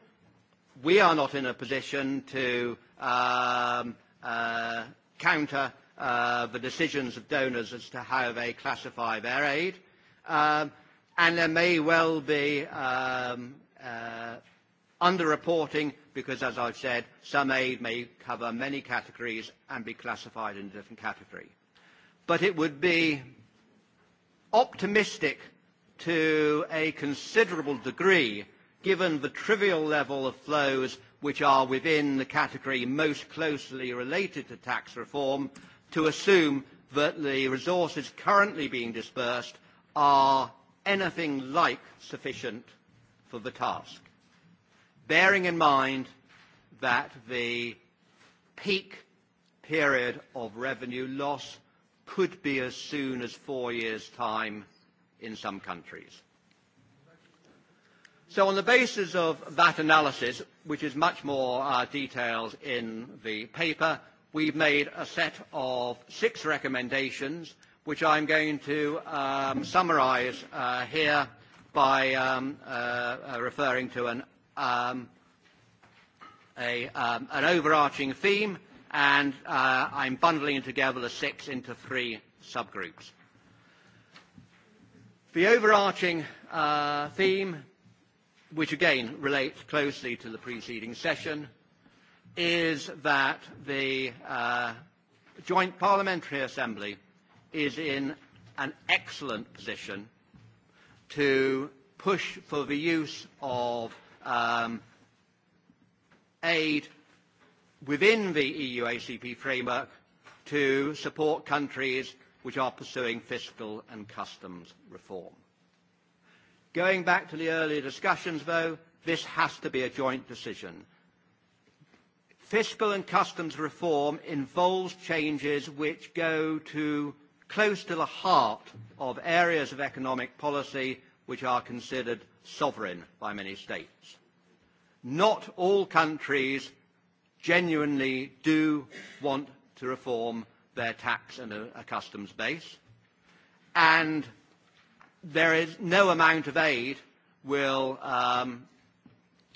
We are not in a position to um, uh, counter uh, the decisions of donors as to how they classify their aid. Um, and there may well be um, uh, underreporting because, as I've said, some aid may cover many categories and be classified in a different category. But it would be optimistic to a considerable degree given the trivial level of flows which are within the category most closely related to tax reform to assume that the resources currently being dispersed are anything like sufficient for the task, bearing in mind that the peak period of revenue loss could be as soon as four years' time in some countries. So on the basis of that analysis, which is much more uh, detailed in the paper, we've made a set of six recommendations, which I'm going to um, summarise uh, here by um, uh, uh, referring to an, um, a, um, an overarching theme, and uh, I'm bundling together the six into three subgroups. The overarching uh, theme, which again relates closely to the preceding session, is that the uh, Joint Parliamentary Assembly is in an excellent position to push for the use of um, aid within the EU ACP framework to support countries which are pursuing fiscal and customs reform. Going back to the earlier discussions, though, this has to be a joint decision fiscal and customs reform involves changes which go to close to the heart of areas of economic policy which are considered sovereign by many states. Not all countries genuinely do want to reform their tax and a, a customs base, and there is no amount of aid will um,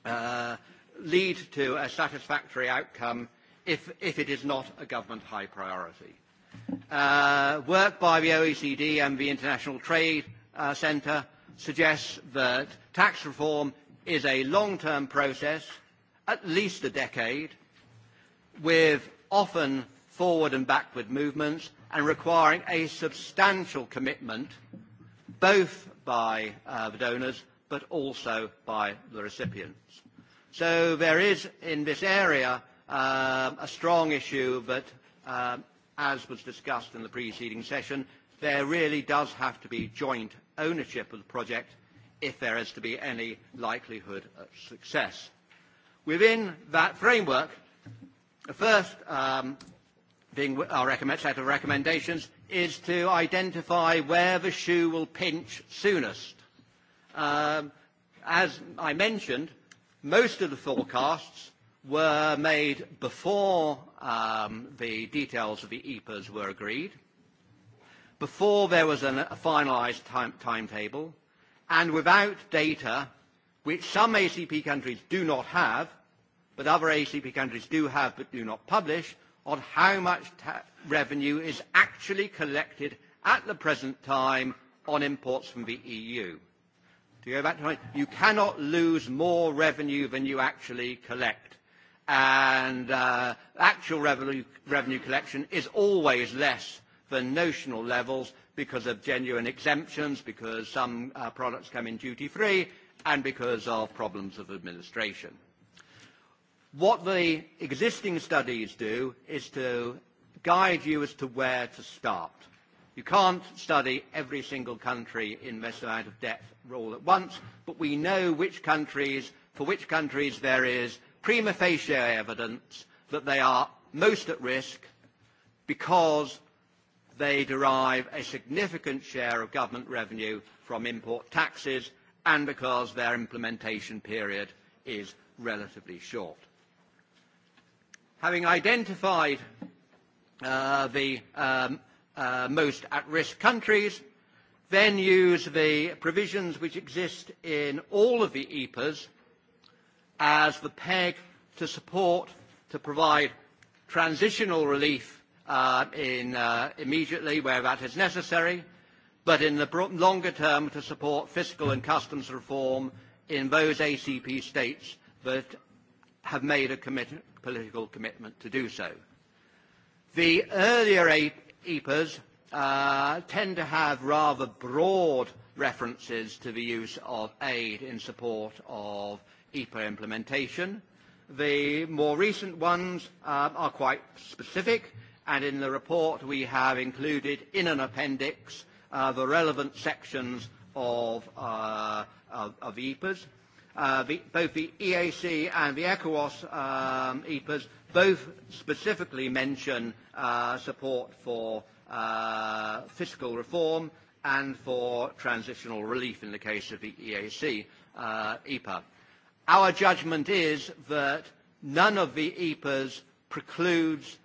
uh, lead to a satisfactory outcome if, if it is not a government high priority. Uh, work by the OECD and the International Trade uh, Center suggests that tax reform is a long-term process, at least a decade, with often forward and backward movements and requiring a substantial commitment both by uh, the donors but also by the recipients. So there is, in this area, uh, a strong issue, but uh, as was discussed in the preceding session, there really does have to be joint ownership of the project if there is to be any likelihood of success. Within that framework, the first um, being our set of recommendations is to identify where the shoe will pinch soonest. Um, as I mentioned, Most of the forecasts were made before um, the details of the EPAs were agreed, before there was a finalised time, timetable, and without data which some ACP countries do not have, but other ACP countries do have but do not publish, on how much ta revenue is actually collected at the present time on imports from the EU to go back to my, you cannot lose more revenue than you actually collect. And uh, actual revenue, revenue collection is always less than notional levels because of genuine exemptions, because some uh, products come in duty-free, and because of problems of administration. What the existing studies do is to guide you as to where to start. You can't study every single country in this amount of depth all at once, but we know which countries, for which countries there is prima facie evidence that they are most at risk because they derive a significant share of government revenue from import taxes and because their implementation period is relatively short. Having identified uh, the um, uh, most at-risk countries, then use the provisions which exist in all of the EPAs as the peg to support, to provide transitional relief uh, in, uh, immediately where that is necessary, but in the longer term to support fiscal and customs reform in those ACP states that have made a commit political commitment to do so. The earlier EPAs uh, tend to have rather broad references to the use of aid in support of EPA implementation. The more recent ones um, are quite specific, and in the report we have included in an appendix uh, the relevant sections of, uh, of, of EPAs. Uh, the, both the EAC and the ECOWAS um, EPAs Both specifically mention uh, support for uh, fiscal reform and for transitional relief in the case of the EAC, uh, EPA. Our judgment is that none of the EPAs precludes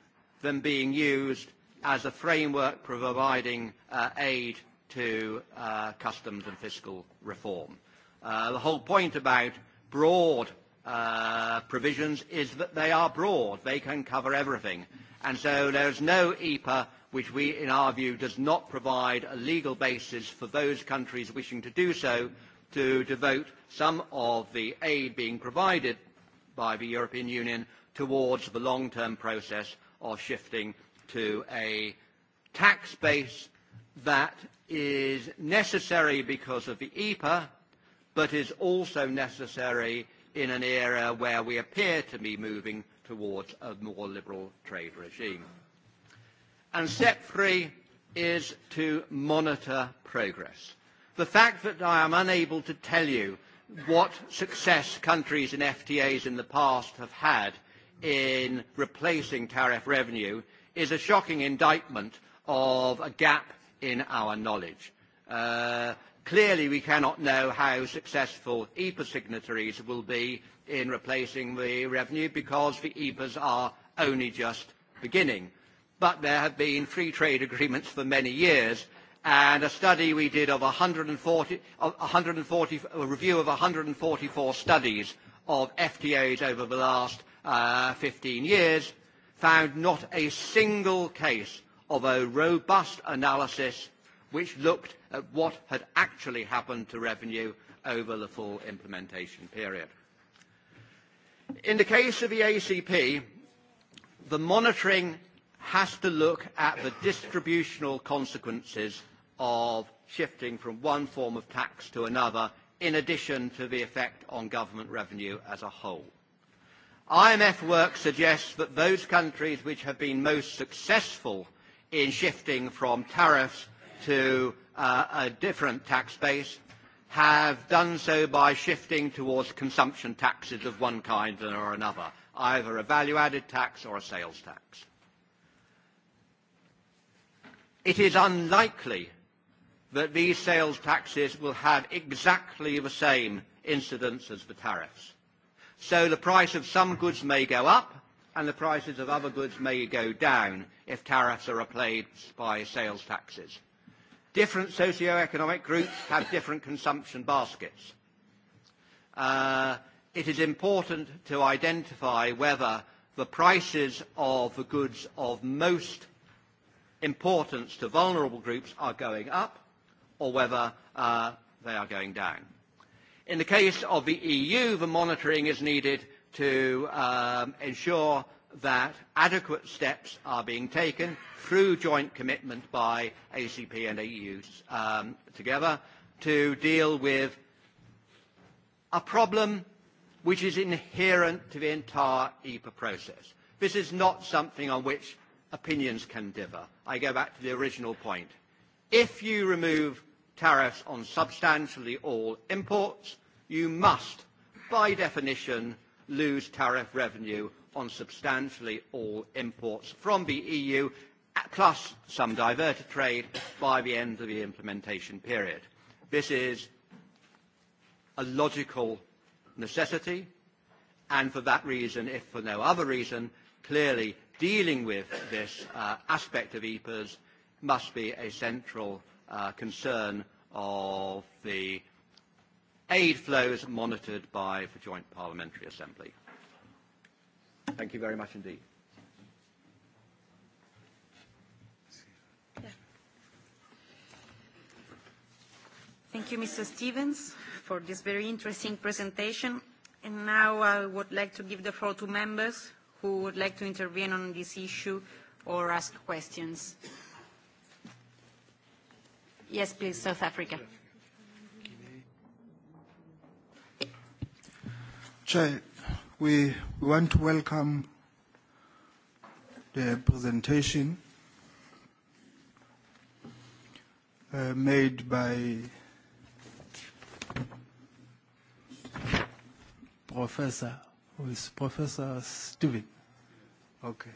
them being used as a framework providing uh, aid to uh, customs and fiscal reform. Uh, the whole point about broad uh, provisions is that they are broad. They can cover everything. And so there is no EPA which we, in our view, does not provide a legal basis for those countries wishing to do so to devote some of the aid being provided by the European Union towards the long-term process of shifting to a tax base that is necessary because of the EPA, but is also necessary in an era where we appear to be moving towards a more liberal trade regime. And step three is to monitor progress. The fact that I am unable to tell you what success countries in FTAs in the past have had in replacing tariff revenue is a shocking indictment of a gap in our knowledge. Uh, Clearly, we cannot know how successful EPA signatories will be in replacing the revenue because the EPAs are only just beginning. But there have been free trade agreements for many years, and a study we did of 140, of 140 a review of 144 studies of FTAs over the last uh, 15 years found not a single case of a robust analysis which looked at what had actually happened to revenue over the full implementation period. In the case of the ACP, the monitoring has to look at the distributional consequences of shifting from one form of tax to another, in addition to the effect on government revenue as a whole. IMF work suggests that those countries which have been most successful in shifting from tariffs to uh, a different tax base have done so by shifting towards consumption taxes of one kind or another, either a value-added tax or a sales tax. It is unlikely that these sales taxes will have exactly the same incidence as the tariffs. So the price of some goods may go up and the prices of other goods may go down if tariffs are replaced by sales taxes. Different socio-economic groups have different consumption baskets. Uh, it is important to identify whether the prices of the goods of most importance to vulnerable groups are going up or whether uh, they are going down. In the case of the EU, the monitoring is needed to um, ensure that adequate steps are being taken through joint commitment by ACP and EU um, together to deal with a problem which is inherent to the entire EPA process. This is not something on which opinions can differ. I go back to the original point. If you remove tariffs on substantially all imports, you must, by definition, lose tariff revenue on substantially all imports from the EU, uh, plus some diverted trade by the end of the implementation period. This is a logical necessity, and for that reason, if for no other reason, clearly dealing with this uh, aspect of EPAs must be a central uh, concern of the aid flows monitored by the Joint Parliamentary Assembly. Thank you very much indeed. Thank you, Mr. Stevens, for this very interesting presentation. And now I would like to give the floor to members who would like to intervene on this issue or ask questions. Yes, please, South Africa. Chair, We want to welcome the presentation uh, made by Professor, who is Professor Steven. Okay.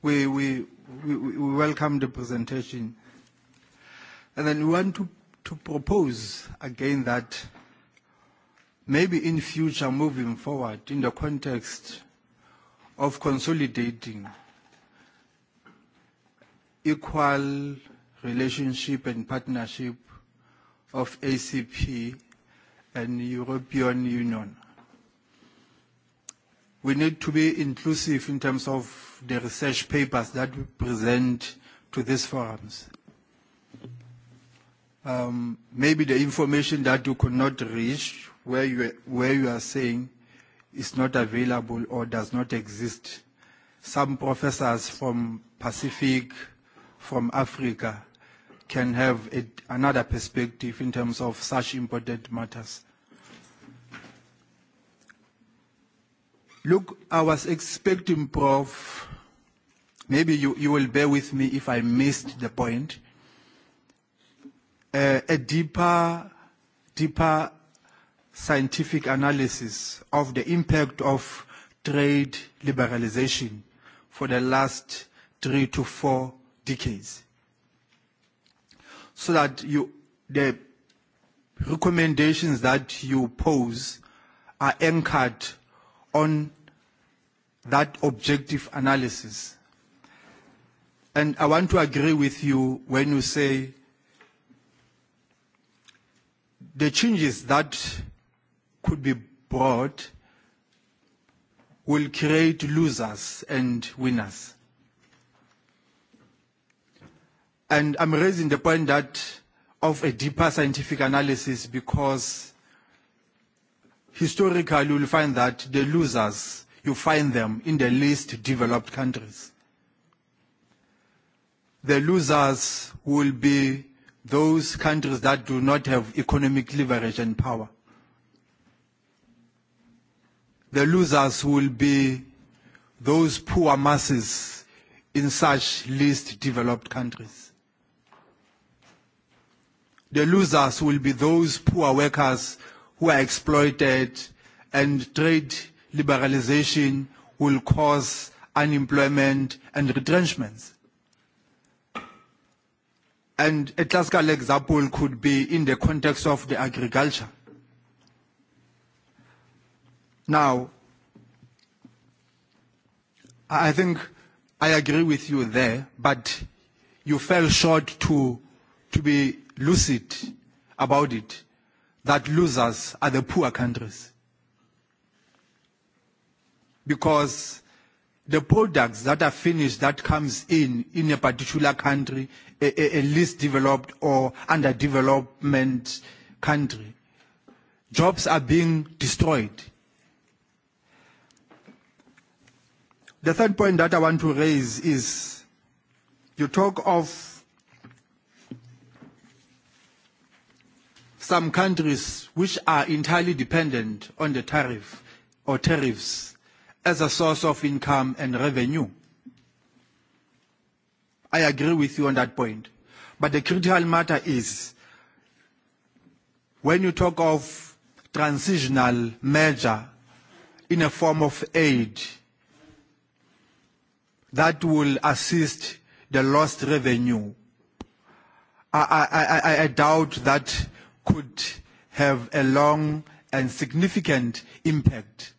We, we, we, we welcome the presentation. And then we want to, to propose again that maybe in future moving forward in the context of consolidating equal relationship and partnership of ACP and European Union. We need to be inclusive in terms of the research papers that we present to these forums. Um, maybe the information that you could not reach where you, where you are saying is not available or does not exist. Some professors from Pacific, from Africa, can have a, another perspective in terms of such important matters. Look, I was expecting, Prof, maybe you, you will bear with me if I missed the point, uh, a deeper, deeper scientific analysis of the impact of trade liberalization for the last three to four decades. So that you, the recommendations that you pose are anchored on that objective analysis. And I want to agree with you when you say the changes that could be brought will create losers and winners. And I'm raising the point that of a deeper scientific analysis because historically you'll find that the losers, you find them in the least developed countries. The losers will be those countries that do not have economic leverage and power the losers will be those poor masses in such least developed countries. The losers will be those poor workers who are exploited and trade liberalization will cause unemployment and retrenchments. And a classical example could be in the context of the agriculture Now, I think I agree with you there, but you fell short to, to be lucid about it, that losers are the poor countries. Because the products that are finished that comes in in a particular country, a, a, a least developed or underdevelopment country, jobs are being destroyed The third point that I want to raise is you talk of some countries which are entirely dependent on the tariff or tariffs as a source of income and revenue. I agree with you on that point. But the critical matter is when you talk of transitional measure in a form of aid that will assist the lost revenue. I, I, I, I doubt that could have a long and significant impact.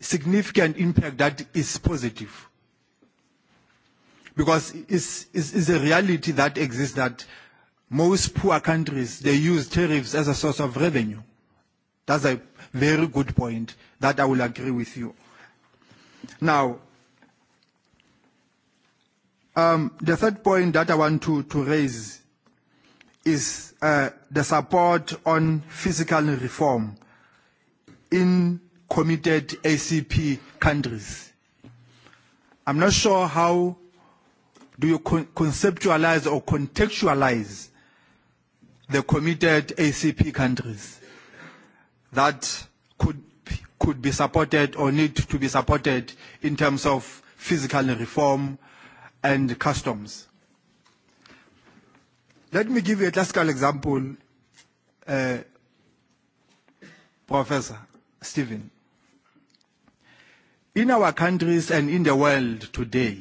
Significant impact that is positive. Because it's, it's, it's a reality that exists that most poor countries, they use tariffs as a source of revenue. That's a very good point that I will agree with you Now, um, the third point that I want to, to raise is uh, the support on physical reform in committed ACP countries. I'm not sure how do you con conceptualize or contextualize the committed ACP countries that could could be supported or need to be supported in terms of physical reform and customs. Let me give you a classical example, uh, Professor Stephen. In our countries and in the world today,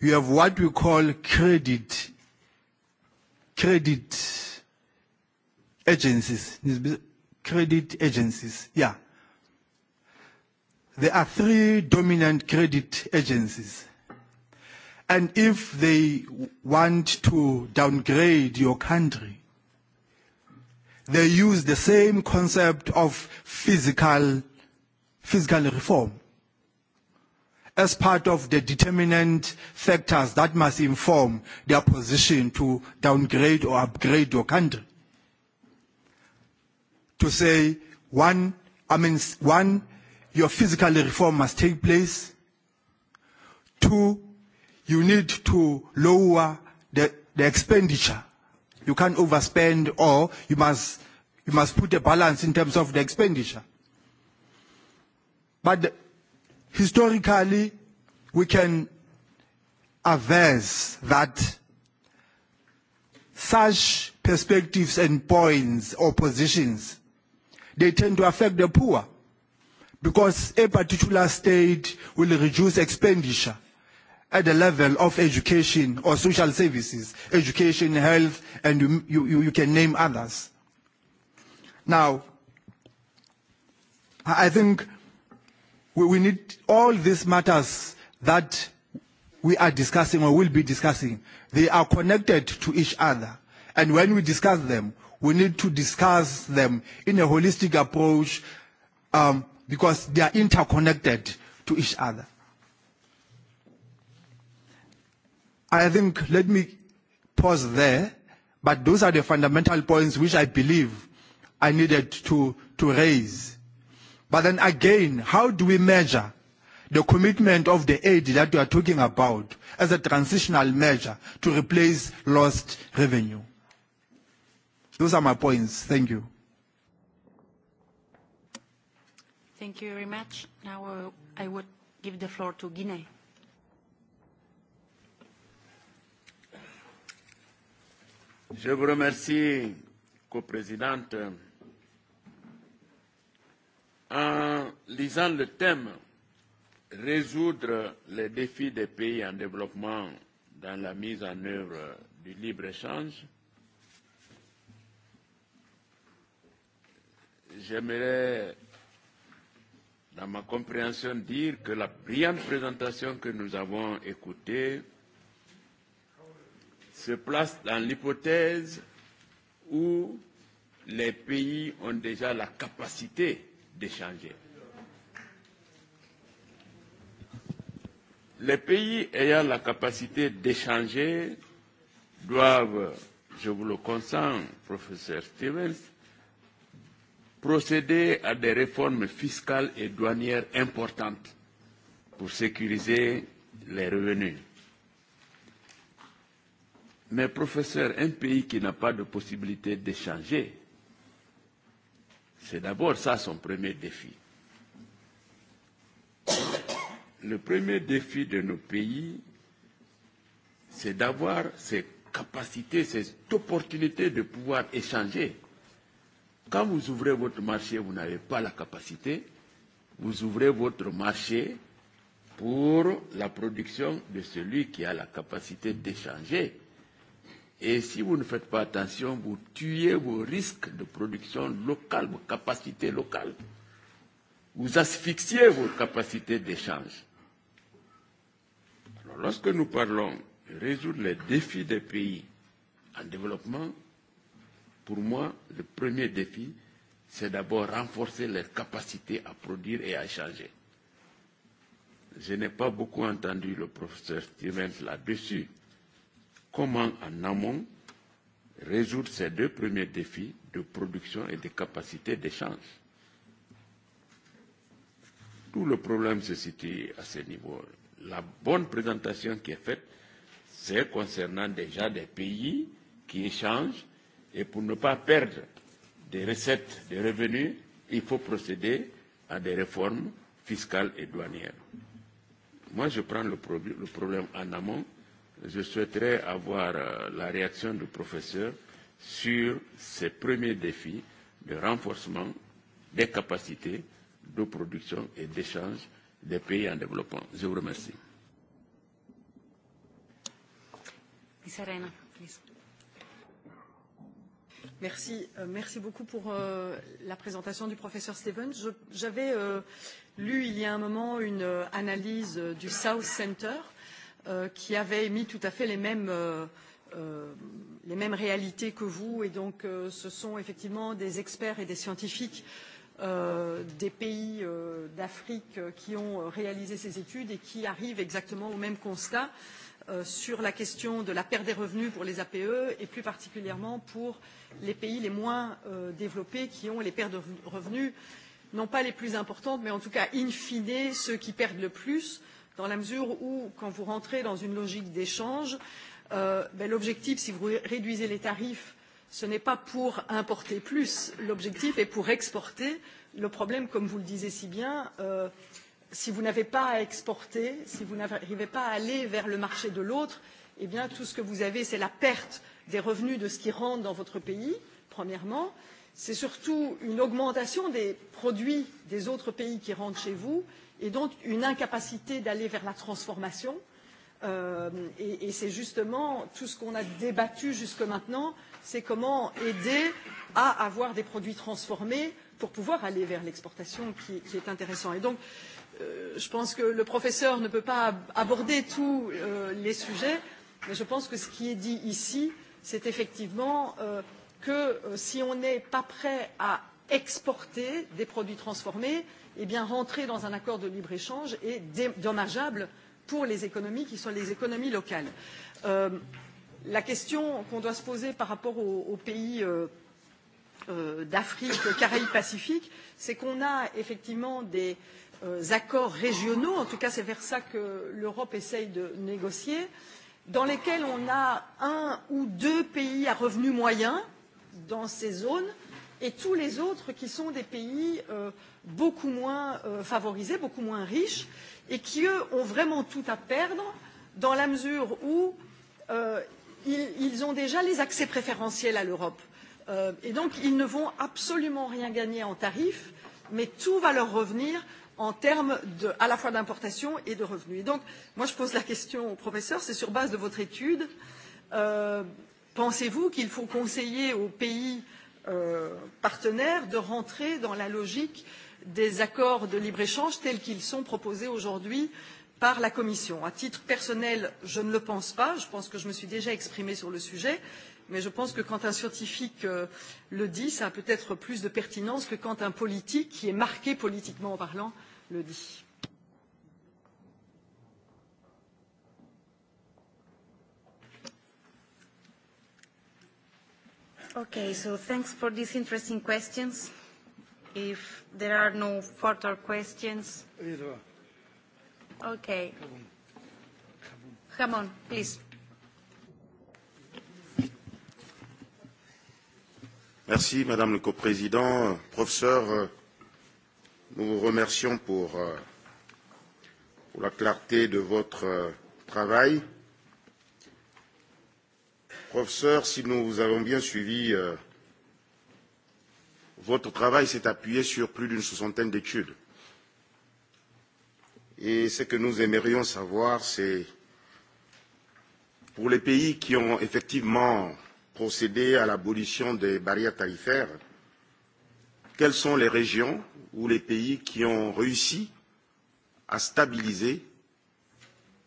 you have what we call credit credit agencies credit agencies. Yeah. There are three dominant credit agencies. And if they want to downgrade your country, they use the same concept of physical, physical reform as part of the determinant factors that must inform their position to downgrade or upgrade your country to say, one, I mean, one, your physical reform must take place. Two, you need to lower the, the expenditure. You can't overspend or you must, you must put a balance in terms of the expenditure. But historically, we can averse that such perspectives and points or positions they tend to affect the poor because a particular state will reduce expenditure at the level of education or social services, education, health, and you, you, you can name others. Now, I think we, we need all these matters that we are discussing or will be discussing, they are connected to each other. And when we discuss them, we need to discuss them in a holistic approach um, because they are interconnected to each other. I think, let me pause there, but those are the fundamental points which I believe I needed to, to raise. But then again, how do we measure the commitment of the aid that we are talking about as a transitional measure to replace lost revenue? Those are my points. Thank you. Thank you very much. Now uh, I would give the floor to Guinea. Je vous remercie, coprésidente. En lisant le thème Résoudre les défis des pays en développement dans la mise en œuvre du libre-échange, j'aimerais, dans ma compréhension, dire que la brillante présentation que nous avons écoutée se place dans l'hypothèse où les pays ont déjà la capacité d'échanger. Les pays ayant la capacité d'échanger doivent, je vous le consens, professeur Stevens, procéder à des réformes fiscales et douanières importantes pour sécuriser les revenus. Mais professeur, un pays qui n'a pas de possibilité d'échanger, c'est d'abord ça son premier défi. Le premier défi de nos pays, c'est d'avoir ces capacités, ces opportunités de pouvoir échanger Quand vous ouvrez votre marché, vous n'avez pas la capacité, vous ouvrez votre marché pour la production de celui qui a la capacité d'échanger. Et si vous ne faites pas attention, vous tuez vos risques de production locale, vos capacités locales. Vous asphyxiez vos capacités d'échange. Alors lorsque nous parlons de résoudre les défis des pays en développement, Pour moi, le premier défi, c'est d'abord renforcer leur capacité à produire et à échanger. Je n'ai pas beaucoup entendu le professeur Stevens là-dessus. Comment en amont résoudre ces deux premiers défis de production et de capacité d'échange Tout le problème se situe à ce niveau. La bonne présentation qui est faite, c'est concernant déjà des pays qui échangent Et pour ne pas perdre des recettes, des revenus, il faut procéder à des réformes fiscales et douanières. Moi, je prends le, pro le problème en amont. Je souhaiterais avoir euh, la réaction du professeur sur ces premiers défis de renforcement des capacités de production et d'échange des pays en développement. Je vous remercie. Serena, please. Merci, euh, merci beaucoup pour euh, la présentation du professeur Stevens. J'avais euh, lu il y a un moment une euh, analyse euh, du South Center euh, qui avait émis tout à fait les mêmes, euh, euh, les mêmes réalités que vous et donc euh, ce sont effectivement des experts et des scientifiques euh, des pays euh, d'Afrique euh, qui ont euh, réalisé ces études et qui arrivent exactement au même constat. Euh, Euh, sur la question de la perte des revenus pour les ape et plus particulièrement pour les pays les moins euh, développés qui ont les pertes de revenus non pas les plus importantes mais en tout cas in fine ceux qui perdent le plus dans la mesure où quand vous rentrez dans une logique d'échange euh, ben, l'objectif si vous réduisez les tarifs ce n'est pas pour importer plus l'objectif est pour exporter. le problème comme vous le disiez si bien euh, si vous n'avez pas à exporter si vous n'arrivez pas à aller vers le marché de l'autre eh bien tout ce que vous avez c'est la perte des revenus de ce qui rentre dans votre pays premièrement c'est surtout une augmentation des produits des autres pays qui rentrent chez vous et donc une incapacité d'aller vers la transformation euh, et, et c'est justement tout ce qu'on a débattu jusque maintenant c'est comment aider à avoir des produits transformés pour pouvoir aller vers l'exportation qui, qui est intéressant. Et donc, euh, Euh, je pense que le professeur ne peut pas aborder tous euh, les sujets, mais je pense que ce qui est dit ici, c'est effectivement euh, que euh, si on n'est pas prêt à exporter des produits transformés, eh bien rentrer dans un accord de libre-échange est dommageable pour les économies qui sont les économies locales. Euh, la question qu'on doit se poser par rapport aux, aux pays euh, euh, d'Afrique, Caraïbes, Pacifique, c'est qu'on a effectivement des, euh, Euh, accords régionaux en tout cas c'est vers cela que l'europe essaye de négocier dans lesquels on a un ou deux pays à revenus moyen dans ces zones et tous les autres qui sont des pays euh, beaucoup moins euh, favorisés beaucoup moins riches et qui eux ont vraiment tout à perdre dans la mesure où euh, ils, ils ont déjà les accès préférentiels à l'europe euh, et donc ils ne vont absolument rien gagner en tarifs mais tout va leur revenir en termes de, à la fois d'importation et de revenus. Et donc, moi, je pose la question au professeur, c'est sur base de votre étude, euh, pensez-vous qu'il faut conseiller aux pays euh, partenaires de rentrer dans la logique des accords de libre-échange tels qu'ils sont proposés aujourd'hui par la Commission À titre personnel, je ne le pense pas, je pense que je me suis déjà exprimée sur le sujet, mais je pense que quand un scientifique euh, le dit ça a peut être plus de pertinence que quand un politique qui est marqué politiquement parlant le dit. Okay, so thanks for these interesting questions. If there are no further questions. Okay. on, please. Merci, Madame le Coprésident. Professeur, euh, nous vous remercions pour, euh, pour la clarté de votre euh, travail. Professeur, si nous avons bien suivi, votre travail s'est appuyé sur plus d'une soixantaine d'études. Et ce que nous aimerions savoir, c'est pour les pays qui ont effectivement procéder à l'abolition des barrières tarifaires, quelles sont les régions ou les pays qui ont réussi à stabiliser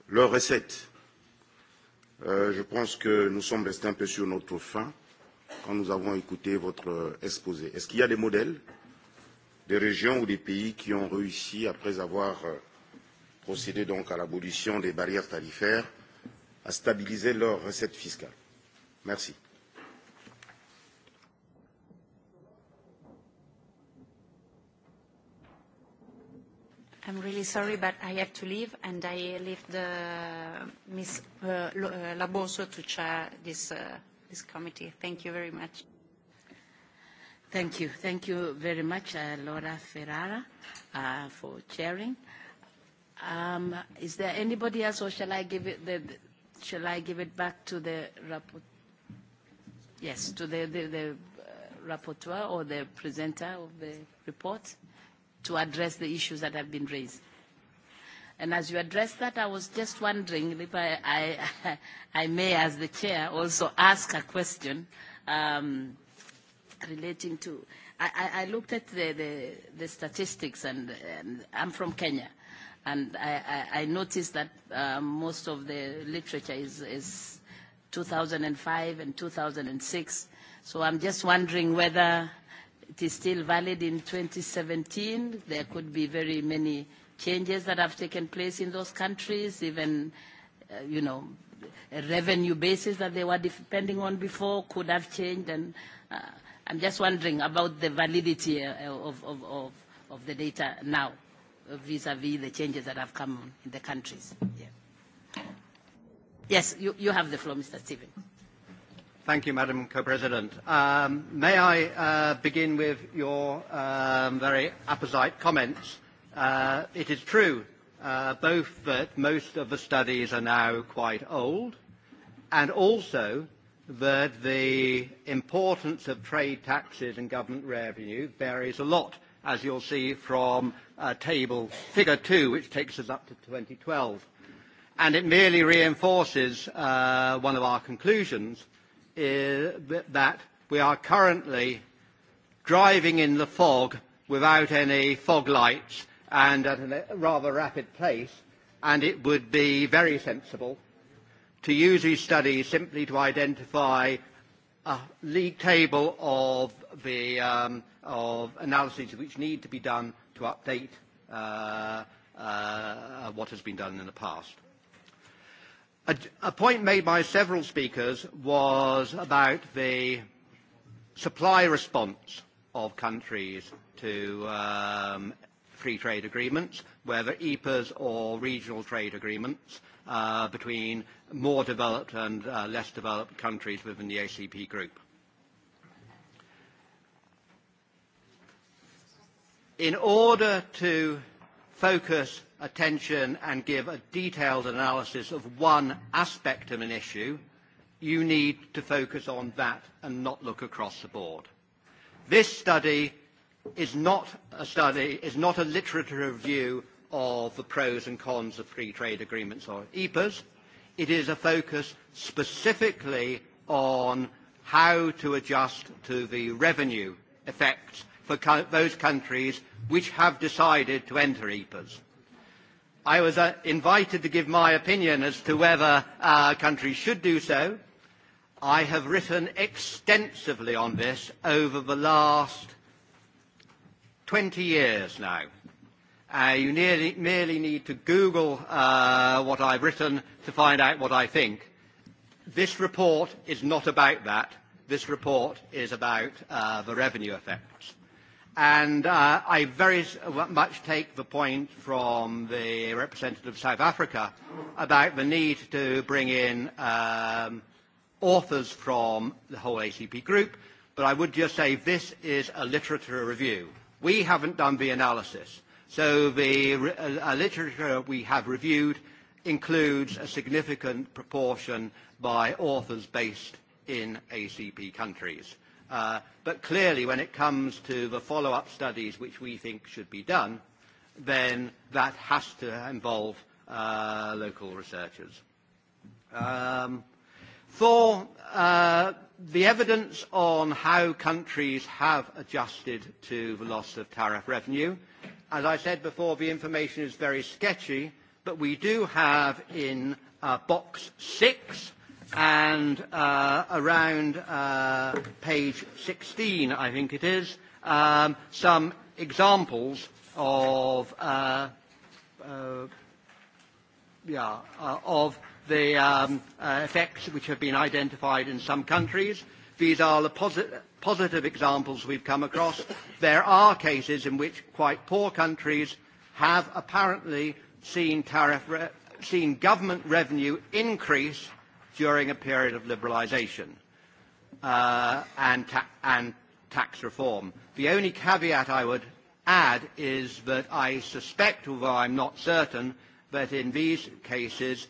leurs recettes euh, Je pense que nous sommes restés un peu sur notre fin quand nous avons écouté votre exposé. Est-ce qu'il y a des modèles des régions ou des pays qui ont réussi, après avoir euh, procédé donc à l'abolition des barrières tarifaires, à stabiliser leurs recettes fiscales Merci. I'm really sorry, but I have to leave, and I leave the uh, Ms. Uh, uh, Laboso to chair this, uh, this committee. Thank you very much. Thank you. Thank you very much, uh, Laura Ferrara, uh, for chairing. Um, is there anybody else, or shall I give it, the, the, shall I give it back to the rapport? Yes, to the, the, the uh, rapporteur or the presenter of the report to address the issues that have been raised. And as you addressed that, I was just wondering if I, I, I may, as the chair, also ask a question um, relating to. I, I looked at the, the, the statistics, and, and I'm from Kenya, and I, I, I noticed that uh, most of the literature is, is 2005 and 2006. So I'm just wondering whether It is still valid in 2017. There could be very many changes that have taken place in those countries, even, uh, you know, a revenue basis that they were depending on before could have changed. And uh, I'm just wondering about the validity uh, of, of, of, of the data now vis-à-vis -vis the changes that have come in the countries. Yeah. Yes, you, you have the floor, Mr. Stevens. Thank you, Madam Co-President. Um, may I uh, begin with your um, very apposite comments? Uh, it is true, uh, both that most of the studies are now quite old, and also that the importance of trade taxes and government revenue varies a lot, as you'll see from table figure two, which takes us up to 2012. And it merely reinforces one of our conclusions, Eh, that we are currently driving in the fog without any fog lights and at a rather rapid pace, and it would be very sensible to use these studies simply to identify a league table of the um, of analyses which need to be done to update uh, uh, what has been done in the past. A, a point made by several speakers was about the supply response of countries to um, free trade agreements, whether EPAs or regional trade agreements, uh, between more developed and uh, less developed countries within the ACP group. In order to focus attention and give a detailed analysis of one aspect of an issue, you need to focus on that and not look across the board. This study is not a study, is not a literature review of the pros and cons of free trade agreements or EPAs. It is a focus specifically on how to adjust to the revenue effects for co those countries which have decided to enter EPAs. I was uh, invited to give my opinion as to whether uh, countries should do so. I have written extensively on this over the last 20 years now. Uh, you nearly, merely need to Google uh, what I've written to find out what I think. This report is not about that. This report is about uh, the revenue effects. And uh, I very uh, much take the point from the representative of South Africa about the need to bring in um, authors from the whole ACP group. But I would just say this is a literature review. We haven't done the analysis. So the uh, literature we have reviewed includes a significant proportion by authors based in ACP countries. Uh, but clearly, when it comes to the follow-up studies which we think should be done, then that has to involve uh, local researchers. Um, for uh, the evidence on how countries have adjusted to the loss of tariff revenue, as I said before, the information is very sketchy, but we do have in uh, box six and uh, around uh, page 16, I think it is, um, some examples of, uh, uh, yeah, uh, of the um, uh, effects which have been identified in some countries. These are the posit positive examples we've come across. There are cases in which quite poor countries have apparently seen, tariff re seen government revenue increase during a period of liberalisation uh, and, ta- and tax reform. The only caveat I would add is that I suspect, although I'm not certain, that in these cases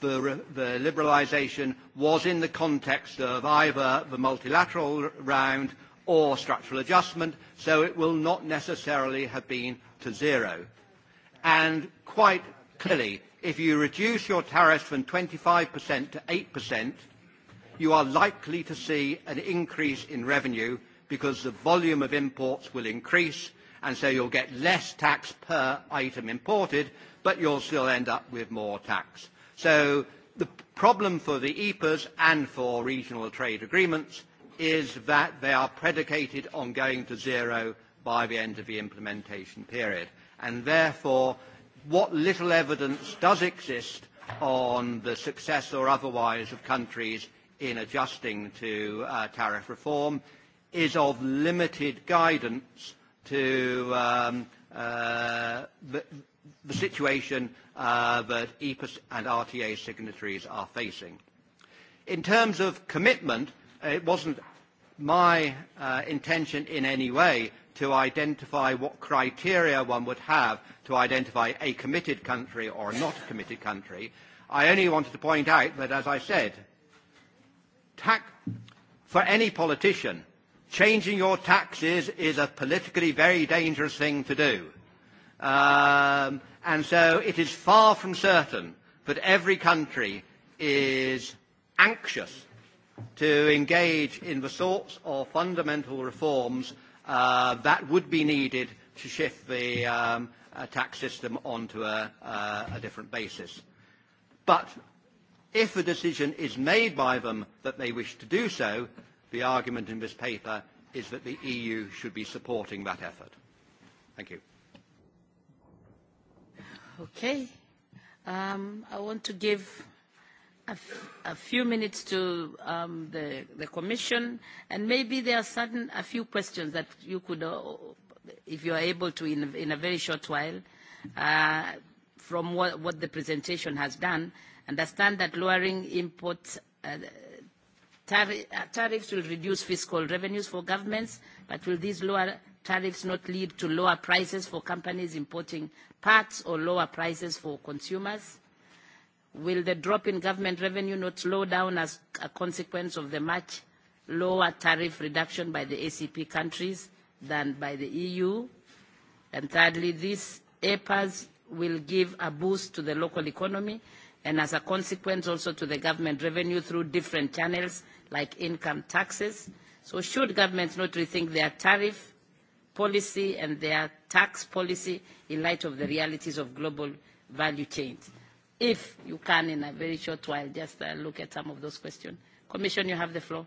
the, the liberalisation was in the context of either the multilateral round or structural adjustment, so it will not necessarily have been to zero. And quite Clearly, if you reduce your tariffs from 25% to 8%, you are likely to see an increase in revenue because the volume of imports will increase, and so you'll get less tax per item imported, but you'll still end up with more tax. So the problem for the EPAs and for regional trade agreements is that they are predicated on going to zero by the end of the implementation period. And therefore, what little evidence does exist on the success or otherwise of countries in adjusting to uh, tariff reform is of limited guidance to um, uh, the, the situation uh, that EPA and RTA signatories are facing. In terms of commitment, it wasn't my uh, intention in any way to identify what criteria one would have to identify a committed country or not a committed country. I only wanted to point out that, as I said, tax, for any politician, changing your taxes is a politically very dangerous thing to do. Um, and so it is far from certain that every country is anxious to engage in the sorts of fundamental reforms uh, that would be needed to shift the um, uh, tax system onto a, uh, a different basis. But if a decision is made by them that they wish to do so, the argument in this paper is that the EU should be supporting that effort. Thank you. Okay. Um, I want to give a, f a few minutes to um, the, the Commission, and maybe there are certain, a few questions that you could, uh, if you are able to, in, in a very short while, uh, from what, what the presentation has done, understand that lowering import uh, tari uh, tariffs will reduce fiscal revenues for governments, but will these lower tariffs not lead to lower prices for companies importing parts or lower prices for consumers? Will the drop in government revenue not slow down as a consequence of the much lower tariff reduction by the ACP countries than by the EU? And thirdly, these EPAs will give a boost to the local economy and as a consequence also to the government revenue through different channels like income taxes. So should governments not rethink their tariff policy and their tax policy in light of the realities of global value chains? if you can in a very short while just uh, look at some of those questions. Commission, you have the floor.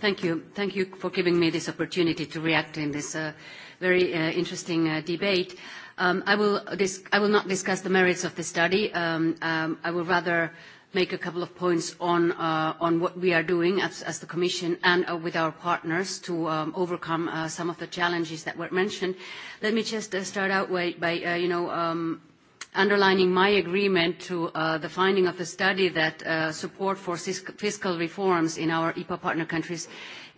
Thank you. Thank you for giving me this opportunity to react in this uh, very uh, interesting uh, debate. Um, I, will dis I will not discuss the merits of the study. Um, um, I will rather make a couple of points on, uh on what we are doing as, as the Commission and uh with our partners to um overcome uh some of the challenges that were mentioned. Let me just uh start out by, by uh you know, um underlining my agreement to uh, the finding of the study that uh, support for fiscal reforms in our EPA partner countries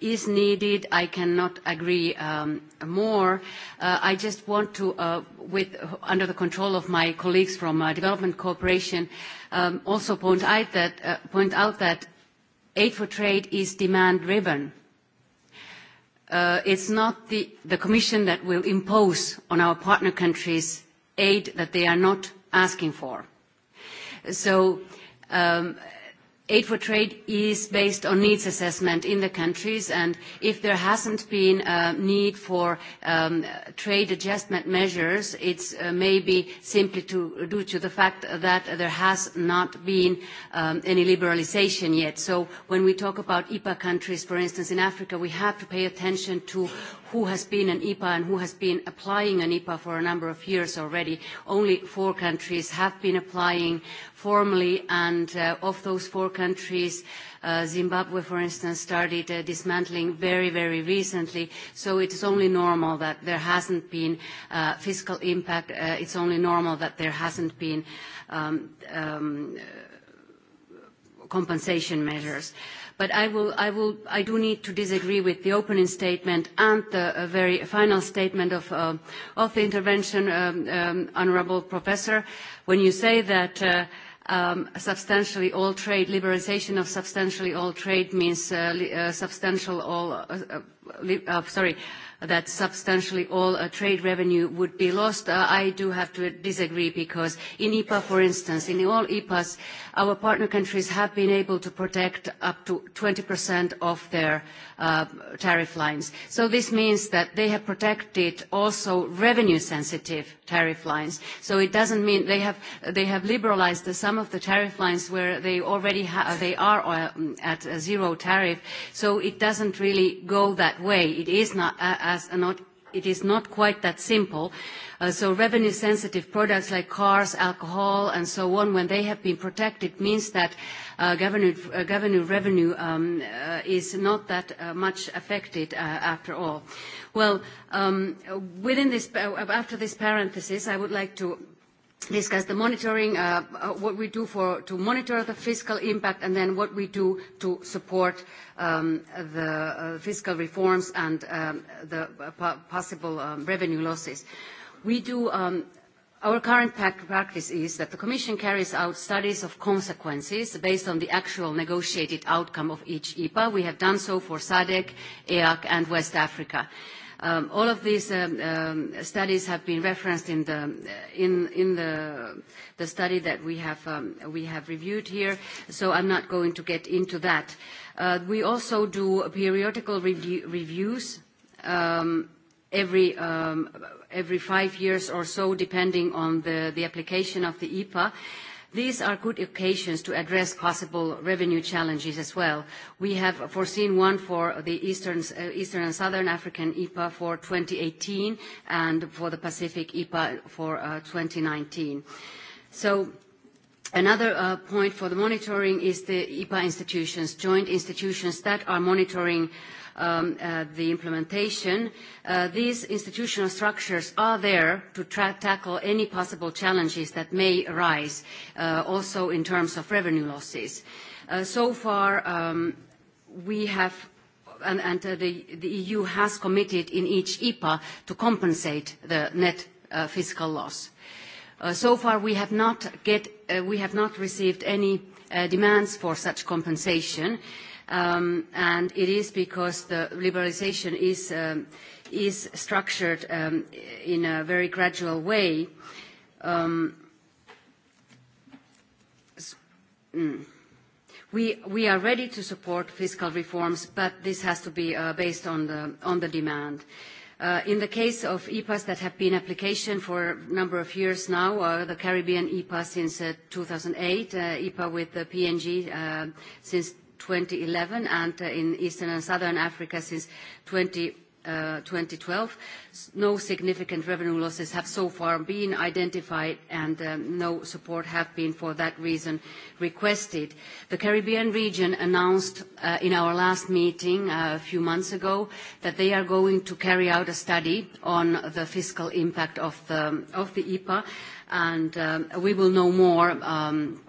is needed. I cannot agree um, more. Uh, I just want to, uh, with, under the control of my colleagues from uh, Development Cooperation, um, also point out that, uh, point out that aid for trade is demand-driven. Uh, it's not the, the Commission that will impose on our partner countries aid that they are not asking for. So um, aid for trade is based on needs assessment in the countries, and if there hasn't been a need for um, trade adjustment measures, it's uh, maybe simply to, due to the fact that there has not been um, any liberalization yet. So when we talk about IPA countries, for instance, in Africa, we have to pay attention to who has been an EPA and who has been applying an EPA for a number of years already. Only four countries have been applying formally, and uh, of those four countries, uh, Zimbabwe, for instance, started uh, dismantling very, very recently. So it is only normal that there hasn't been uh, fiscal impact. Uh, it's only normal that there hasn't been um, um, compensation measures. Uh, But I, will, I, will, I do need to disagree with the opening statement and the uh, very final statement of, uh, of the intervention, um, um, Honourable Professor, when you say that uh, um, substantially all trade, liberalisation of substantially all trade means uh, li, uh, substantial all, uh, uh, li, uh, sorry, uh, that substantially all uh, trade revenue would be lost, uh, I do have to disagree because in EPA, for instance, in all EPAs, our partner countries have been able to protect up to 20% of their uh, tariff lines. So this means that they have protected also revenue-sensitive tariff lines. So it doesn't mean they have, they have liberalized some of the tariff lines where they already ha they are uh, at a zero tariff. So it doesn't really go that way. It is not a, uh, a as not it is not quite that simple. Uh, so revenue-sensitive products like cars, alcohol, and so on, when they have been protected, means that uh, uh, government, revenue um, is not that much affected after all. Well, um, within this, after this parenthesis, I would like to discuss the monitoring, uh, uh, what we do for, to monitor the fiscal impact, and then what we do to support um, the uh, fiscal reforms and um, the possible um, revenue losses. We do Our current practice is that the Commission carries out studies of consequences based on the actual negotiated outcome of each EPA. We have done so for SADC, EAC, and West Africa. Um, all of these um, um, studies have been referenced in the in, in the, study that um, we have reviewed here, so I'm not going to get into that. Uh, we also do periodical reviews every every five years or so, depending on the, the application of the EPA. These are good occasions to address possible revenue challenges as well. We have foreseen one for the Eastern, uh, Eastern and Southern African EPA for 2018 and for the Pacific EPA for uh, 2019. So Another uh, point for the monitoring is the EPA institutions, joint institutions that are monitoring Um, uh, the implementation, uh, these institutional structures are there to tackle any possible challenges that may arise, uh, also in terms of revenue losses. so far, um, we have and, the, the EU has committed in each EPA to compensate the net fiscal loss. so far, we have not received any demands for such compensation. Um, and it is because the liberalization is, um, structured um, in a very gradual way. Um, mm. We, we are ready to support fiscal reforms, but this has to be uh, based on the, on the demand. Uh, in the case of EPAs that have been application for a number of years now, uh, the Caribbean EPA since 2008, uh, EPA uh, e with the PNG uh, since 2011 and uh, in Eastern and Southern Africa since 20, uh, 2012. No significant revenue losses have so far been identified, and uh, no support have been, for that reason, requested. The Caribbean region announced uh, in our last meeting uh, a few months ago that they are going to carry out a study on the fiscal impact of the, of the EPA, and um, we will know more um,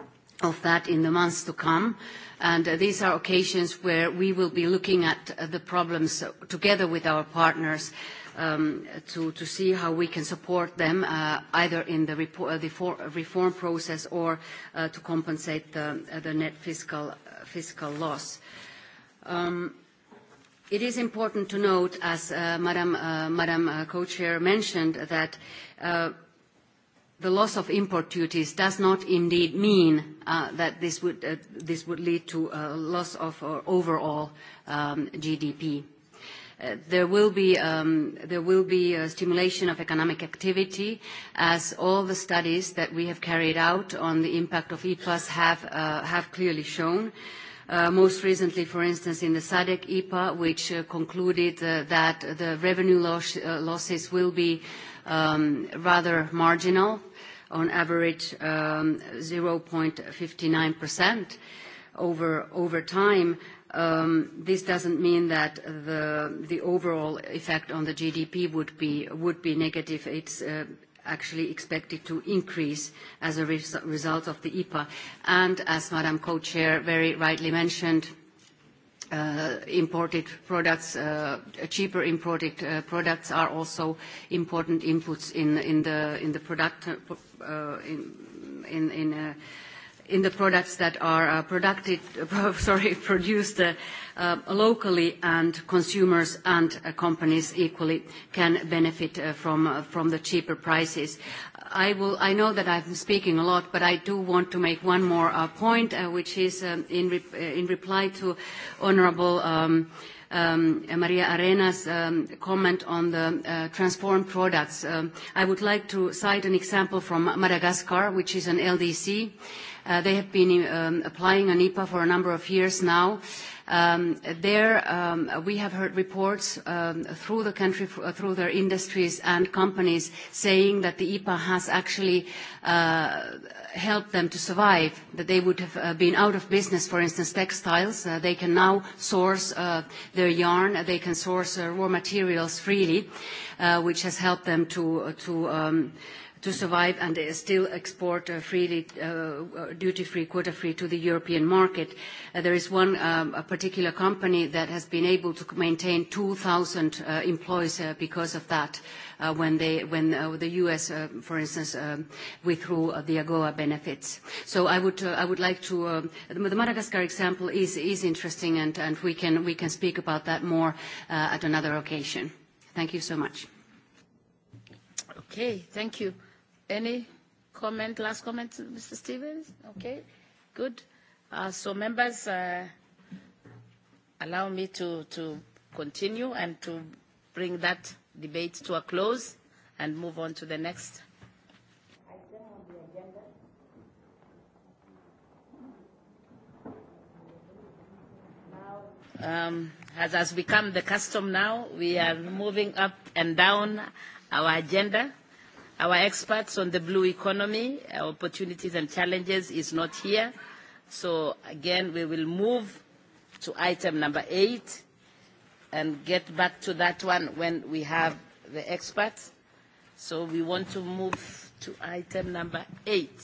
of that in the months to come. And uh, these are occasions where we will be looking at uh, the problems uh, together with our partners um, to, to see how we can support them uh, either in the, report, the for, reform process or uh, to compensate the, the net fiscal, fiscal loss. Um, It is important to note, as uh, Madam, uh, Madam uh, Co-Chair mentioned, that the loss of import duties does not indeed mean uh, that this would, uh, this would lead to a loss of our uh, overall um, GDP. there will be, um, there will be a stimulation of economic activity as all the studies that we have carried out on the impact of EPAS have, uh, have clearly shown. Uh, most recently, for instance, in the SADC EPA, which concluded that the revenue loss, losses will be um, rather marginal on average 0.59% um, over, over time. Um, this doesn't mean that the, the overall effect on the GDP would be, would be negative. It's uh, actually expected to increase as a result of the EPA. And as Madam Co-Chair very rightly mentioned, Uh, imported products, uh, cheaper imported uh, products are also important inputs in, in the in the product uh, uh, in in in, uh, in the products that are sorry produced Uh, locally, and consumers and uh, companies equally can benefit uh, from, from the cheaper prices. I, will, I know that I'm speaking a lot, but I do want to make one more point, which is um, in, re in reply to Honorable um, Um, Maria Arena's um, comment on the uh, transformed products. Um, I would like to cite an example from Madagascar, which is an LDC. Uh, they have been um, applying an IPA for a number of years now, Um, there, um, we have heard reports um, through the country, uh, through their industries and companies saying that the EPA has actually uh, helped them to survive, that they would have uh, been out of business, for instance, textiles. Uh, they can now source uh, their yarn, they can source uh, raw materials freely, which has helped them to, to um, to survive, and they still export uh, freely, uh, uh, duty-free, quota-free to the European market. Uh, there is one um, a particular company that has been able to maintain 2,000 uh, employees uh, because of that, uh, when, they, when uh, the U.S., uh, for instance, uh withdrew uh, the AGOA benefits. So I would, uh, I would like to... Uh, the Madagascar example is, is interesting, and, and we, can, we can speak about that more uh, at another occasion. Thank you so much. Okay, thank you. Any comment, last comment, Mr. Stevens? Okay, good. Uh, so members, uh, allow me to, to continue and to bring that debate to a close and move on to the next. Um, as has become the custom now, we are moving up and down our agenda Our experts on the blue economy, uh, opportunities and challenges is not here. So again, we will move to item number eight and get back to that one when we have the experts. So we want to move to item number eight,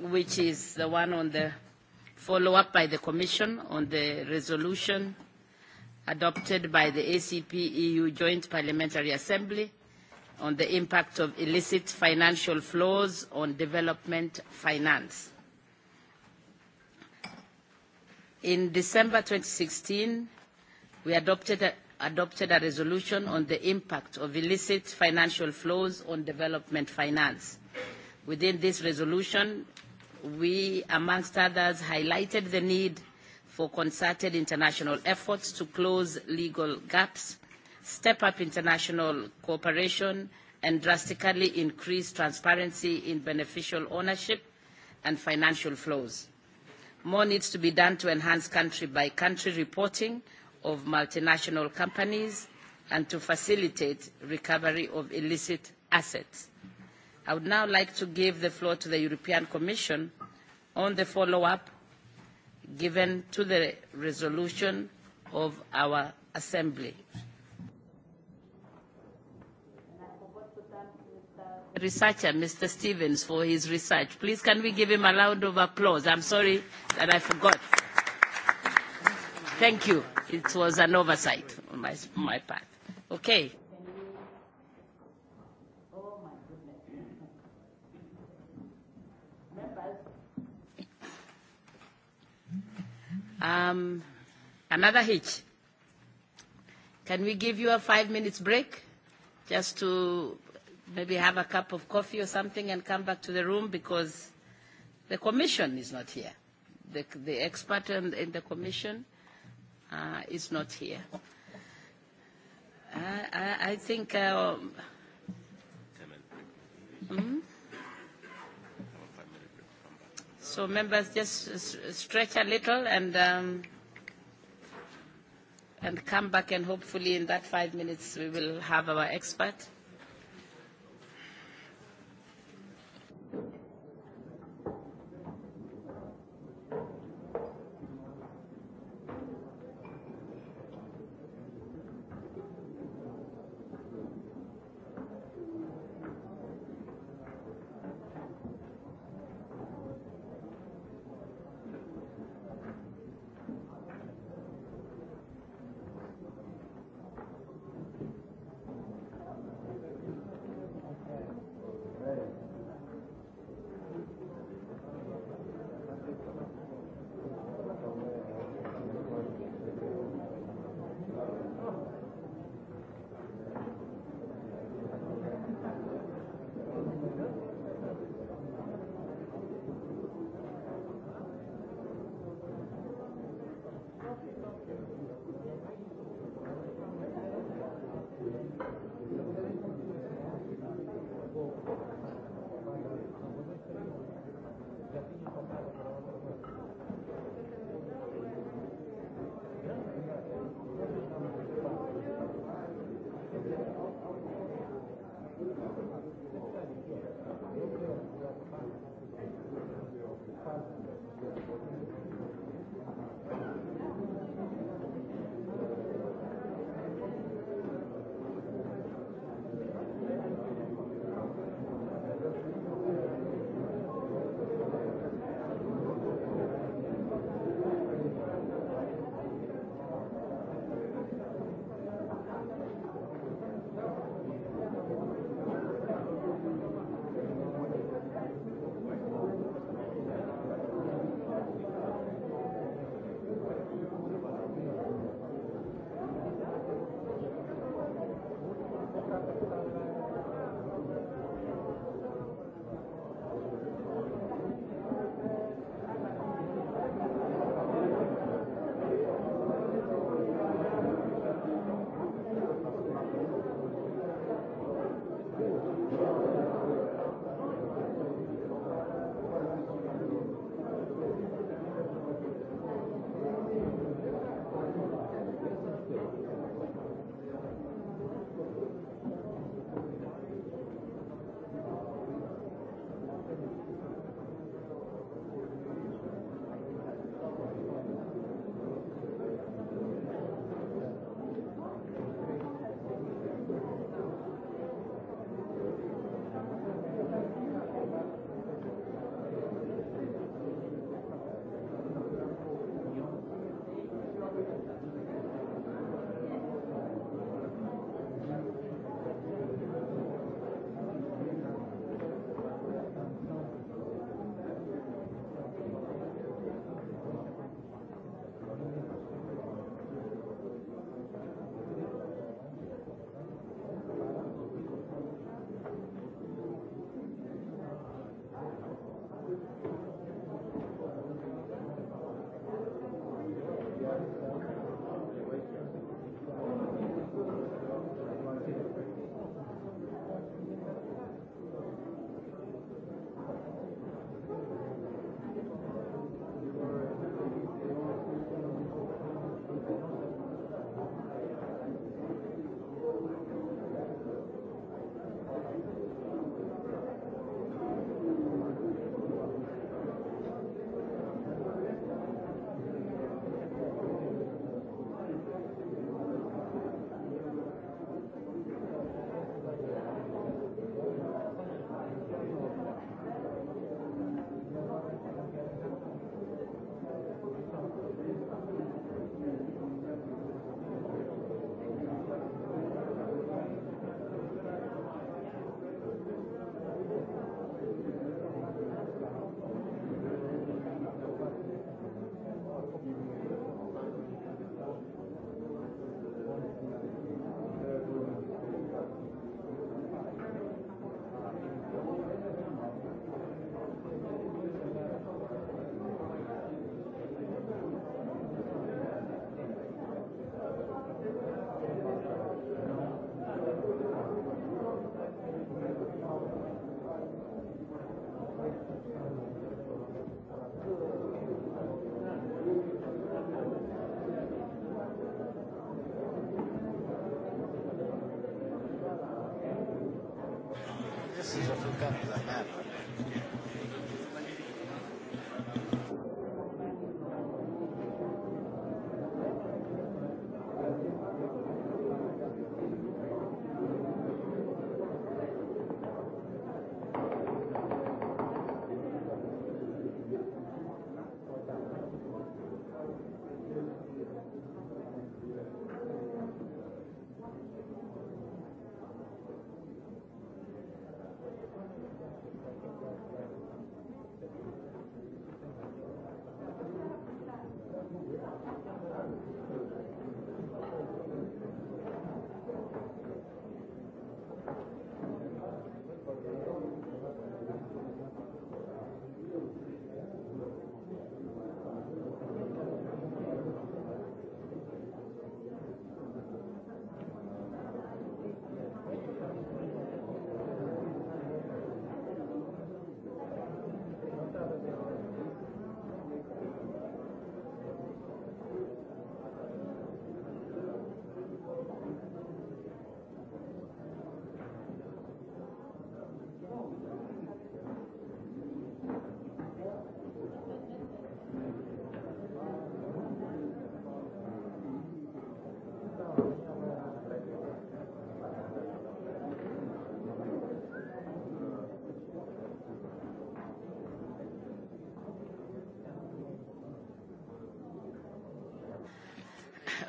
which is the one on the follow-up by the Commission on the resolution adopted by the ACP-EU Joint Parliamentary Assembly on the impact of illicit financial flows on development finance. In December sixteen we adopted a, adopted a resolution on the impact of illicit financial flows on development finance. Within this resolution, we, amongst others, highlighted the need for concerted international efforts to close legal gaps step up international cooperation and drastically increase transparency in beneficial ownership and financial flows. More needs to be done to enhance country-by-country -country reporting of multinational companies and to facilitate recovery of illicit assets. I would now like to give the floor to the European Commission on the follow-up given to the resolution of our Assembly. researcher, Mr. Stevens, for his research. Please, can we give him a round of applause? I'm sorry that I forgot. Thank you. It was an oversight on my, on my part. Okay. Um, another hitch. Can we give you a five minutes break just to maybe have a cup of coffee or something and come back to the room because the commission is not here. The, the expert in, in the commission uh, is not here. I, I, I think. Uh, mm-hmm. So members, just stretch a little and um, and come back and hopefully in that five minutes we will have our expert.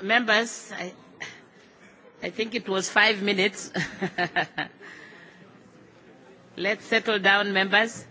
members, I, I think it was five minutes. Let's settle down, members.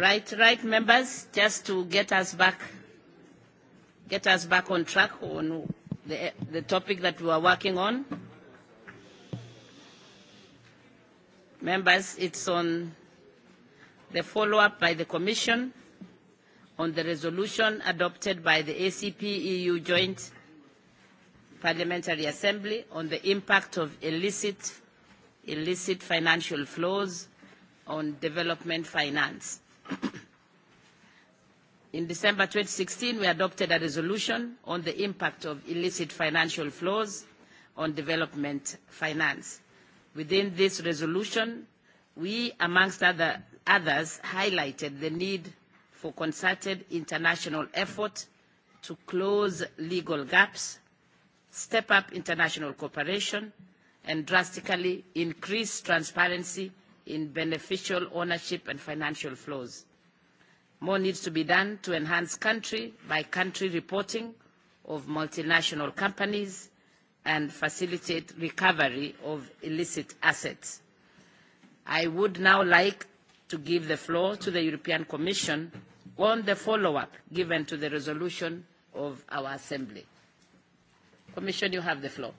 Right, right, members, just to get us back, get us back on track on the, the topic that we are working on. Members, it's on the follow-up by the Commission on the resolution adopted by the ACP-EU Joint Parliamentary Assembly on the impact of illicit, illicit financial flows on development finance. In December sixteen we adopted a resolution on the impact of illicit financial flows on development finance. Within this resolution, we, amongst other, others, highlighted the need for concerted international effort to close legal gaps, step up international cooperation, and drastically increase transparency in beneficial ownership and financial flows More needs to be done to enhance country-by-country reporting of multinational companies and facilitate recovery of illicit assets. I would now like to give the floor to the European Commission on the follow-up given to the resolution of our Assembly. Commission, you have the floor.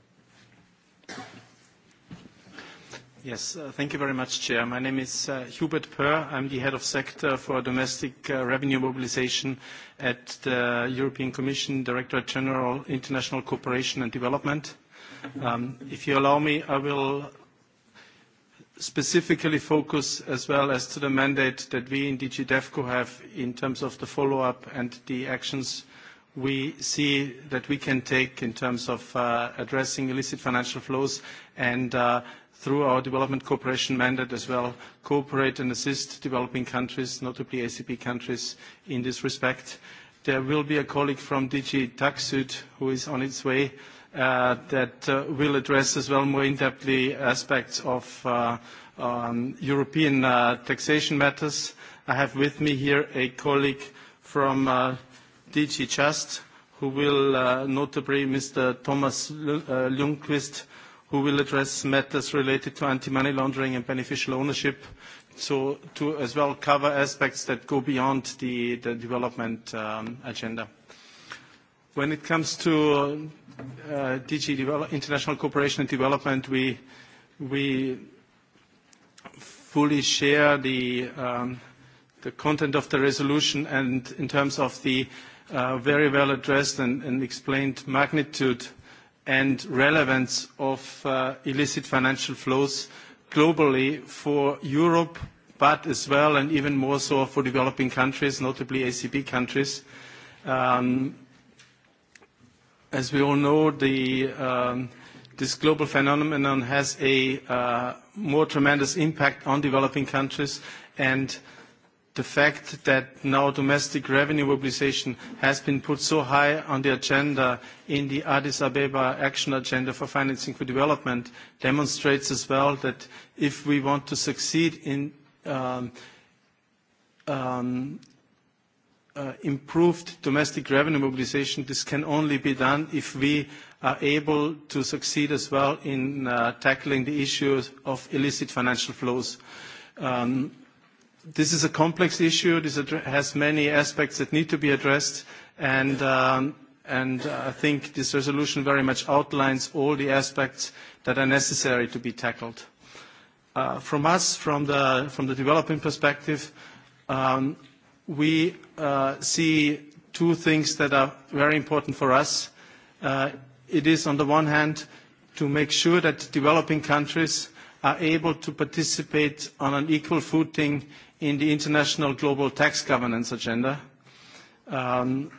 Yes, uh, thank you very much, Chair. My name is uh, Hubert Purr. I'm the head of sector for domestic uh, revenue mobilization at the European Commission Directorate General International Cooperation and Development. Um, if you allow me, I will specifically focus as well as to the mandate that we in DG DEFCO have in terms of the follow-up and the actions we see that we can take in terms of uh, addressing illicit financial flows and uh, through our development cooperation mandate as well, cooperate and assist developing countries, notably ACP countries, in this respect. There will be a colleague from DG TaxUD who is on its way uh, that uh, will address as well more in-depthly aspects of uh, um, European uh, taxation matters. I have with me here a colleague from uh, DG Just, who will uh, notably, Mr. Thomas Ljungqvist, who will address matters related to anti-money laundering and beneficial ownership, so to as well cover aspects that go beyond the, the development um, agenda. When it comes to uh, DG Develop International Cooperation and Development, we, we fully share the, um, the content of the resolution and in terms of the uh, very well addressed and, and explained magnitude and relevance of uh, illicit financial flows globally for Europe, but as well and even more so for developing countries, notably ACP countries. Um, as we all know, the, um, this global phenomenon has a uh, more tremendous impact on developing countries and uh, the fact that now domestic revenue mobilization has been put so high on the agenda in the Addis Ababa Action Agenda for Financing for Development demonstrates as well that if we want to succeed in um, um, uh, improved domestic revenue mobilization, this can only be done if we are able to succeed as well in uh, tackling the issues of illicit financial flows. Um, this is a complex issue. This has many aspects that need to be addressed, and, um, and uh, I think this resolution very much outlines all the aspects that are necessary to be tackled. Uh, from us, from the, from the developing perspective, um, we uh, see two things that are very important for us. Uh, it is, on the one hand, to make sure that developing countries are able to participate on an equal footing in the international global tax governance agenda. Um,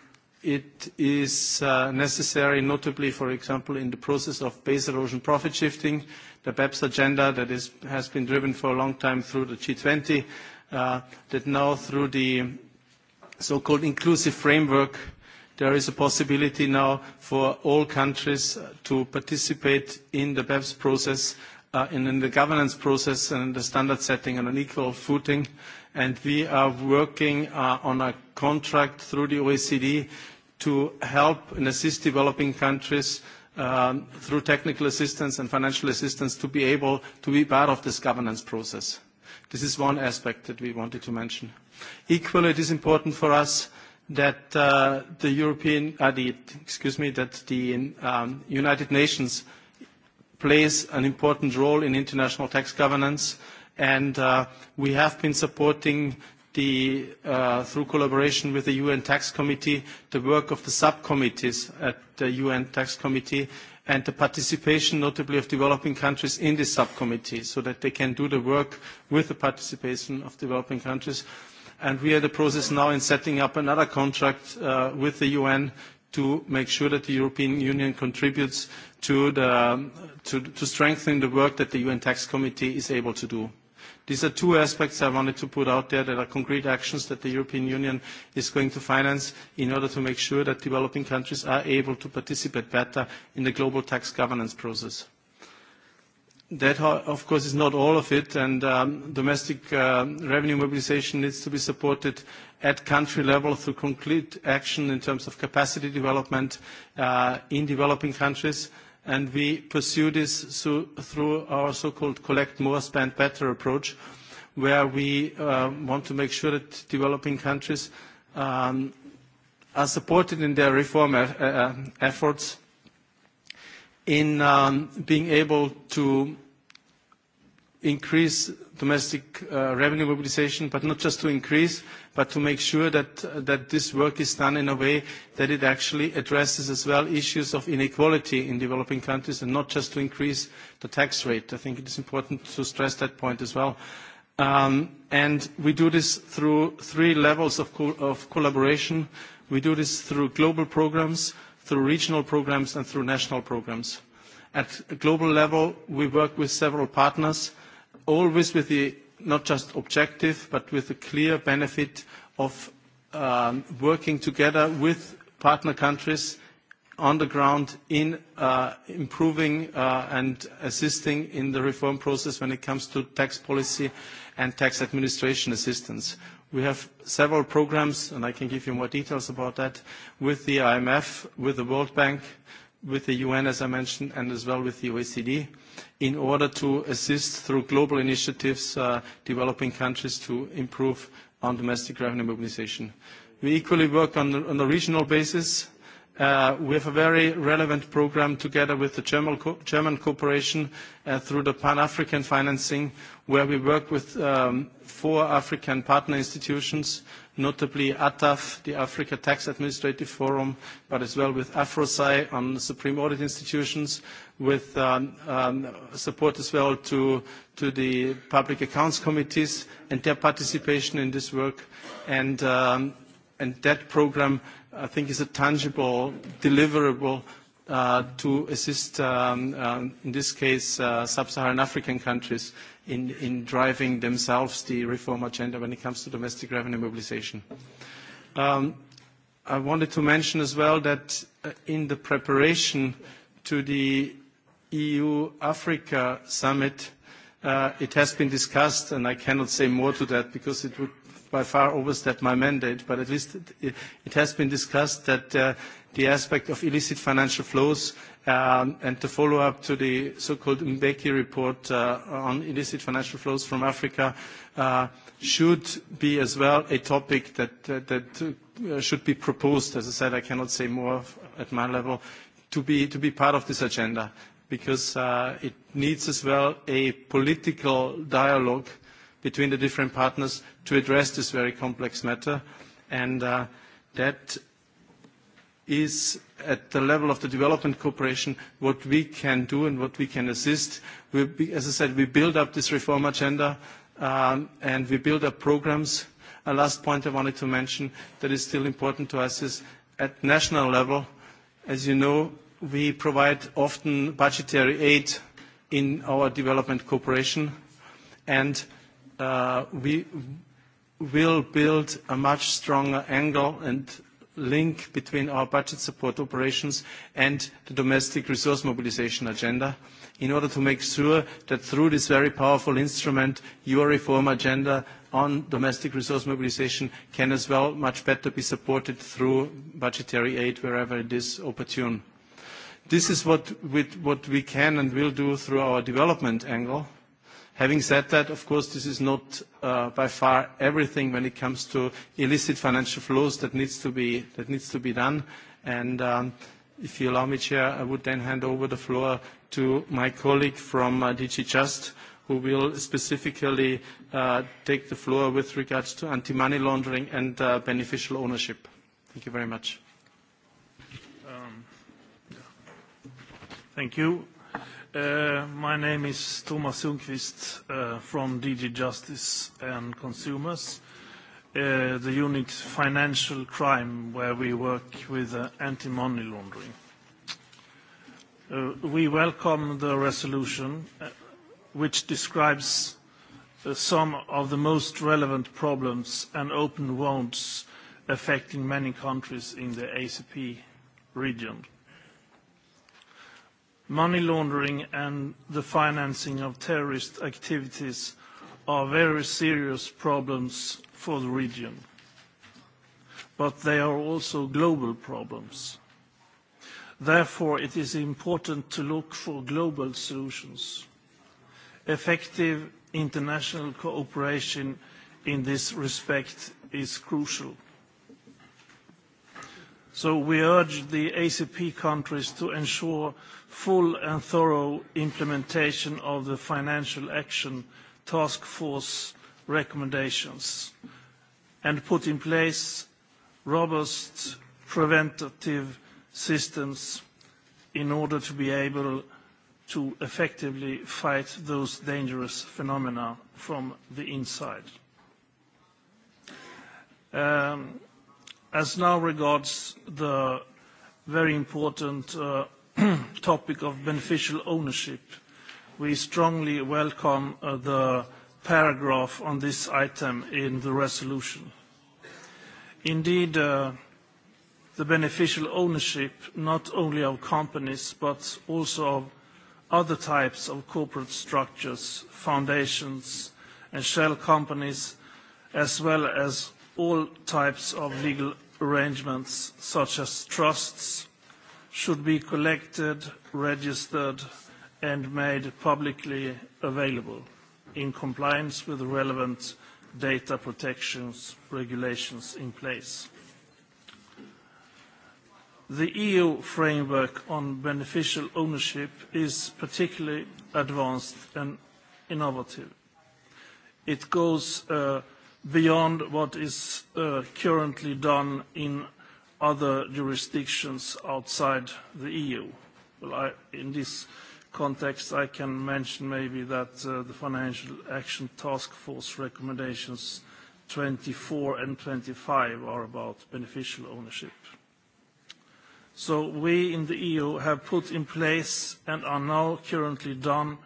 it is uh, necessary, notably, for example, in the process of base erosion profit shifting, the BEPS agenda that is, has been driven for a long time through the G20, uh, that now through the so-called inclusive framework, there is a possibility now for all countries to participate in the BEPS process Uh, in, the governance process and the standard setting on an equal footing. And we are working uh, on a contract through the OECD to help and assist developing countries um, through technical assistance and financial assistance to be able to be part of this governance process. This is one aspect that we wanted to mention. Equally, it is important for us that uh, the European, uh, the, excuse me, that the um, United Nations plays an important role in international tax governance, and uh, we have been supporting the, uh, through collaboration with the UN Tax Committee, the work of the subcommittees at the UN Tax Committee, and the participation notably of developing countries in this subcommittee so that they can do the work with the participation of developing countries. And we are in the process now in setting up another contract uh, with the UN to make sure that the European Union contributes to, the, to, to strengthen the work that the UN Tax Committee is able to do. These are two aspects I wanted to put out there that are concrete actions that the European Union is going to finance in order to make sure that developing countries are able to participate better in the global tax governance process. That, of course, is not all of it, and um, domestic uh, revenue mobilization needs to be supported at country level through concrete action in terms of capacity development uh, in developing countries and we pursue this through our so-called collect more, spend better approach, where we uh, want to make sure that developing countries um, are supported in their reform uh, uh, efforts in um, being able to increase domestic uh, revenue mobilization, but not just to increase, but to make sure that, this work is done in a way that it actually addresses as well issues of inequality in developing countries and not just to increase the tax rate. I think it is important to stress that point as well. Um, and we do this through three levels of, of collaboration. We do this through global programs, through regional programs, and through national programs. At a global level, we work with several partners always with the not just objective, but with the clear benefit of um, working together with partner countries on the ground in uh, improving uh, and assisting in the reform process when it comes to tax policy and tax administration assistance. We have several programs, and I can give you more details about that, with the IMF, with the World Bank, with the UN, as I mentioned, and as well with the OECD in order to assist through global initiatives uh, developing countries to improve on domestic revenue mobilization. We equally work on, on a regional basis. Uh, we have a very relevant program together with the German, co German cooperation uh, through the Pan-African financing, where we work with um, four African partner institutions notably ATAF, the Africa Tax Administrative Forum, but as well with AfroSci on the Supreme Audit Institutions, with um, um, support as well to, to the public accounts committees and their participation in this work. And, um, and that program, I think, is a tangible, deliverable uh, to assist, um, um, in this case, uh, sub-Saharan African countries in, in driving themselves the reform agenda when it comes to domestic revenue mobilization. Um, I wanted to mention as well that uh, in the preparation to the EU-Africa summit, uh, it has been discussed, and I cannot say more to that because it would by far overstep my mandate, but at least it, it has been discussed that uh, the aspect of illicit financial flows um, and the follow-up to the so-called Mbeki report uh, on illicit financial flows from Africa uh, should be as well a topic that, that, uh, that uh, should be proposed. As I said, I cannot say more at my level, to be, to be part of this agenda because uh, it needs as well a political dialogue between the different partners to address this very complex matter. And uh, that is at the level of the development cooperation what we can do and what we can assist. We, as I said, we build up this reform agenda um, and we build up programs. A last point I wanted to mention that is still important to us is at national level, as you know, we provide often budgetary aid in our development cooperation and uh, we will build a much stronger angle and link between our budget support operations and the domestic resource mobilization agenda in order to make sure that through this very powerful instrument, your reform agenda on domestic resource mobilization can as well much better be supported through budgetary aid wherever it is opportune. This is what we, what we can and will do through our development angle Having said that, of course, this is not uh, by far everything when it comes to illicit financial flows that needs to be, that needs to be done. And um, if you allow me, Chair, I would then hand over the floor to my colleague from uh, DG Just, who will specifically uh, take the floor with regards to anti-money laundering and beneficial ownership. Thank you very much. Um, thank you. Uh, my name is Thomas Sundqvist uh, from DG Justice and Consumers, uh, the unit Financial Crime, where we work with anti-money laundering. We welcome the resolution, which describes some of the most relevant problems and open wounds affecting many countries in the ACP region money laundering and the financing of terrorist activities are very serious problems for the region, but they are also global problems. Therefore, it is important to look for global solutions. Effective international cooperation in this respect is crucial. So we urge the ACP countries to ensure full and thorough implementation of the Financial Action Task Force recommendations and put in place robust preventative systems in order to be able to effectively fight those dangerous phenomena from the inside. Um, as now regards the very important uh, topic of beneficial ownership, we strongly welcome uh, the paragraph on this item in the resolution. Indeed, uh, the beneficial ownership not only of companies but also of other types of corporate structures, foundations and shell companies, as well as all types of legal arrangements such as trusts, should be collected, registered and made publicly available in compliance with the relevant data protection regulations in place. The EU framework on beneficial ownership is particularly advanced and innovative. It goes uh, beyond what is uh, currently done in other jurisdictions outside the EU. Well, I, in this context, I can mention maybe that uh, the Financial Action Task Force recommendations 24 and 25 are about beneficial ownership. So we in the EU have put in place and are now currently done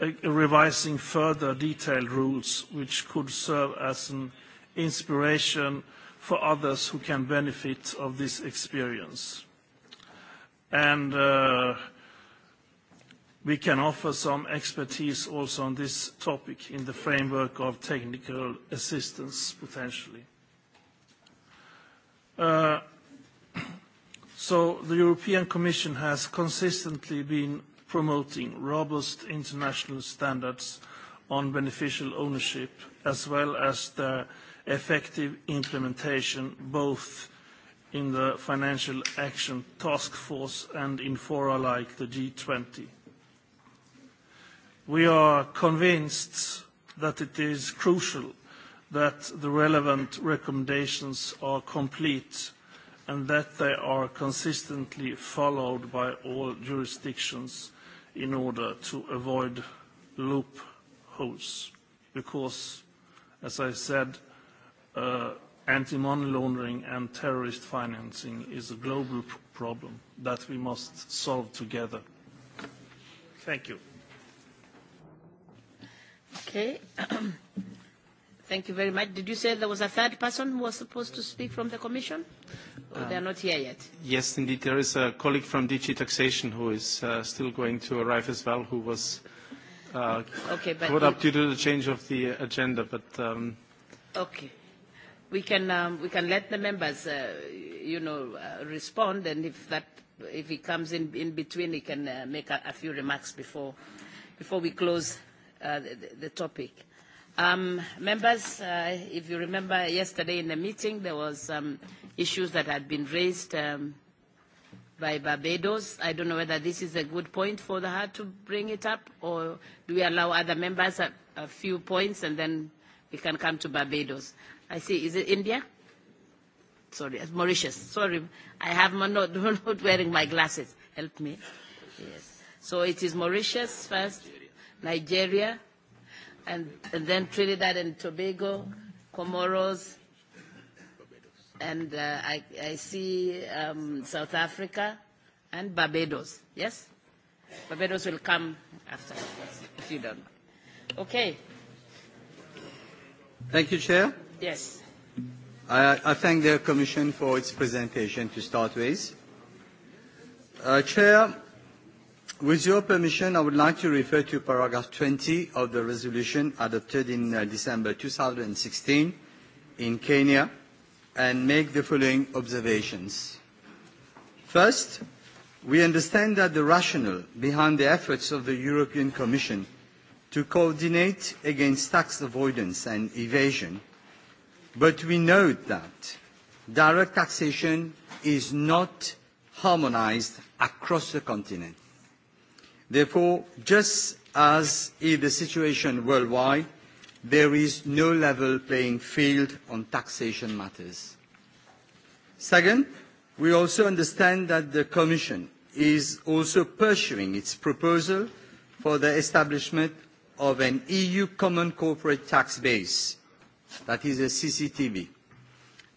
uh, revising further detailed rules, which could serve as an inspiration for others who can benefit of this experience. And uh, we can offer some expertise also on this topic in the framework of technical assistance, potentially. Uh, so the European Commission has consistently been promoting robust international standards on beneficial ownership, as well as the effective implementation, both in the Financial Action Task Force and in fora like the G20. We are convinced that it is crucial that the relevant recommendations are complete and that they are consistently followed by all jurisdictions in order to avoid loopholes. Because, as I said, uh, anti-money laundering and terrorist financing is a global problem that we must solve together. Thank you. Okay. Thank you very much. Did you say there was a third person who was supposed to speak from the Commission? um, they are um, not here yet? Yes, indeed. There is a colleague from DG Taxation who is uh, still going to arrive as well, who was uh, okay, but caught up due to the change of the agenda. But um, Okay we can um, we can let the members uh, you know uh, respond and if that if he comes in in between he can uh, make a, a few remarks before before we close uh, the, the topic um, members uh, if you remember yesterday in the meeting there was um, issues that had been raised um, by Barbados. I don't know whether this is a good point for the heart to bring it up, or do we allow other members a, a few points and then we can come to Barbados? I see. Is it India? Sorry, it's Mauritius. Sorry, I have my not, not wearing my glasses. Help me. Yes. So it is Mauritius first, Nigeria, and, and then Trinidad and Tobago, Comoros, and uh, I, I see um, South Africa and Barbados. Yes? Barbados will come after, if you don't. Okay. Thank you, Chair. Yes. I, I thank the Commission for its presentation to start with. Uh, Chair, with your permission, I would like to refer to paragraph 20 of the resolution adopted in uh, December 2016 in Kenya and make the following observations. First, we understand that the rationale behind the efforts of the European Commission to coordinate against tax avoidance and evasion But we note that direct taxation is not harmonised across the continent. Therefore, just as is the situation worldwide, there is no level playing field on taxation matters. Second, we also understand that the Commission is also pursuing its proposal for the establishment of an EU common corporate tax base that is a CCTV.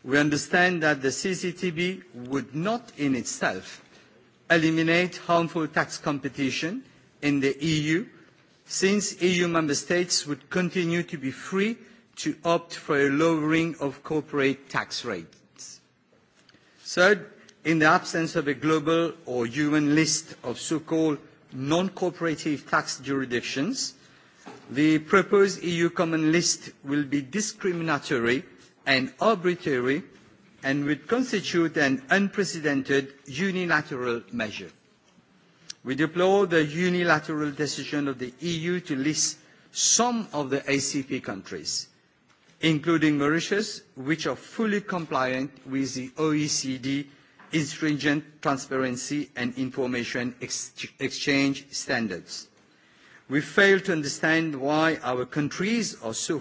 We understand that the CCTV would not in itself eliminate harmful tax competition in the EU, since EU member states would continue to be free to opt for a lowering of corporate tax rates. Third, in the absence of a global or UN list of so-called non-cooperative tax jurisdictions, the proposed EU common list will be discriminatory and arbitrary and would constitute an unprecedented unilateral measure. We deplore the unilateral decision of the EU to list some of the ACP countries, including Mauritius, which are fully compliant with the OECD stringent transparency and information ex exchange standards. We fail to understand why our countries are so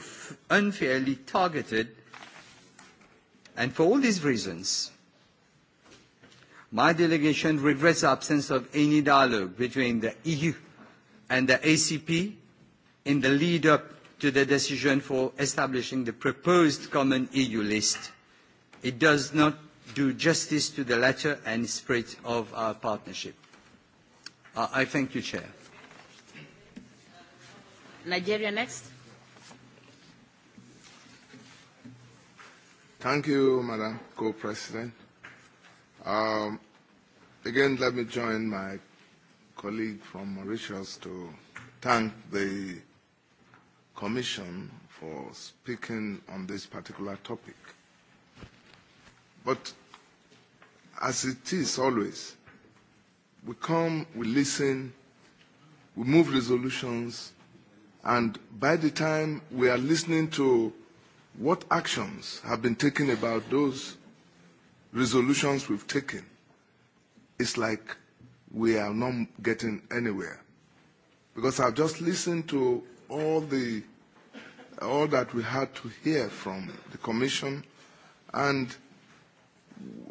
unfairly targeted, and for all these reasons, my delegation regrets the absence of any dialogue between the EU and the ACP in the lead up to the decision for establishing the proposed common EU list. It does not do justice to the letter and spirit of our partnership. Uh, I thank you, Chair. Nigeria next. Thank you, Madam Co-President. Um, again, let me join my colleague from Mauritius to thank the Commission for speaking on this particular topic. But as it is always, we come, we listen, we move resolutions And by the time we are listening to what actions have been taken about those resolutions we've taken, it's like we are not getting anywhere. Because I've just listened to all the all that we had to hear from the Commission, and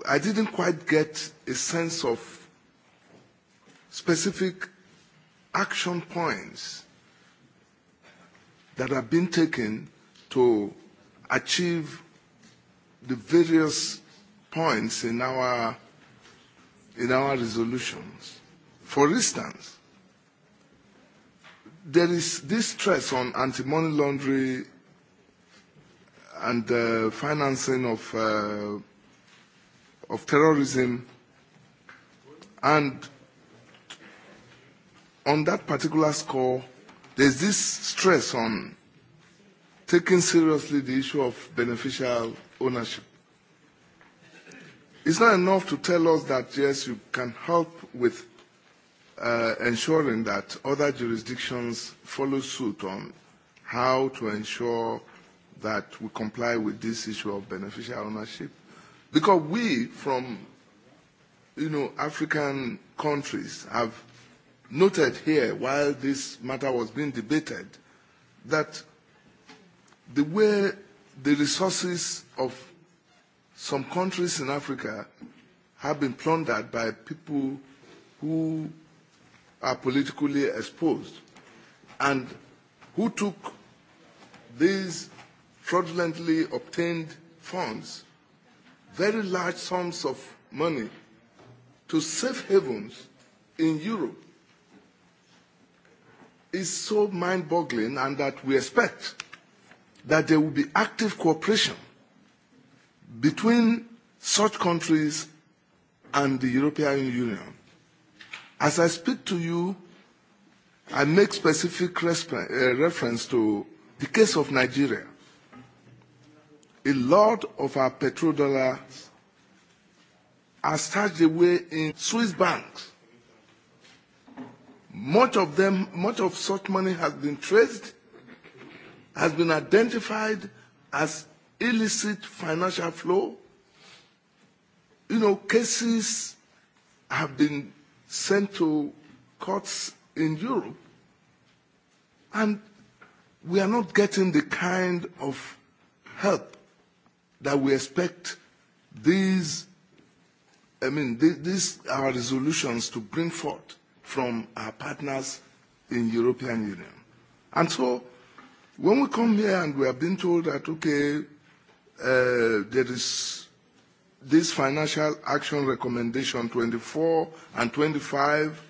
I didn't quite get a sense of specific action points that have been taken to achieve the various points in our, in our resolutions. For instance, there is this stress on anti-money laundering and uh, financing of, uh, of terrorism and on that particular score, There's this stress on taking seriously the issue of beneficial ownership. It's not enough to tell us that, yes, you can help with uh, ensuring that other jurisdictions follow suit on how to ensure that we comply with this issue of beneficial ownership. Because we from, you know, African countries have noted here while this matter was being debated that the way the resources of some countries in Africa have been plundered by people who are politically exposed and who took these fraudulently obtained funds, very large sums of money, to safe havens in Europe is so mind-boggling and that we expect that there will be active cooperation between such countries and the European Union. As I speak to you, I make specific uh, reference to the case of Nigeria. A lot of our petrodollars are stashed away in Swiss banks Much of them, much of such money has been traced, has been identified as illicit financial flow. You know, cases have been sent to courts in Europe, and we are not getting the kind of help that we expect these, I mean, these, these are resolutions to bring forth from our partners in European Union. And so when we come here and we are being told that, okay, uh, there is this financial action recommendation 24 and 25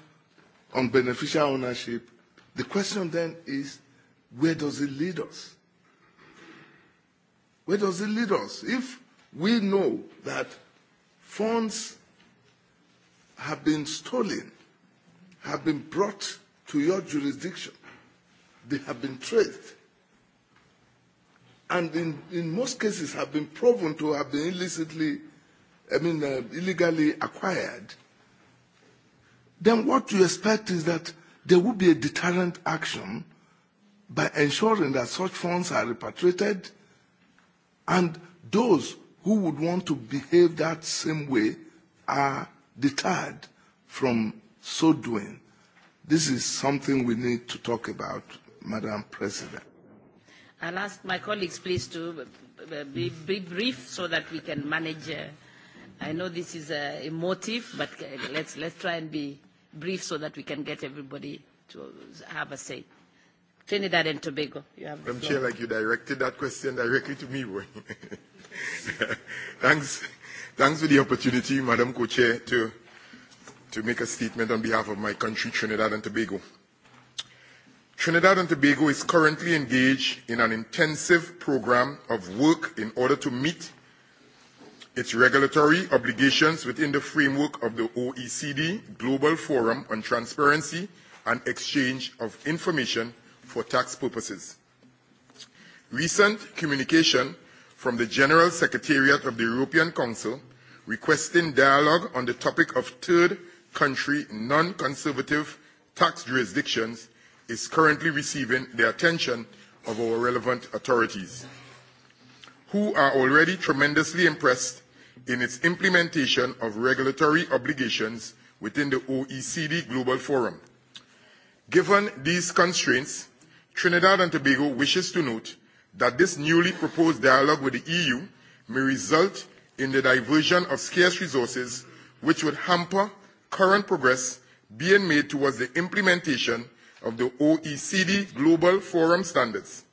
on beneficial ownership, the question then is, where does it lead us? Where does it lead us? If we know that funds have been stolen have been brought to your jurisdiction. They have been traced. And in, in most cases have been proven to have been illicitly, I mean, uh, illegally acquired. Then what you expect is that there will be a deterrent action by ensuring that such funds are repatriated and those who would want to behave that same way are deterred from so doing, this is something we need to talk about, Madam President. I'll ask my colleagues, please, to uh, be, be brief so that we can manage. Uh, I know this is uh, emotive, but let's, let's try and be brief so that we can get everybody to have a say. Trinidad and Tobago, you have the I'm sure like you directed that question directly to me. thanks, thanks for the opportunity, Madam Co-Chair, to to make a statement on behalf of my country, Trinidad and Tobago. Trinidad and Tobago is currently engaged in an intensive program of work in order to meet its regulatory obligations within the framework of the OECD Global Forum on Transparency and Exchange of Information for Tax Purposes. Recent communication from the General Secretariat of the European Council requesting dialogue on the topic of third country non-conservative tax jurisdictions is currently receiving the attention of our relevant authorities, who are already tremendously impressed in its implementation of regulatory obligations within the OECD Global Forum. Given these constraints, Trinidad and Tobago wishes to note that this newly proposed dialogue with the EU may result in the diversion of scarce resources, which would hamper current progress being made towards the implementation of the OECD Global Forum Standards.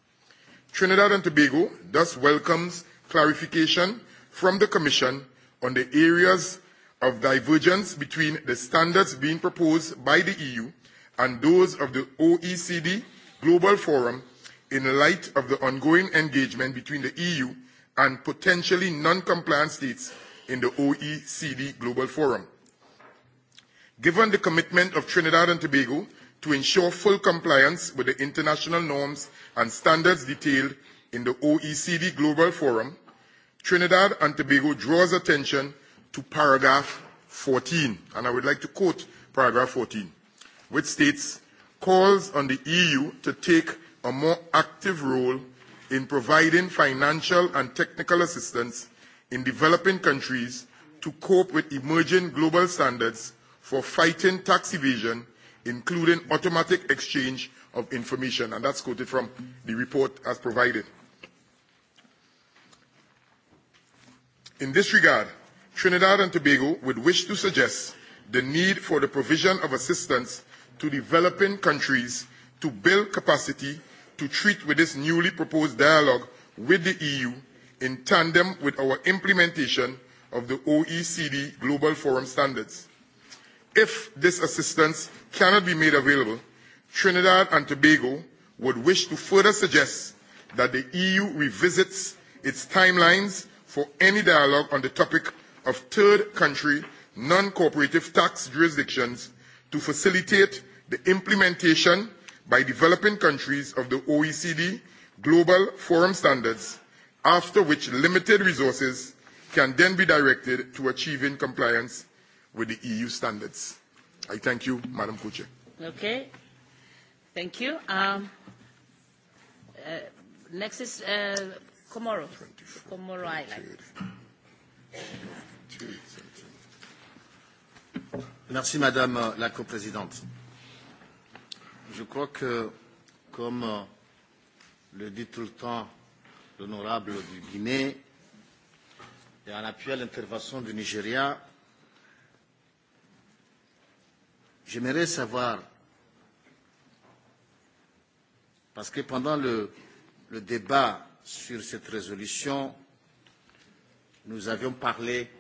Trinidad and Tobago thus welcomes clarification from the Commission on the areas of divergence between the standards being proposed by the EU and those of the OECD Global Forum in light of the ongoing engagement between the EU and potentially non-compliant states in the OECD Global Forum. Given the commitment of Trinidad and Tobago to ensure full compliance with the international norms and standards detailed in the OECD Global Forum, Trinidad and Tobago draws attention to paragraph 14, and I would like to quote paragraph 14, which states, calls on the EU to take a more active role in providing financial and technical assistance in developing countries to cope with emerging global standards for fighting tax evasion, including automatic exchange of information. And that's quoted from the report as provided. In this regard, Trinidad and Tobago would wish to suggest the need for the provision of assistance to developing countries to build capacity to treat with this newly proposed dialogue with the EU in tandem with our implementation of the OECD Global Forum standards. If this assistance cannot be made available, Trinidad and Tobago would wish to further suggest that the EU revisits its timelines for any dialogue on the topic of third country non-cooperative tax jurisdictions to facilitate the implementation by developing countries of the OECD Global Forum Standards, after which limited resources can then be directed to achieving compliance with the EU standards. I thank you, Madam Co-Chair. Okay. Thank you. Um, uh, next is uh, Comoro, Comoro Island. Merci, Madame la co Coprésidente. Je crois que, comme euh, le dit tout le temps l'honorable du Guinée, et en appui à l'intervention du Nigeria, J'aimerais savoir, parce que pendant le, le débat sur cette résolution, nous avions parlé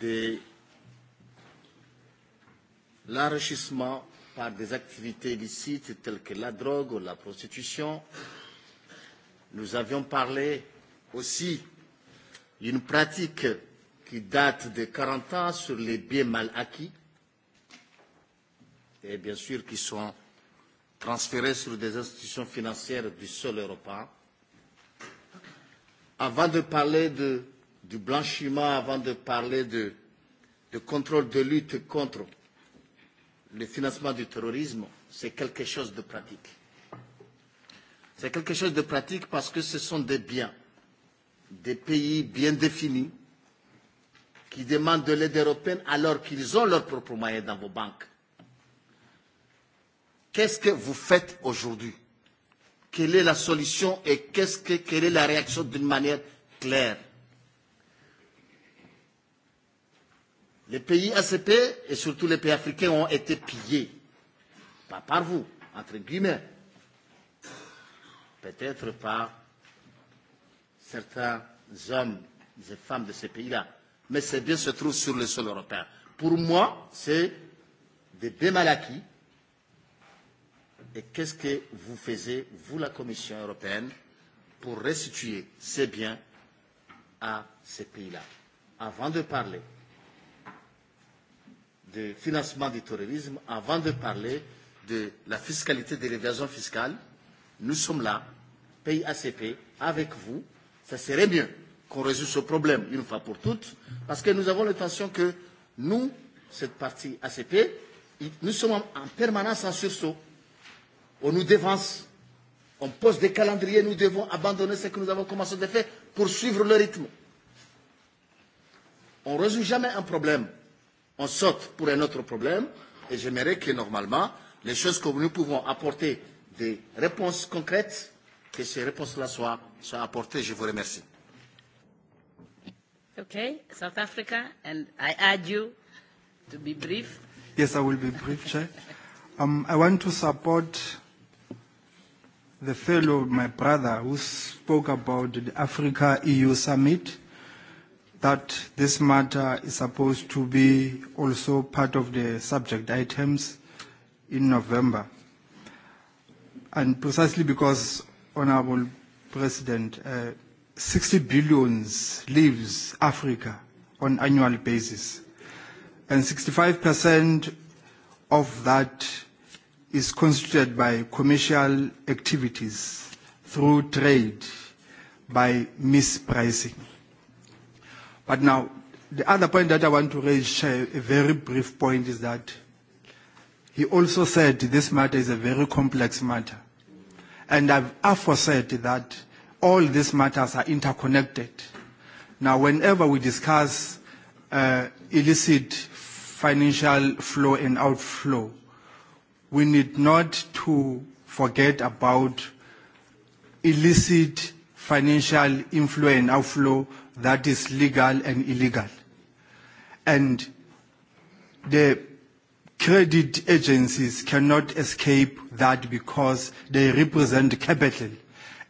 de l'enrichissement par des activités illicites telles que la drogue ou la prostitution. Nous avions parlé aussi d'une pratique qui date de 40 ans sur les biens mal acquis et bien sûr qui sont transférés sur des institutions financières du sol européen. Avant de parler de, du blanchiment, avant de parler de, de contrôle de lutte contre le financement du terrorisme, c'est quelque chose de pratique. C'est quelque chose de pratique parce que ce sont des biens, des pays bien définis, qui demandent de l'aide européenne alors qu'ils ont leurs propres moyens dans vos banques. Qu'est-ce que vous faites aujourd'hui Quelle est la solution et qu'est-ce que, quelle est la réaction d'une manière claire Les pays ACP et surtout les pays africains ont été pillés. Pas par vous, entre guillemets. Peut-être par certains hommes et femmes de ces pays-là. Mais ces biens se trouvent sur le sol européen. Pour moi, c'est des biens mal acquis et qu'est-ce que vous faisiez, vous, la Commission européenne, pour restituer ces biens à ces pays-là Avant de parler du financement du terrorisme, avant de parler de la fiscalité de l'évasion fiscale, nous sommes là, pays ACP, avec vous. Ça serait bien qu'on résout ce problème une fois pour toutes, parce que nous avons l'intention que nous, cette partie ACP, nous sommes en permanence en sursaut on nous dévance, on pose des calendriers, nous devons abandonner ce que nous avons commencé de faire pour suivre le rythme. On ne résout jamais un problème, on saute pour un autre problème, et j'aimerais que normalement, les choses que nous pouvons apporter des réponses concrètes, que ces réponses-là soient, soient apportées. Je vous remercie. OK, South Africa, and I add you to be brief. Yes, I will be brief, Chair. Um, I want to support the fellow, my brother, who spoke about the Africa-EU summit, that this matter is supposed to be also part of the subject items in November. And precisely because, Honorable President, uh, 60 billions leaves Africa on annual basis, and 65% of that is constituted by commercial activities through trade by mispricing. But now, the other point that I want to raise, a very brief point, is that he also said this matter is a very complex matter. And I've also said that all these matters are interconnected. Now, whenever we discuss uh, illicit financial flow and outflow, we need not to forget about illicit financial inflow and outflow that is legal and illegal. And the credit agencies cannot escape that because they represent capital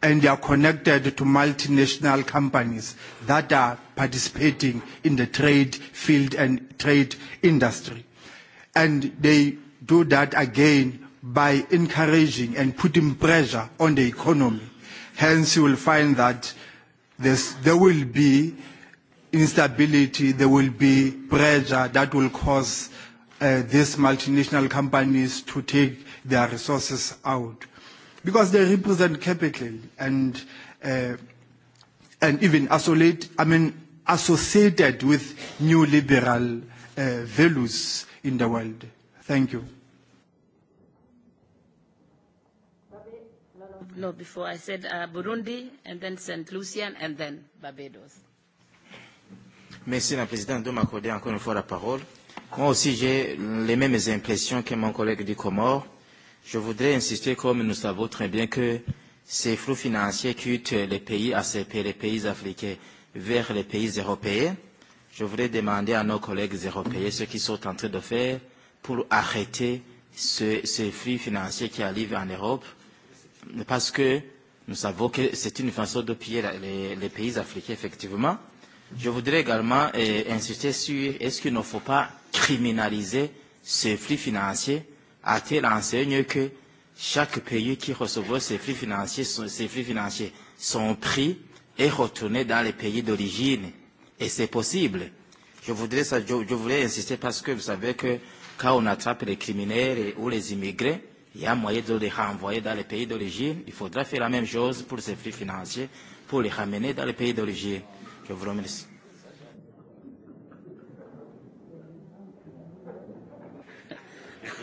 and they are connected to multinational companies that are participating in the trade field and trade industry. And they do that again by encouraging and putting pressure on the economy. Hence, you will find that there will be instability, there will be pressure that will cause uh, these multinational companies to take their resources out. Because they represent capital and, uh, and even isolate, I mean, associated with new liberal uh, values in the world. Thank you. No, no. no, before I said uh, Burundi and then St. Lucian and then Barbados. Merci, la Présidente, de m'accorder encore une fois la parole. Moi aussi, j'ai les mêmes impressions que mon collègue du Comore. Je voudrais insister, comme nous savons très bien, que ces flux financiers quittent les pays ACP, les pays africains, vers les pays européens. Je voudrais demander à nos collègues européens ce qu'ils sont en train de faire pour arrêter ce, ces flux financiers qui arrivent en Europe, parce que nous savons que c'est une façon de piller les, les pays africains, effectivement. Je voudrais également eh, insister sur est-ce qu'il ne faut pas criminaliser ces flux financiers à telle enseigne que chaque pays qui recevra ces flux financiers, ces flux financiers sont pris et retournés dans les pays d'origine. Et c'est possible. Je voudrais, je, je voudrais insister parce que vous savez que quand on attrape les criminels ou les immigrés, il y a moyen de les renvoyer dans les pays d'origine. Il faudra faire la même chose pour ces flux financiers, pour les ramener dans les pays d'origine. Je vous remercie.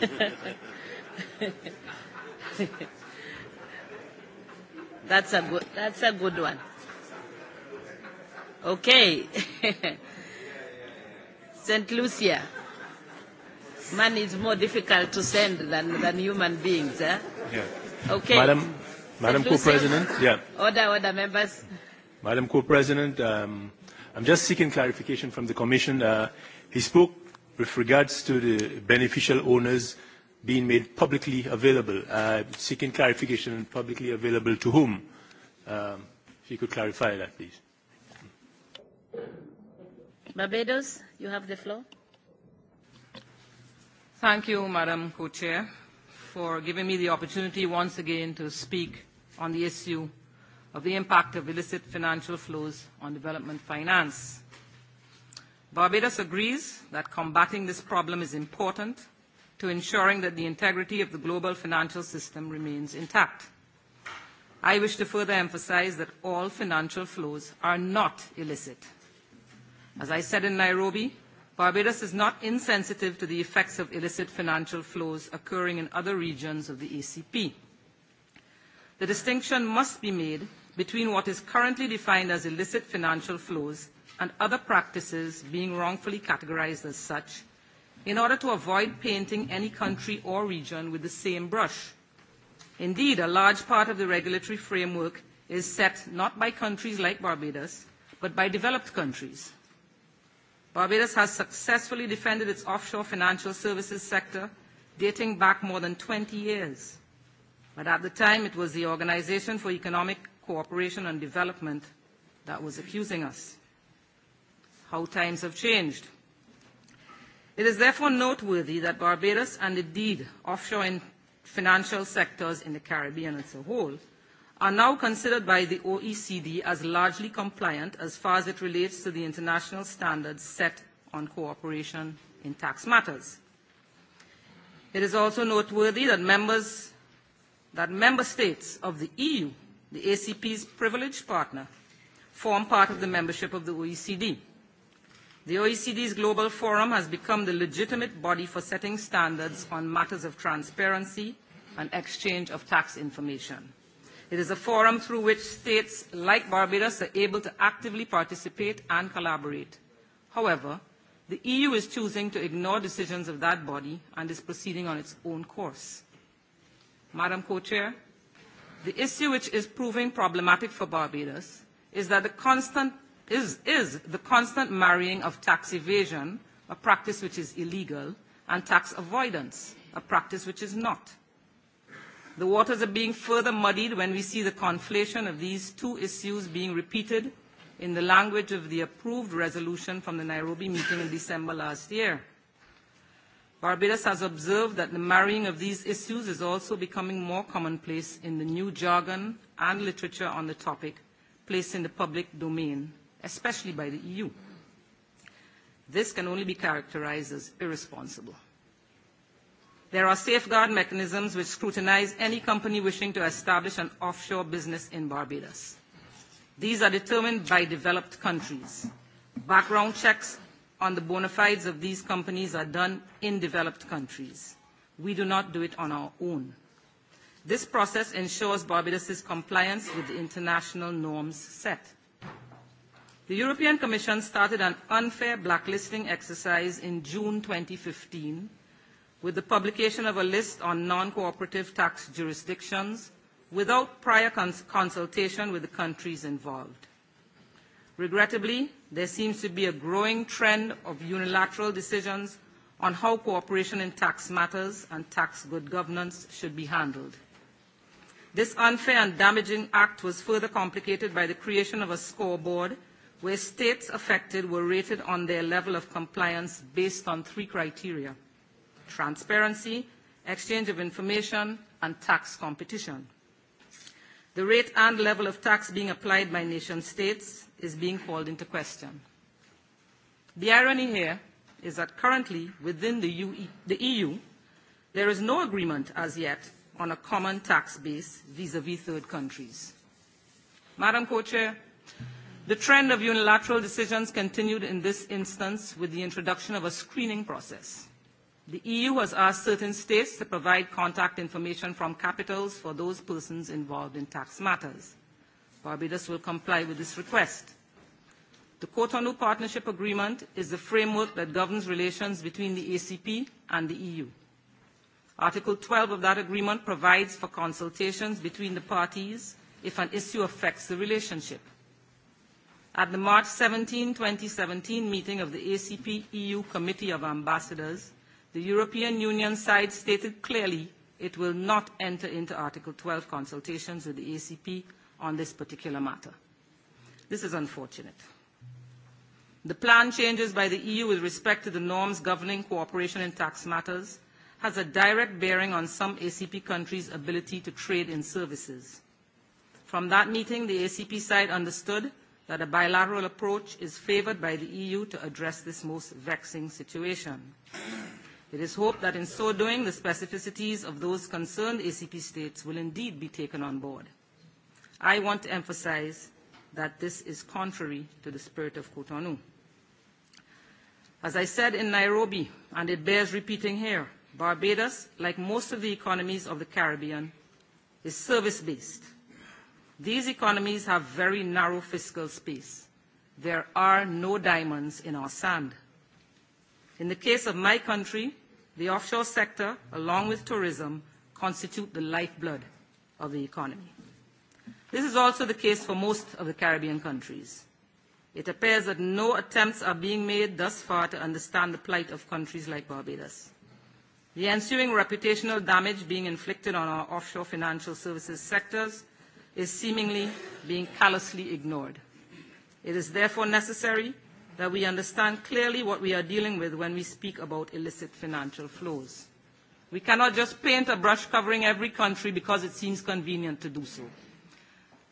that's a good that's a good one okay st lucia man is more difficult to send than, than human beings. Eh? Yeah. Okay. Madam, Madam Co-President. Yeah. Order, order, members. Madam Co-President, um, I'm just seeking clarification from the Commission. Uh, he spoke with regards to the beneficial owners being made publicly available. Uh, seeking clarification, publicly available to whom? Um, if you could clarify that, please. Barbados, you have the floor. Thank you, Madam Co-Chair, for giving me the opportunity once again to speak on the issue of the impact of illicit financial flows on development finance. Barbados agrees that combating this problem is important to ensuring that the integrity of the global financial system remains intact. I wish to further emphasize that all financial flows are not illicit. As I said in Nairobi, Barbados is not insensitive to the effects of illicit financial flows occurring in other regions of the ACP. The distinction must be made between what is currently defined as illicit financial flows and other practices being wrongfully categorized as such in order to avoid painting any country or region with the same brush. Indeed, a large part of the regulatory framework is set not by countries like Barbados, but by developed countries. Barbados has successfully defended its offshore financial services sector dating back more than 20 years. But at the time, it was the Organization for Economic Cooperation and Development that was accusing us. How times have changed. It is therefore noteworthy that Barbados and indeed offshore in financial sectors in the Caribbean as a whole are now considered by the OECD as largely compliant as far as it relates to the international standards set on cooperation in tax matters. It is also noteworthy that, members, that member states of the EU, the ACP's privileged partner, form part of the membership of the OECD. The OECD's Global Forum has become the legitimate body for setting standards on matters of transparency and exchange of tax information. It is a forum through which states like Barbados are able to actively participate and collaborate. However, the EU is choosing to ignore decisions of that body and is proceeding on its own course. Madam Co-Chair, the issue which is proving problematic for Barbados is that the constant, is, is the constant marrying of tax evasion, a practice which is illegal, and tax avoidance, a practice which is not. The waters are being further muddied when we see the conflation of these two issues being repeated in the language of the approved resolution from the Nairobi meeting in December last year. Barbados has observed that the marrying of these issues is also becoming more commonplace in the new jargon and literature on the topic placed in the public domain, especially by the EU. This can only be characterized as irresponsible. There are safeguard mechanisms which scrutinize any company wishing to establish an offshore business in Barbados. These are determined by developed countries. Background checks on the bona fides of these companies are done in developed countries. We do not do it on our own. This process ensures Barbados' compliance with the international norms set. The European Commission started an unfair blacklisting exercise in June 2015 with the publication of a list on non-cooperative tax jurisdictions without prior cons consultation with the countries involved. Regrettably, there seems to be a growing trend of unilateral decisions on how cooperation in tax matters and tax good governance should be handled. This unfair and damaging act was further complicated by the creation of a scoreboard where states affected were rated on their level of compliance based on three criteria – transparency, exchange of information, and tax competition. The rate and level of tax being applied by nation states is being called into question. The irony here is that currently within the EU, e, the EU there is no agreement as yet on a common tax base vis-à-vis -vis third countries. Madam Co-Chair, the trend of unilateral decisions continued in this instance with the introduction of a screening process. The EU has asked certain states to provide contact information from capitals for those persons involved in tax matters. Barbados will comply with this request. The Cotonou Partnership Agreement is the framework that governs relations between the ACP and the EU. Article 12 of that agreement provides for consultations between the parties if an issue affects the relationship. At the March 17, 2017 meeting of the ACP-EU Committee of Ambassadors, The European Union side stated clearly it will not enter into Article 12 consultations with the ACP on this particular matter. This is unfortunate. The plan changes by the EU with respect to the norms governing cooperation in tax matters has a direct bearing on some ACP countries' ability to trade in services. From that meeting, the ACP side understood that a bilateral approach is favoured by the EU to address this most vexing situation. It is hoped that in so doing, the specificities of those concerned ACP states will indeed be taken on board. I want to emphasize that this is contrary to the spirit of Cotonou. As I said in Nairobi, and it bears repeating here, Barbados, like most of the economies of the Caribbean, is service-based. These economies have very narrow fiscal space. There are no diamonds in our sand. In the case of my country, The offshore sector, along with tourism, constitute the lifeblood of the economy. This is also the case for most of the Caribbean countries. It appears that no attempts are being made thus far to understand the plight of countries like Barbados. The ensuing reputational damage being inflicted on our offshore financial services sectors is seemingly being callously ignored. It is therefore necessary that we understand clearly what we are dealing with when we speak about illicit financial flows. We cannot just paint a brush covering every country because it seems convenient to do so.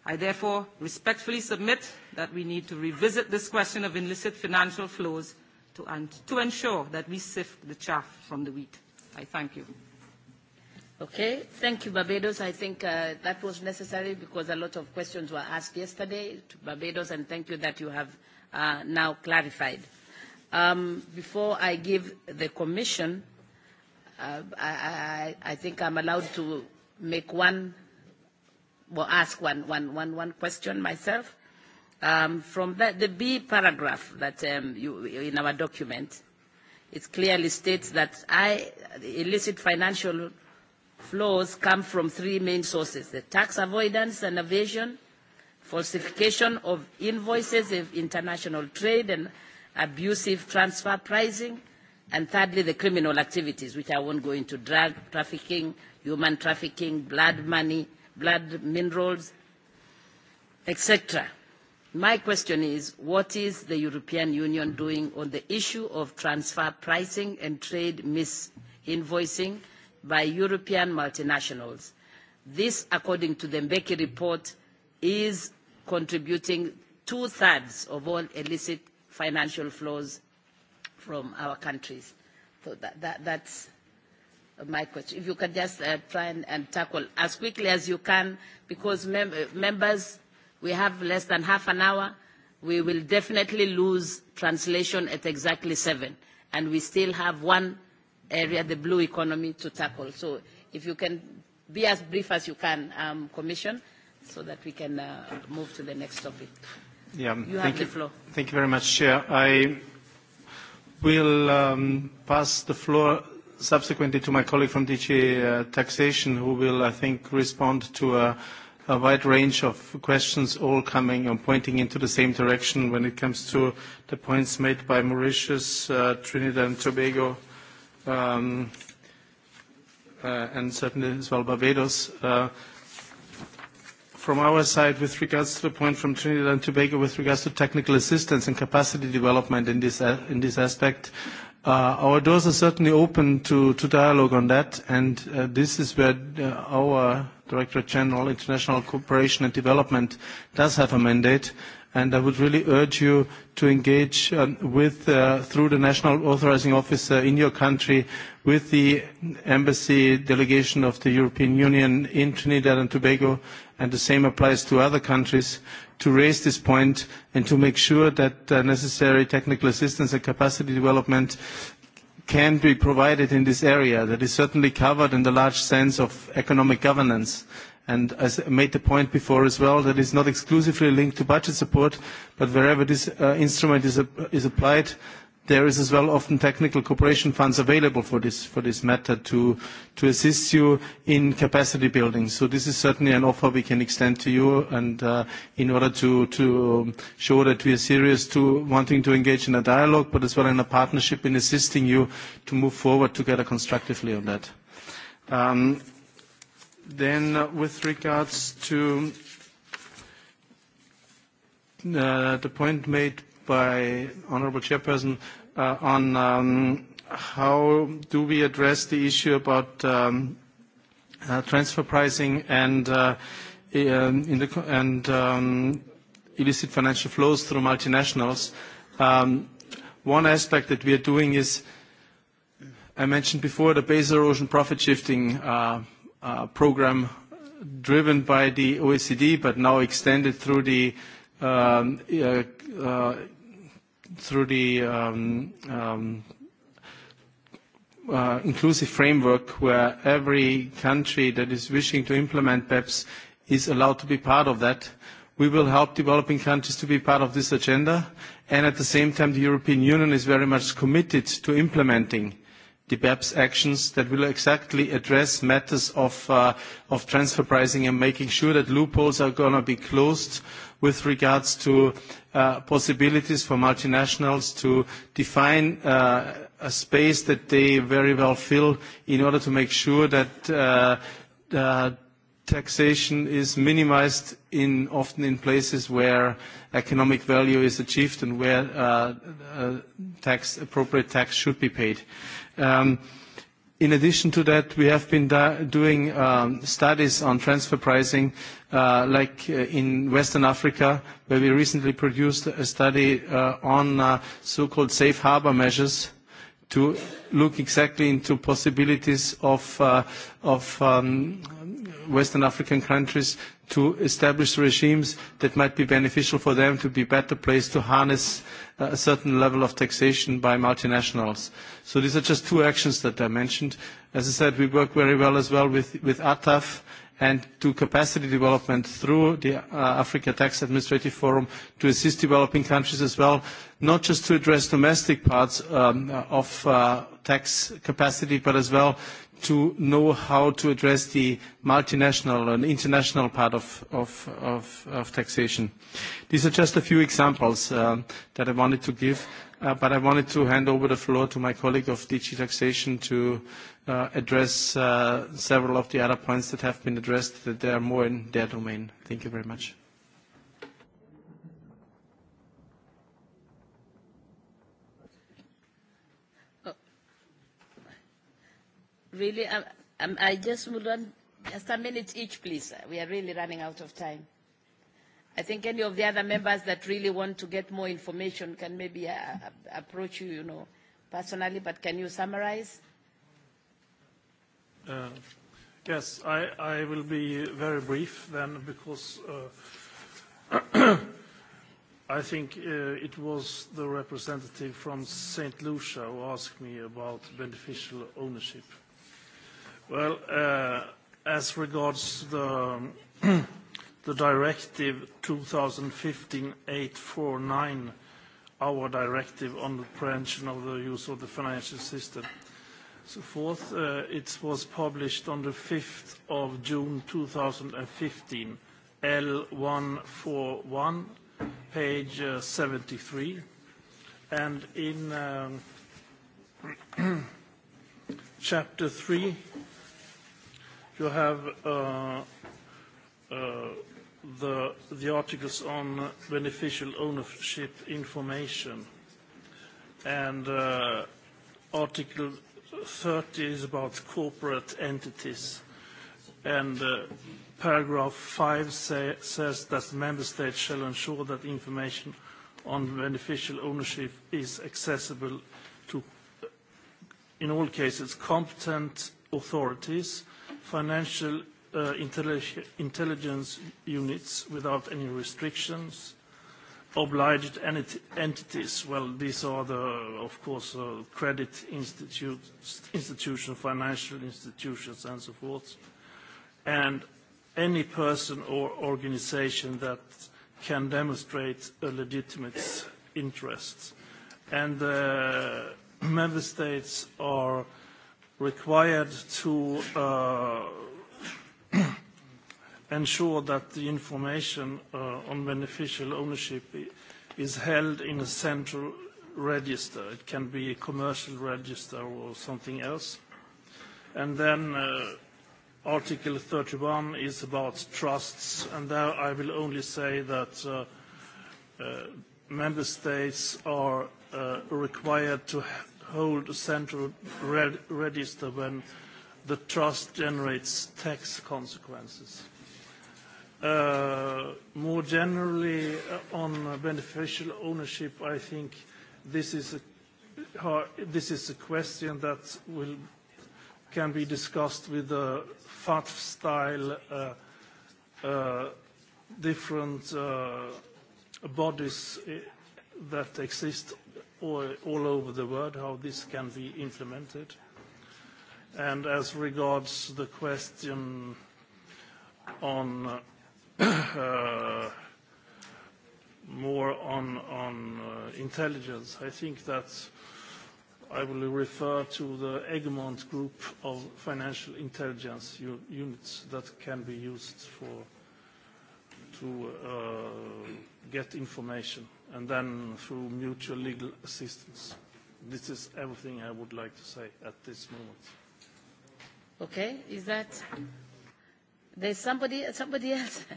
I therefore respectfully submit that we need to revisit this question of illicit financial flows to, and to ensure that we sift the chaff from the wheat. I thank you. Okay, thank you, Barbados. I think uh, that was necessary because a lot of questions were asked yesterday to Barbados, and thank you that you have uh, now clarified. Um, before I give the Commission, uh, I, I, I think I'm allowed to make one, well, ask one, one, one, one question myself. Um, from that, the B paragraph that um, you, in our document, it clearly states that I, illicit financial flows come from three main sources, the tax avoidance and evasion, falsification of invoices of international trade and abusive transfer pricing, and thirdly, the criminal activities, which I won't go into, drug trafficking, human trafficking, blood money, blood minerals, etc. My question is, what is the European Union doing on the issue of transfer pricing and trade misinvoicing by European multinationals? This, according to the Mbeki report, is contributing two-thirds of all illicit financial flows from our countries. So that, that, that's my question. If you can just uh, try and, and tackle as quickly as you can, because mem uh, members, we have less than half an hour. We will definitely lose translation at exactly seven, and we still have one area, the blue economy, to tackle. So if you can be as brief as you can, um, Commission, so that we can uh, move to the next topic. Yeah, you thank have you. the floor. Thank you very much, Chair. I will um, pass the floor subsequently to my colleague from DG uh, Taxation, who will, I think, respond to a, a wide range of questions, all coming and pointing into the same direction when it comes to the points made by Mauritius, uh, Trinidad and Tobago, um, uh, and certainly as well Barbados. Uh, from our side with regards to the point from Trinidad and Tobago with regards to technical assistance and capacity development in this, uh, in this aspect. Uh, our doors are certainly open to, to dialogue on that, and uh, this is where uh, our Director General, International Cooperation and Development, does have a mandate and I would really urge you to engage um, with, uh, through the National Authorizing Officer in your country, with the embassy delegation of the European Union in Trinidad and Tobago, and the same applies to other countries, to raise this point and to make sure that uh, necessary technical assistance and capacity development can be provided in this area that is certainly covered in the large sense of economic governance And as I made the point before as well, that is not exclusively linked to budget support, but wherever this uh, instrument is, is applied, there is as well often technical cooperation funds available for this, for this matter to, to assist you in capacity building. So this is certainly an offer we can extend to you and uh, in order to, to show that we are serious to wanting to engage in a dialogue, but as well in a partnership in assisting you to move forward together constructively on that. Um, Then uh, with regards to uh, the point made by Honorable Chairperson uh, on um, how do we address the issue about um, transfer pricing and, um, illicit financial flows through multinationals. one aspect that we are doing is, I mentioned before, the base erosion profit shifting uh, uh, program driven by the OECD, but now extended through the um, uh, uh, through the um, um, uh, inclusive framework, where every country that is wishing to implement BEPS is allowed to be part of that. We will help developing countries to be part of this agenda, and at the same time, the European Union is very much committed to implementing the BEPS actions that will exactly address matters of, uh, transfer pricing and making sure that loopholes are going to be closed with regards to uh, possibilities for multinationals to define uh, a space that they very well fill in order to make sure that taxation is minimized in, often in places where economic value is achieved and where tax, appropriate tax should be paid. Um, in addition to that, we have been doing um, studies on transfer pricing, uh, like uh, in Western Africa, where we recently produced a study uh, on so-called safe harbor measures to look exactly into possibilities of, um, Western African countries to establish regimes that might be beneficial for them to be better placed to harness uh, a certain level of taxation by multinationals. So these are just two actions that I mentioned. As I said, we work very well as well with, with ATAF and do capacity development through the uh, Africa Tax Administrative Forum to assist developing countries as well, not just to address domestic parts um, of uh, tax capacity, but as well to know how to address the multinational and international part of, of, of, of taxation. These are just a few examples uh, that I wanted to give, uh, but I wanted to hand over the floor to my colleague of DG Taxation to uh, address uh, several of the other points that have been addressed, that they are more in their domain. Thank you very much. really, um, um, I just would want just a minute each, please. We are really running out of time. I think any of the other members that really want to get more information can maybe uh, uh approach you, you know, personally, but can you summarize? Uh, yes, I, I will be very brief then because uh, I think uh, it was the representative from St. Lucia who asked me about beneficial ownership. Well, uh, as regards the, the directive 2015/849, our directive on the prevention of the use of the financial system, so forth, uh, it was published on the 5th of June 2015, L141, page uh, 73. And in um, chapter 3, you have uh, uh, the, the articles on beneficial ownership information. And uh, Article 30 is about corporate entities. And uh, paragraph 5 say, says that the member states shall ensure that information on beneficial ownership is accessible to, in all cases, competent authorities – financial uh, intelligence units without any restrictions, obliged ent entities. Well, these are the, of course, uh, credit institute, institutions, financial institutions, and so forth. And any person or organization that can demonstrate a legitimate interest. And uh, member states are required to uh, ensure that the information uh, on beneficial ownership is held in a central register. It can be a commercial register or something else. And then uh, Article 31 is about trusts, and there I will only say that uh, uh, member states are uh, required to hold a central re register when the trust generates tax consequences. Uh, more generally, uh, on beneficial ownership, I think this is a, this is a question that will, can be discussed with the FATF-style uh, uh, different uh, bodies eh, that exist all, all over the world, how this can be implemented. And as regards the question on uh, more on, on uh, intelligence, I think that I will refer to the Egmont group of financial intelligence units that can be used for to uh, get information and then through mutual legal assistance. This is everything I would like to say at this moment. Okay, is that there's somebody somebody else?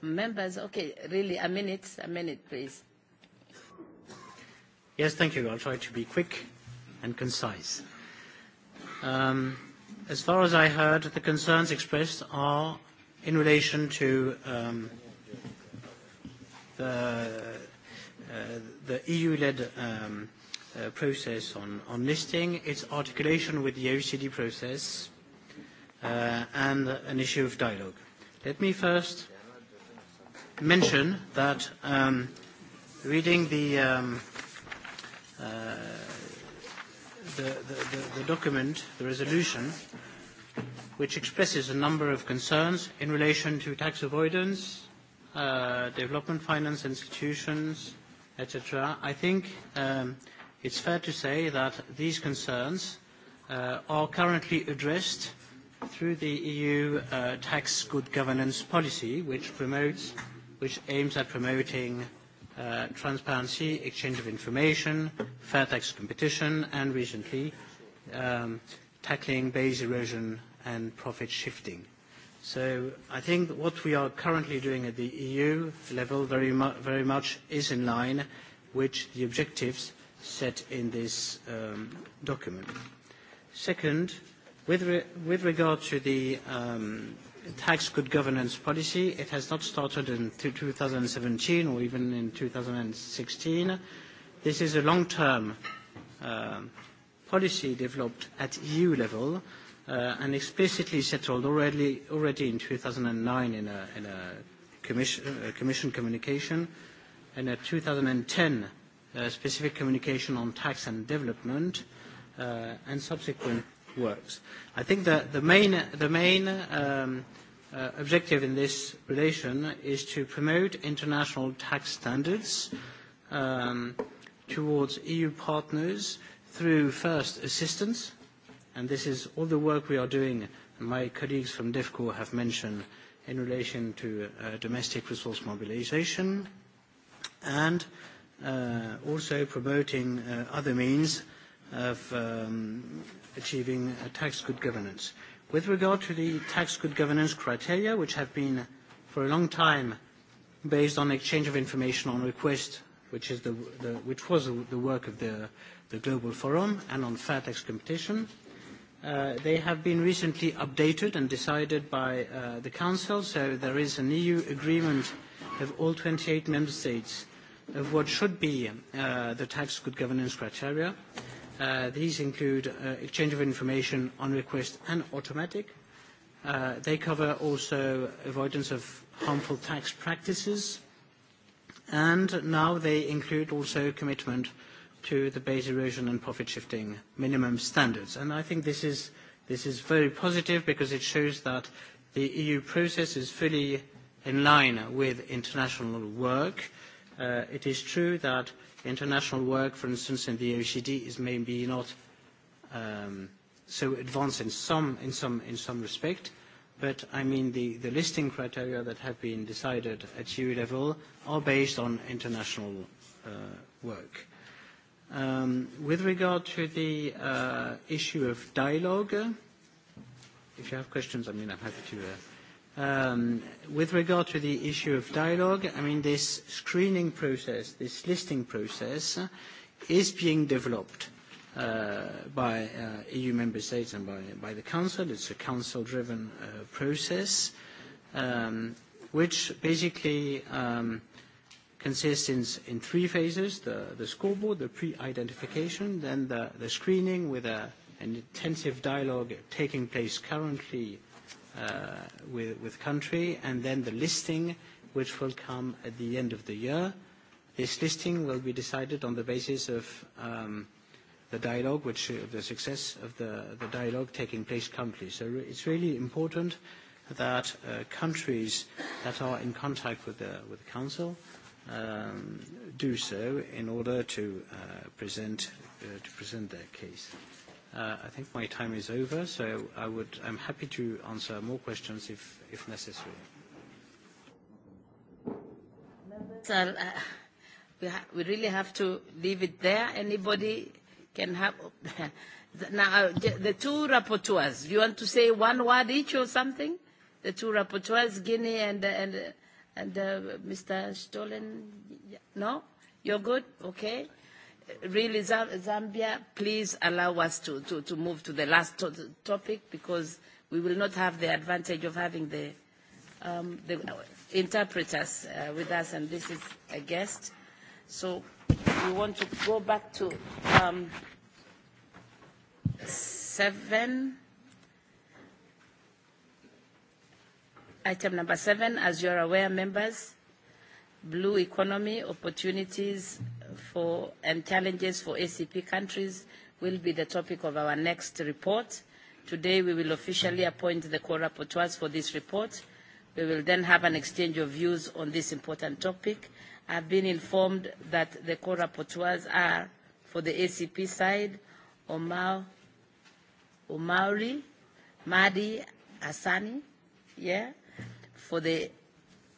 Members, okay, really a minute, a minute, please. Yes, thank you. I'll try to be quick and concise. Um, as far as I heard, the concerns expressed are in relation to um, the Uh, the EU-led um, uh, process on, on listing, its articulation with the OECD process, uh, and an issue of dialogue. Let me first mention that um, reading the, um, uh, the, the, the, the document, the resolution, which expresses a number of concerns in relation to tax avoidance, uh, development finance institutions, etc. I think um, it's fair to say that these concerns uh, are currently addressed through the EU uh, tax good governance policy, which promotes, which aims at promoting uh, transparency, exchange of information, fair tax competition, and recently um, tackling base erosion and profit shifting. So I think what we are currently doing at the EU level very, very much is in line with the objectives set in this um, document. Second, with, regard to the um, tax good governance policy, it has not started in 2017 or even in 2016. This is a long-term um, policy developed at EU level, uh, and explicitly settled already, already in 2009 in a, in a, commission, a uh, commission communication and a 2010 uh, specific communication on tax and development uh, and subsequent works. I think that the main, the main um, uh, objective in this relation is to promote international tax standards um, towards EU partners through first assistance and this is all the work we are doing, and my colleagues from DEFCO have mentioned, in relation to uh, domestic resource mobilization, and uh, also promoting uh, other means of um, achieving uh, tax good governance. With regard to the tax good governance criteria, which have been for a long time based on exchange of information on request, which, is the, the, which was the work of the, the Global Forum, and on fair tax competition, Uh, they have been recently updated and decided by uh, the Council, so there is an EU agreement of all 28 member states of what should be uh, the tax good governance criteria. Uh, these include uh, exchange of information on request and automatic. Uh, they cover also avoidance of harmful tax practices, and now they include also commitment uh, to the base erosion and profit shifting minimum standards. And I think this is, this is very positive because it shows that the EU process is fully in line with international work. Uh, it is true that international work, for instance, in the OECD is maybe not um, so advanced in some, in some, in some respect, but I mean the, the listing criteria that have been decided at EU level are based on international uh, work. Um, with regard to the uh, issue of dialogue, if you have questions, I mean, I'm happy to. Uh, um, with regard to the issue of dialogue, I mean, this screening process, this listing process, is being developed uh, by uh, EU member states and by, by the Council. It's a Council-driven uh, process, um, which basically um, – consists in, in three phases, the, the scoreboard, the pre-identification, then the, the screening with an intensive dialogue taking place currently uh, with, with country, and then the listing, which will come at the end of the year. This listing will be decided on the basis of um, the dialogue, which uh, the success of the, the dialogue taking place currently. So it's really important that uh, countries that are in contact with the, with the Council um, do so in order to uh, present uh, to present their case. Uh, I think my time is over, so I would I'm happy to answer more questions if if necessary. Members, uh, we, ha- we really have to leave it there. Anybody can have. now, uh, the two rapporteurs, do you want to say one word each or something? The two rapporteurs, Guinea and, and uh, And uh, Mr. Stolen, no? You're good? Okay. Really, Zambia, please allow us to, to, to move to the last to topic because we will not have the advantage of having the, um, the uh, interpreters uh, with us, and this is a guest. So we want to go back to um, seven Item number seven, as you are aware, members, blue economy opportunities for and challenges for ACP countries will be the topic of our next report. Today we will officially appoint the co-rapporteurs for this report. We will then have an exchange of views on this important topic. I've been informed that the co-rapporteurs are, for the ACP side, Omar, Omauri, Madi Asani, yeah, for the,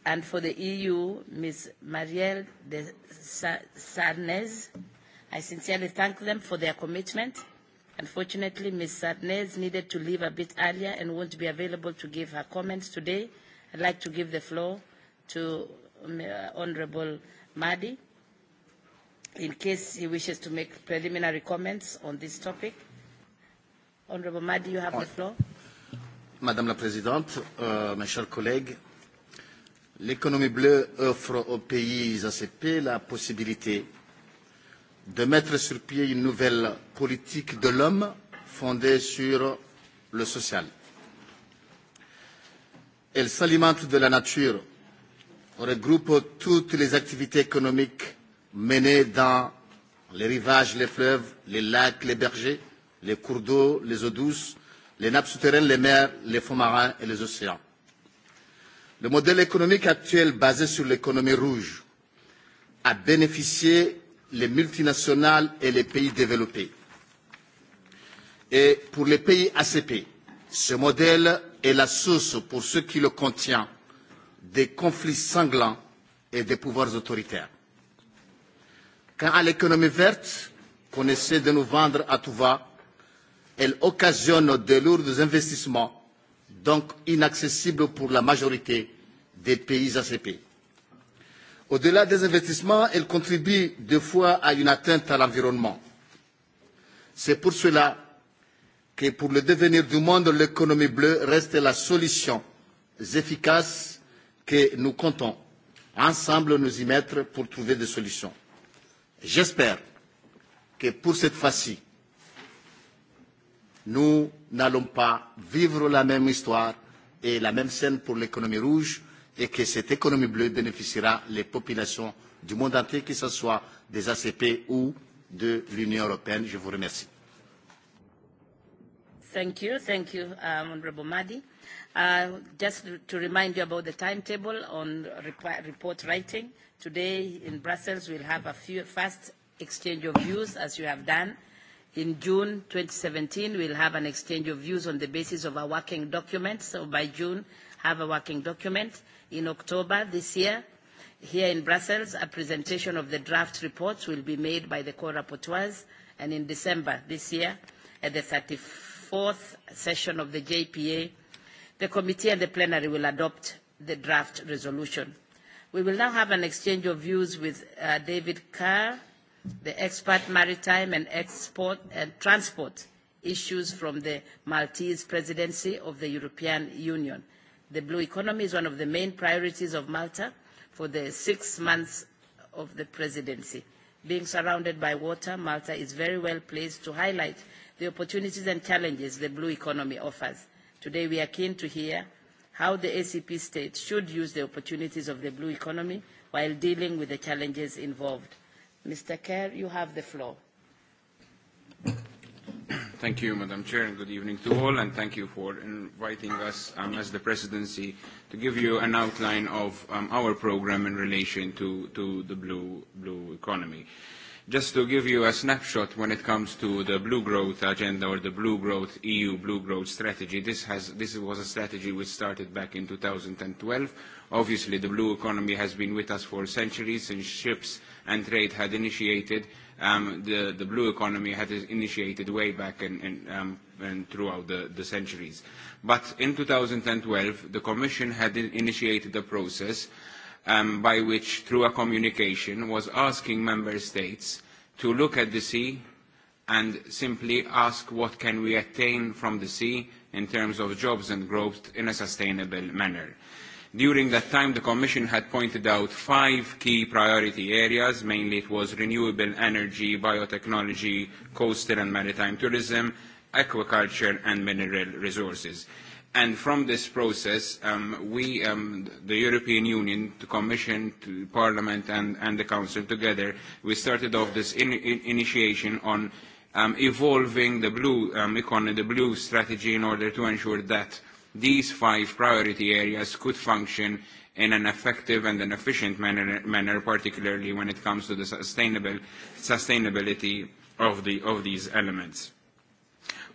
and for the EU, Ms. Marielle de Sarnez. I sincerely thank them for their commitment. Unfortunately, Ms. Sarnez needed to leave a bit earlier and won't be available to give her comments today. I'd like to give the floor to um, uh, Honorable Mahdi in case he wishes to make preliminary comments on this topic. Honorable Mahdi, you have the floor. Madame la Présidente, euh, mes chers collègues, l'économie bleue offre aux pays ACP la possibilité de mettre sur pied une nouvelle politique de l'homme fondée sur le social. Elle s'alimente de la nature, regroupe toutes les activités économiques menées dans les rivages, les fleuves, les lacs, les bergers, les cours d'eau, les eaux douces, les nappes souterraines, les mers, les fonds marins et les océans. Le modèle économique actuel basé sur l'économie rouge a bénéficié les multinationales et les pays développés. Et pour les pays ACP, ce modèle est la source pour ceux qui le contient des conflits sanglants et des pouvoirs autoritaires. Quant à l'économie verte, qu'on essaie de nous vendre à tout va, elle occasionne de lourds investissements, donc inaccessibles pour la majorité des pays ACP. Au-delà des investissements, elle contribue deux fois à une atteinte à l'environnement. C'est pour cela que pour le devenir du monde, l'économie bleue reste la solution efficace que nous comptons ensemble nous y mettre pour trouver des solutions. J'espère que pour cette fois-ci, Nous n'allons pas vivre la même histoire et la même scène pour l'économie rouge et que cette économie bleue bénéficiera les populations du monde entier, que ce soit des ACP ou de l'Union européenne. Je vous remercie. Thank you, thank you, um, Honorable Madi. Uh, just to remind you about the timetable on report writing, today in Brussels we'll have a few, fast exchange of views, as you have done In June 2017, we'll have an exchange of views on the basis of our working document. So by June, have a working document. In October this year, here in Brussels, a presentation of the draft reports will be made by the co-rapporteurs. And in December this year, at the 34th session of the JPA, the committee and the plenary will adopt the draft resolution. We will now have an exchange of views with uh, David Carr, the expert maritime and export and transport issues from the Maltese presidency of the European Union. The blue economy is one of the main priorities of Malta for the six months of the presidency. Being surrounded by water, Malta is very well placed to highlight the opportunities and challenges the blue economy offers. Today we are keen to hear how the ACP state should use the opportunities of the blue economy while dealing with the challenges involved. Mr. Kerr, you have the floor. Thank you, Madam Chair, and good evening to all, and thank you for inviting us um, as the presidency to give you an outline of um, our program in relation to, to the blue, blue economy. Just to give you a snapshot when it comes to the blue growth agenda or the blue growth EU blue growth strategy, this, has, this was a strategy which started back in 2012. Obviously, the blue economy has been with us for centuries since ships and Trade had initiated, um, the, the blue economy had initiated way back in, in, um, and throughout the, the centuries. But in 2012, the Commission had in, initiated a process um, by which, through a communication, was asking member states to look at the sea and simply ask what can we attain from the sea in terms of jobs and growth in a sustainable manner. During that time, the Commission had pointed out five key priority areas. Mainly it was renewable energy, biotechnology, coastal and maritime tourism, aquaculture and mineral resources. And from this process, um, we, um, the European Union, the Commission, to Parliament and, and the Council together, we started off this in, in initiation on um, evolving the blue um, economy, the blue strategy in order to ensure that these five priority areas could function in an effective and an efficient manner, manner particularly when it comes to the sustainable, sustainability of, the, of these elements.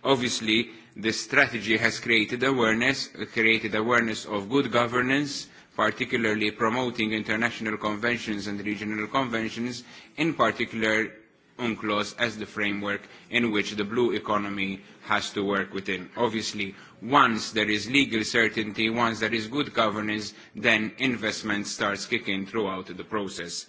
Obviously, this strategy has created awareness, created awareness of good governance, particularly promoting international conventions and regional conventions, in particular UNCLOS as the framework in which the blue economy has to work within. Obviously, once there is legal certainty, once there is good governance, then investment starts kicking throughout the process.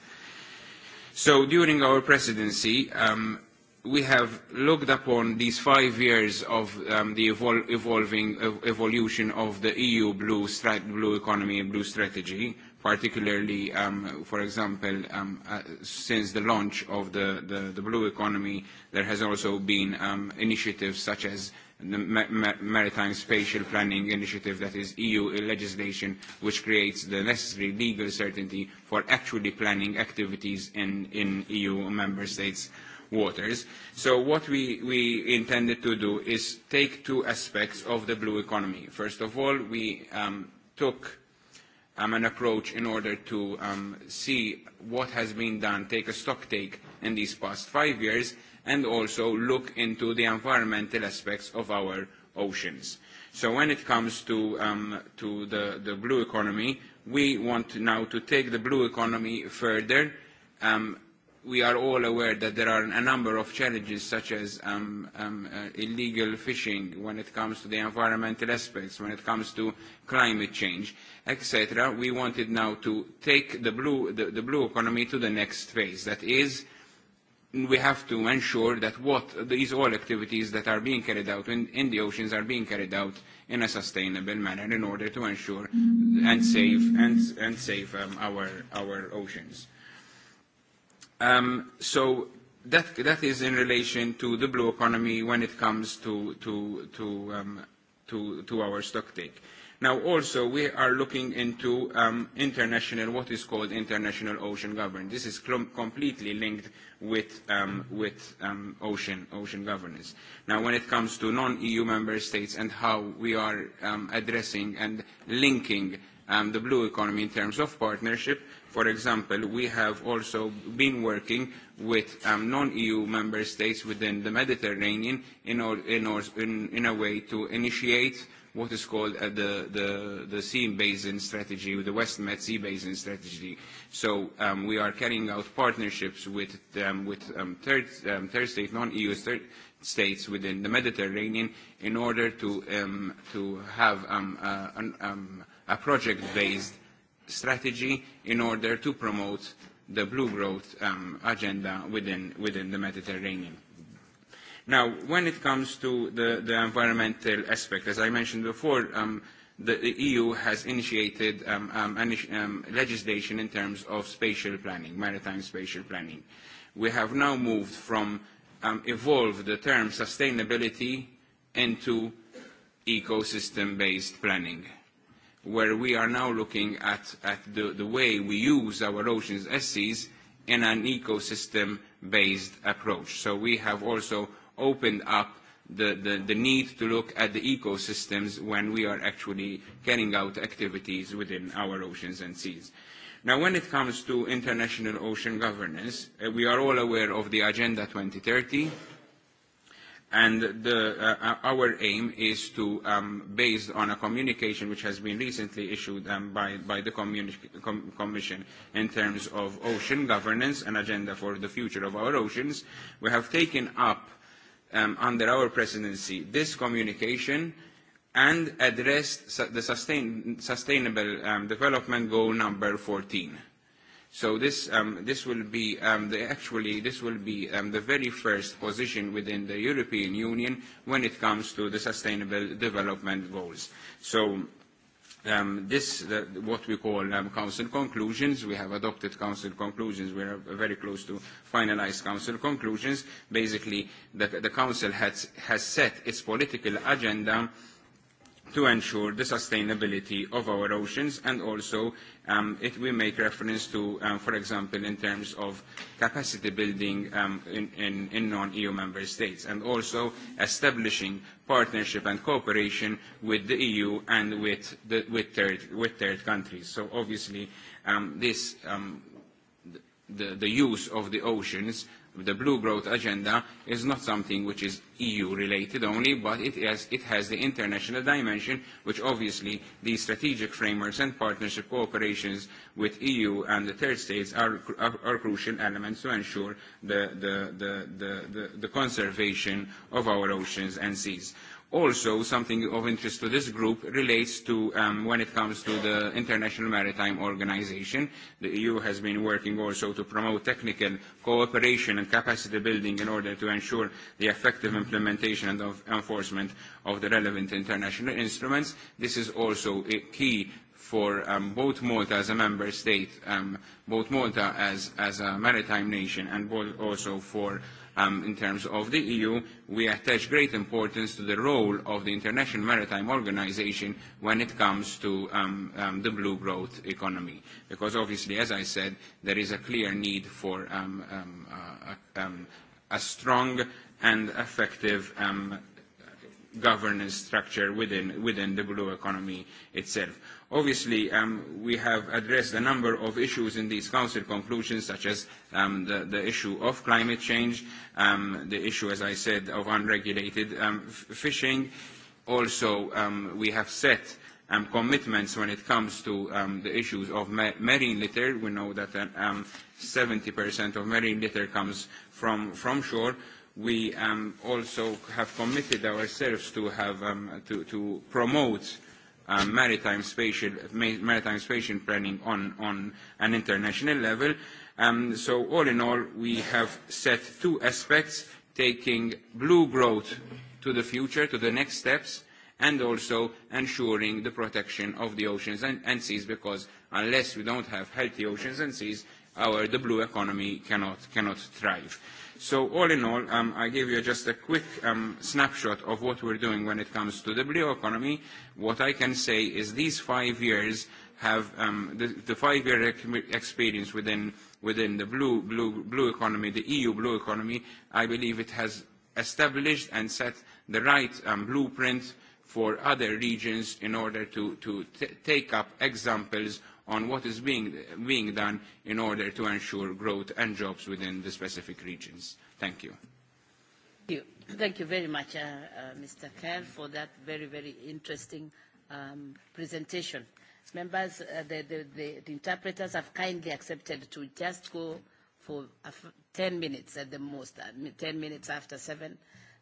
So during our presidency, um, we have looked upon these five years of um, the evol evolving ev evolution of the EU blue, blue economy and blue strategy particularly, um, for example, um, uh, since the launch of the, the, the blue economy, there has also been um, initiatives such as the ma ma Maritime Spatial Planning Initiative, that is EU legislation, which creates the necessary legal certainty for actually planning activities in, in EU member states waters. So what we, we intended to do is take two aspects of the blue economy. First of all, we um, took um, an approach in order to um, see what has been done, take a stock take in these past five years, and also look into the environmental aspects of our oceans. So when it comes to, um, to the, the blue economy, we want now to take the blue economy further. Um, we are all aware that there are a number of challenges such as um, um, uh, illegal fishing when it comes to the environmental aspects, when it comes to climate change etc., we wanted now to take the blue, the, the blue economy to the next phase. That is, we have to ensure that what these all activities that are being carried out in, in the oceans are being carried out in a sustainable manner in order to ensure and save, and, and save um, our, our oceans. Um, so that, that is in relation to the blue economy when it comes to, to, to, um, to, to our stock take. Now, also, we are looking into um, international, what is called international ocean governance. This is completely linked with, um, with um, ocean, ocean governance. Now, when it comes to non-EU member states and how we are um, addressing and linking um, the blue economy in terms of partnership. For example, we have also been working with um, non-EU member states within the Mediterranean in, or, in, or, in, in a way to initiate what is called uh, the, the, the Sea Basin Strategy, the West Med Sea Basin Strategy. So um, we are carrying out partnerships with, um, with um, third, um, third state, non-EU third states within the Mediterranean in order to, um, to have um, uh, um, a project-based strategy in order to promote the blue growth um, agenda within, within the Mediterranean. Now, when it comes to the, the environmental aspect, as I mentioned before, um, the, the EU has initiated um, um, um, legislation in terms of spatial planning, maritime spatial planning. We have now moved from um, evolved the term sustainability into ecosystem-based planning, where we are now looking at, at the, the way we use our oceans as seas in an ecosystem-based approach. So we have also opened up the, the, the need to look at the ecosystems when we are actually carrying out activities within our oceans and seas. Now, when it comes to international ocean governance, uh, we are all aware of the Agenda 2030, and the, uh, uh, our aim is to, um, based on a communication which has been recently issued um, by, by the communi com Commission in terms of ocean governance and agenda for the future of our oceans, we have taken up um, under our presidency this communication and addressed su the sustain sustainable um, development goal number 14. So this, um, this will be um, the, actually this will be um, the very first position within the European Union when it comes to the sustainable development goals. So um, this, what we call um, council conclusions. We have adopted council conclusions. We are very close to finalized council conclusions. Basically, the, council has set its political agenda to ensure the sustainability of our oceans and also um, it will make reference to, um, for example, in terms of capacity building um, in, in, in non-EU member states and also establishing partnership and cooperation with the EU and with, the, with, third, with third countries. So obviously um, this um, the, the use of the oceans the Blue Growth Agenda is not something which is EU-related only, but it has, it has the international dimension, which obviously these strategic frameworks and partnership cooperations with EU and the third states are, are, are crucial elements to ensure the, the, the, the, the, the conservation of our oceans and seas. Also, something of interest to this group relates to um, when it comes to the International Maritime Organization. The EU has been working also to promote technical cooperation and capacity building in order to ensure the effective implementation and of enforcement of the relevant international instruments. This is also a key for um, both Malta as a member state, um, both Malta as, as a maritime nation, and both also for Um, in terms of the EU, we attach great importance to the role of the International Maritime Organization when it comes to um, um, the blue growth economy. Because obviously, as I said, there is a clear need for um, um, uh, um, a strong and effective um, governance structure within, within the blue economy itself. Obviously, um, we have addressed a number of issues in these Council conclusions, such as um, the, the issue of climate change, um, the issue, as I said, of unregulated um, f fishing. Also, um, we have set um, commitments when it comes to um, the issues of ma marine litter. We know that 70% uh, um, of marine litter comes from, from shore. We um, also have committed ourselves to, have, um, to, to promote Uh, maritime, spatial, maritime spatial planning on, on an international level. Um, so all in all, we have set two aspects, taking blue growth to the future, to the next steps, and also ensuring the protection of the oceans and, and seas, because unless we don't have healthy oceans and seas, our, the blue economy cannot, cannot thrive. So all in all, um, I gave you just a quick um, snapshot of what we're doing when it comes to the blue economy. What I can say is these five years have um, the, the five-year experience within, within the blue, blue, blue economy, the EU blue economy, I believe it has established and set the right um, blueprint for other regions in order to, to t take up examples on what is being, being done in order to ensure growth and jobs within the specific regions. Thank you. Thank you, Thank you very much, uh, uh, Mr. Kerr, for that very, very interesting um, presentation. Members, uh, the, the, the, the interpreters have kindly accepted to just go for f 10 minutes at the most, 10 uh, minutes after 7.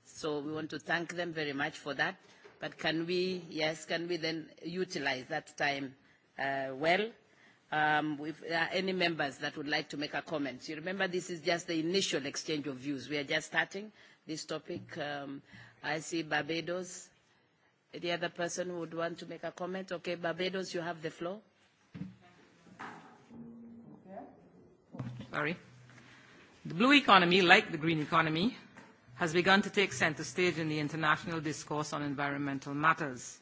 So we want to thank them very much for that. But can we, yes, can we then utilize that time uh, well. Um, if there are any members that would like to make a comment, you remember this is just the initial exchange of views. We are just starting this topic. Um, I see Barbados. Any other person would want to make a comment. Okay, Barbados, you have the floor. Sorry. The blue economy, like the green economy, has begun to take center stage in the international discourse on environmental matters.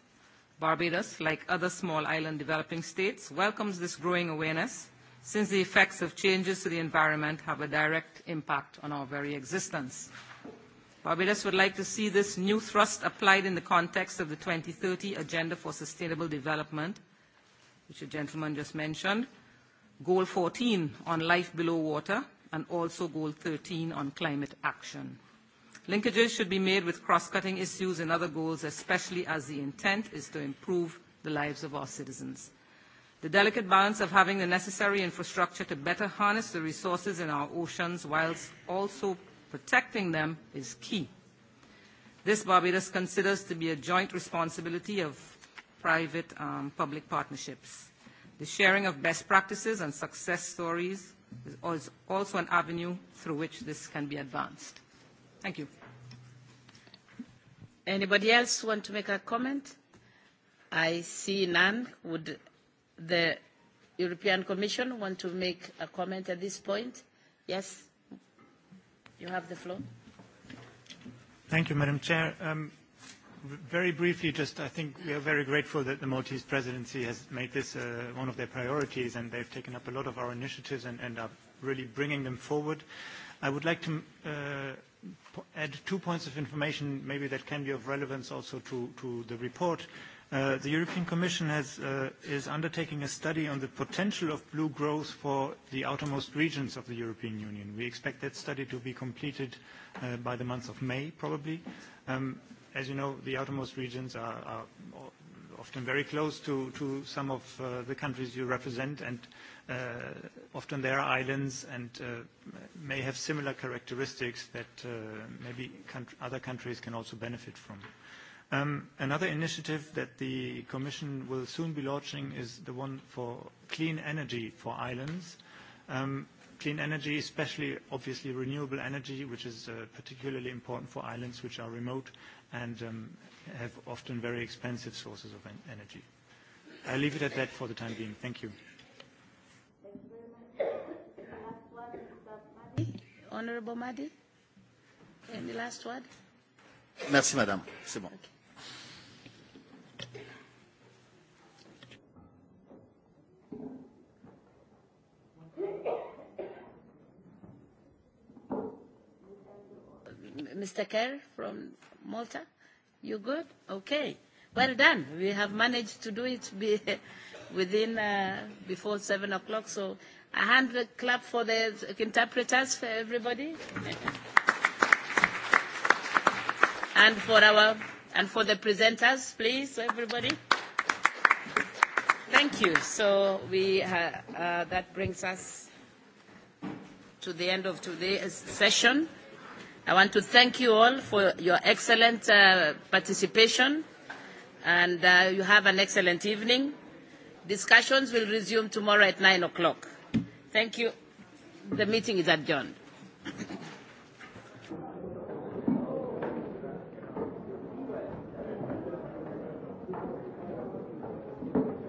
Barbados, like other small island developing states, welcomes this growing awareness since the effects of changes to the environment have a direct impact on our very existence. Barbados would like to see this new thrust applied in the context of the 2030 Agenda for Sustainable Development, which the gentleman just mentioned, Goal 14 on life below water, and also Goal 13 on climate action. Linkages should be made with cross-cutting issues and other goals, especially as the intent is to improve the lives of our citizens. The delicate balance of having the necessary infrastructure to better harness the resources in our oceans whilst also protecting them is key. This Barbados considers to be a joint responsibility of private um, public partnerships. The sharing of best practices and success stories is also an avenue through which this can be advanced. Thank you. Anybody else want to make a comment? I see none. Would the European Commission want to make a comment at this point? Yes, you have the floor. Thank you, Madam Chair. Um, very briefly, just I think we are very grateful that the Maltese presidency has made this uh, one of their priorities, and they've taken up a lot of our initiatives and, and are really bringing them forward. I would like to uh, add two points of information maybe that can be of relevance also to, to the report. Uh, the European Commission has, uh, is undertaking a study on the potential of blue growth for the outermost regions of the European Union. We expect that study to be completed uh, by the month of May, probably. Um, as you know, the outermost regions are, are often very close to, to some of uh, the countries you represent, and uh, often there are islands and uh, may have similar characteristics that uh, maybe country, other countries can also benefit from. Um, another initiative that the Commission will soon be launching is the one for clean energy for islands. Um, clean energy, especially obviously renewable energy, which is uh, particularly important for islands which are remote and um, have often very expensive sources of en energy. I leave it at that for the time being. Thank you. Honorable Madi, any last word. Merci, Madame. C'est bon. Okay. Mr. Kerr from Malta? You good? Okay. Well done. We have managed to do it be, within uh, before seven o'clock. So a hand clap for the interpreters for everybody, and for our and for the presenters, please, everybody. Thank you. So we uh, uh, that brings us to the end of today's session. I want to thank you all for your excellent uh, participation and uh, you have an excellent evening. Discussions will resume tomorrow at nine o'clock. Thank you. The meeting is adjourned.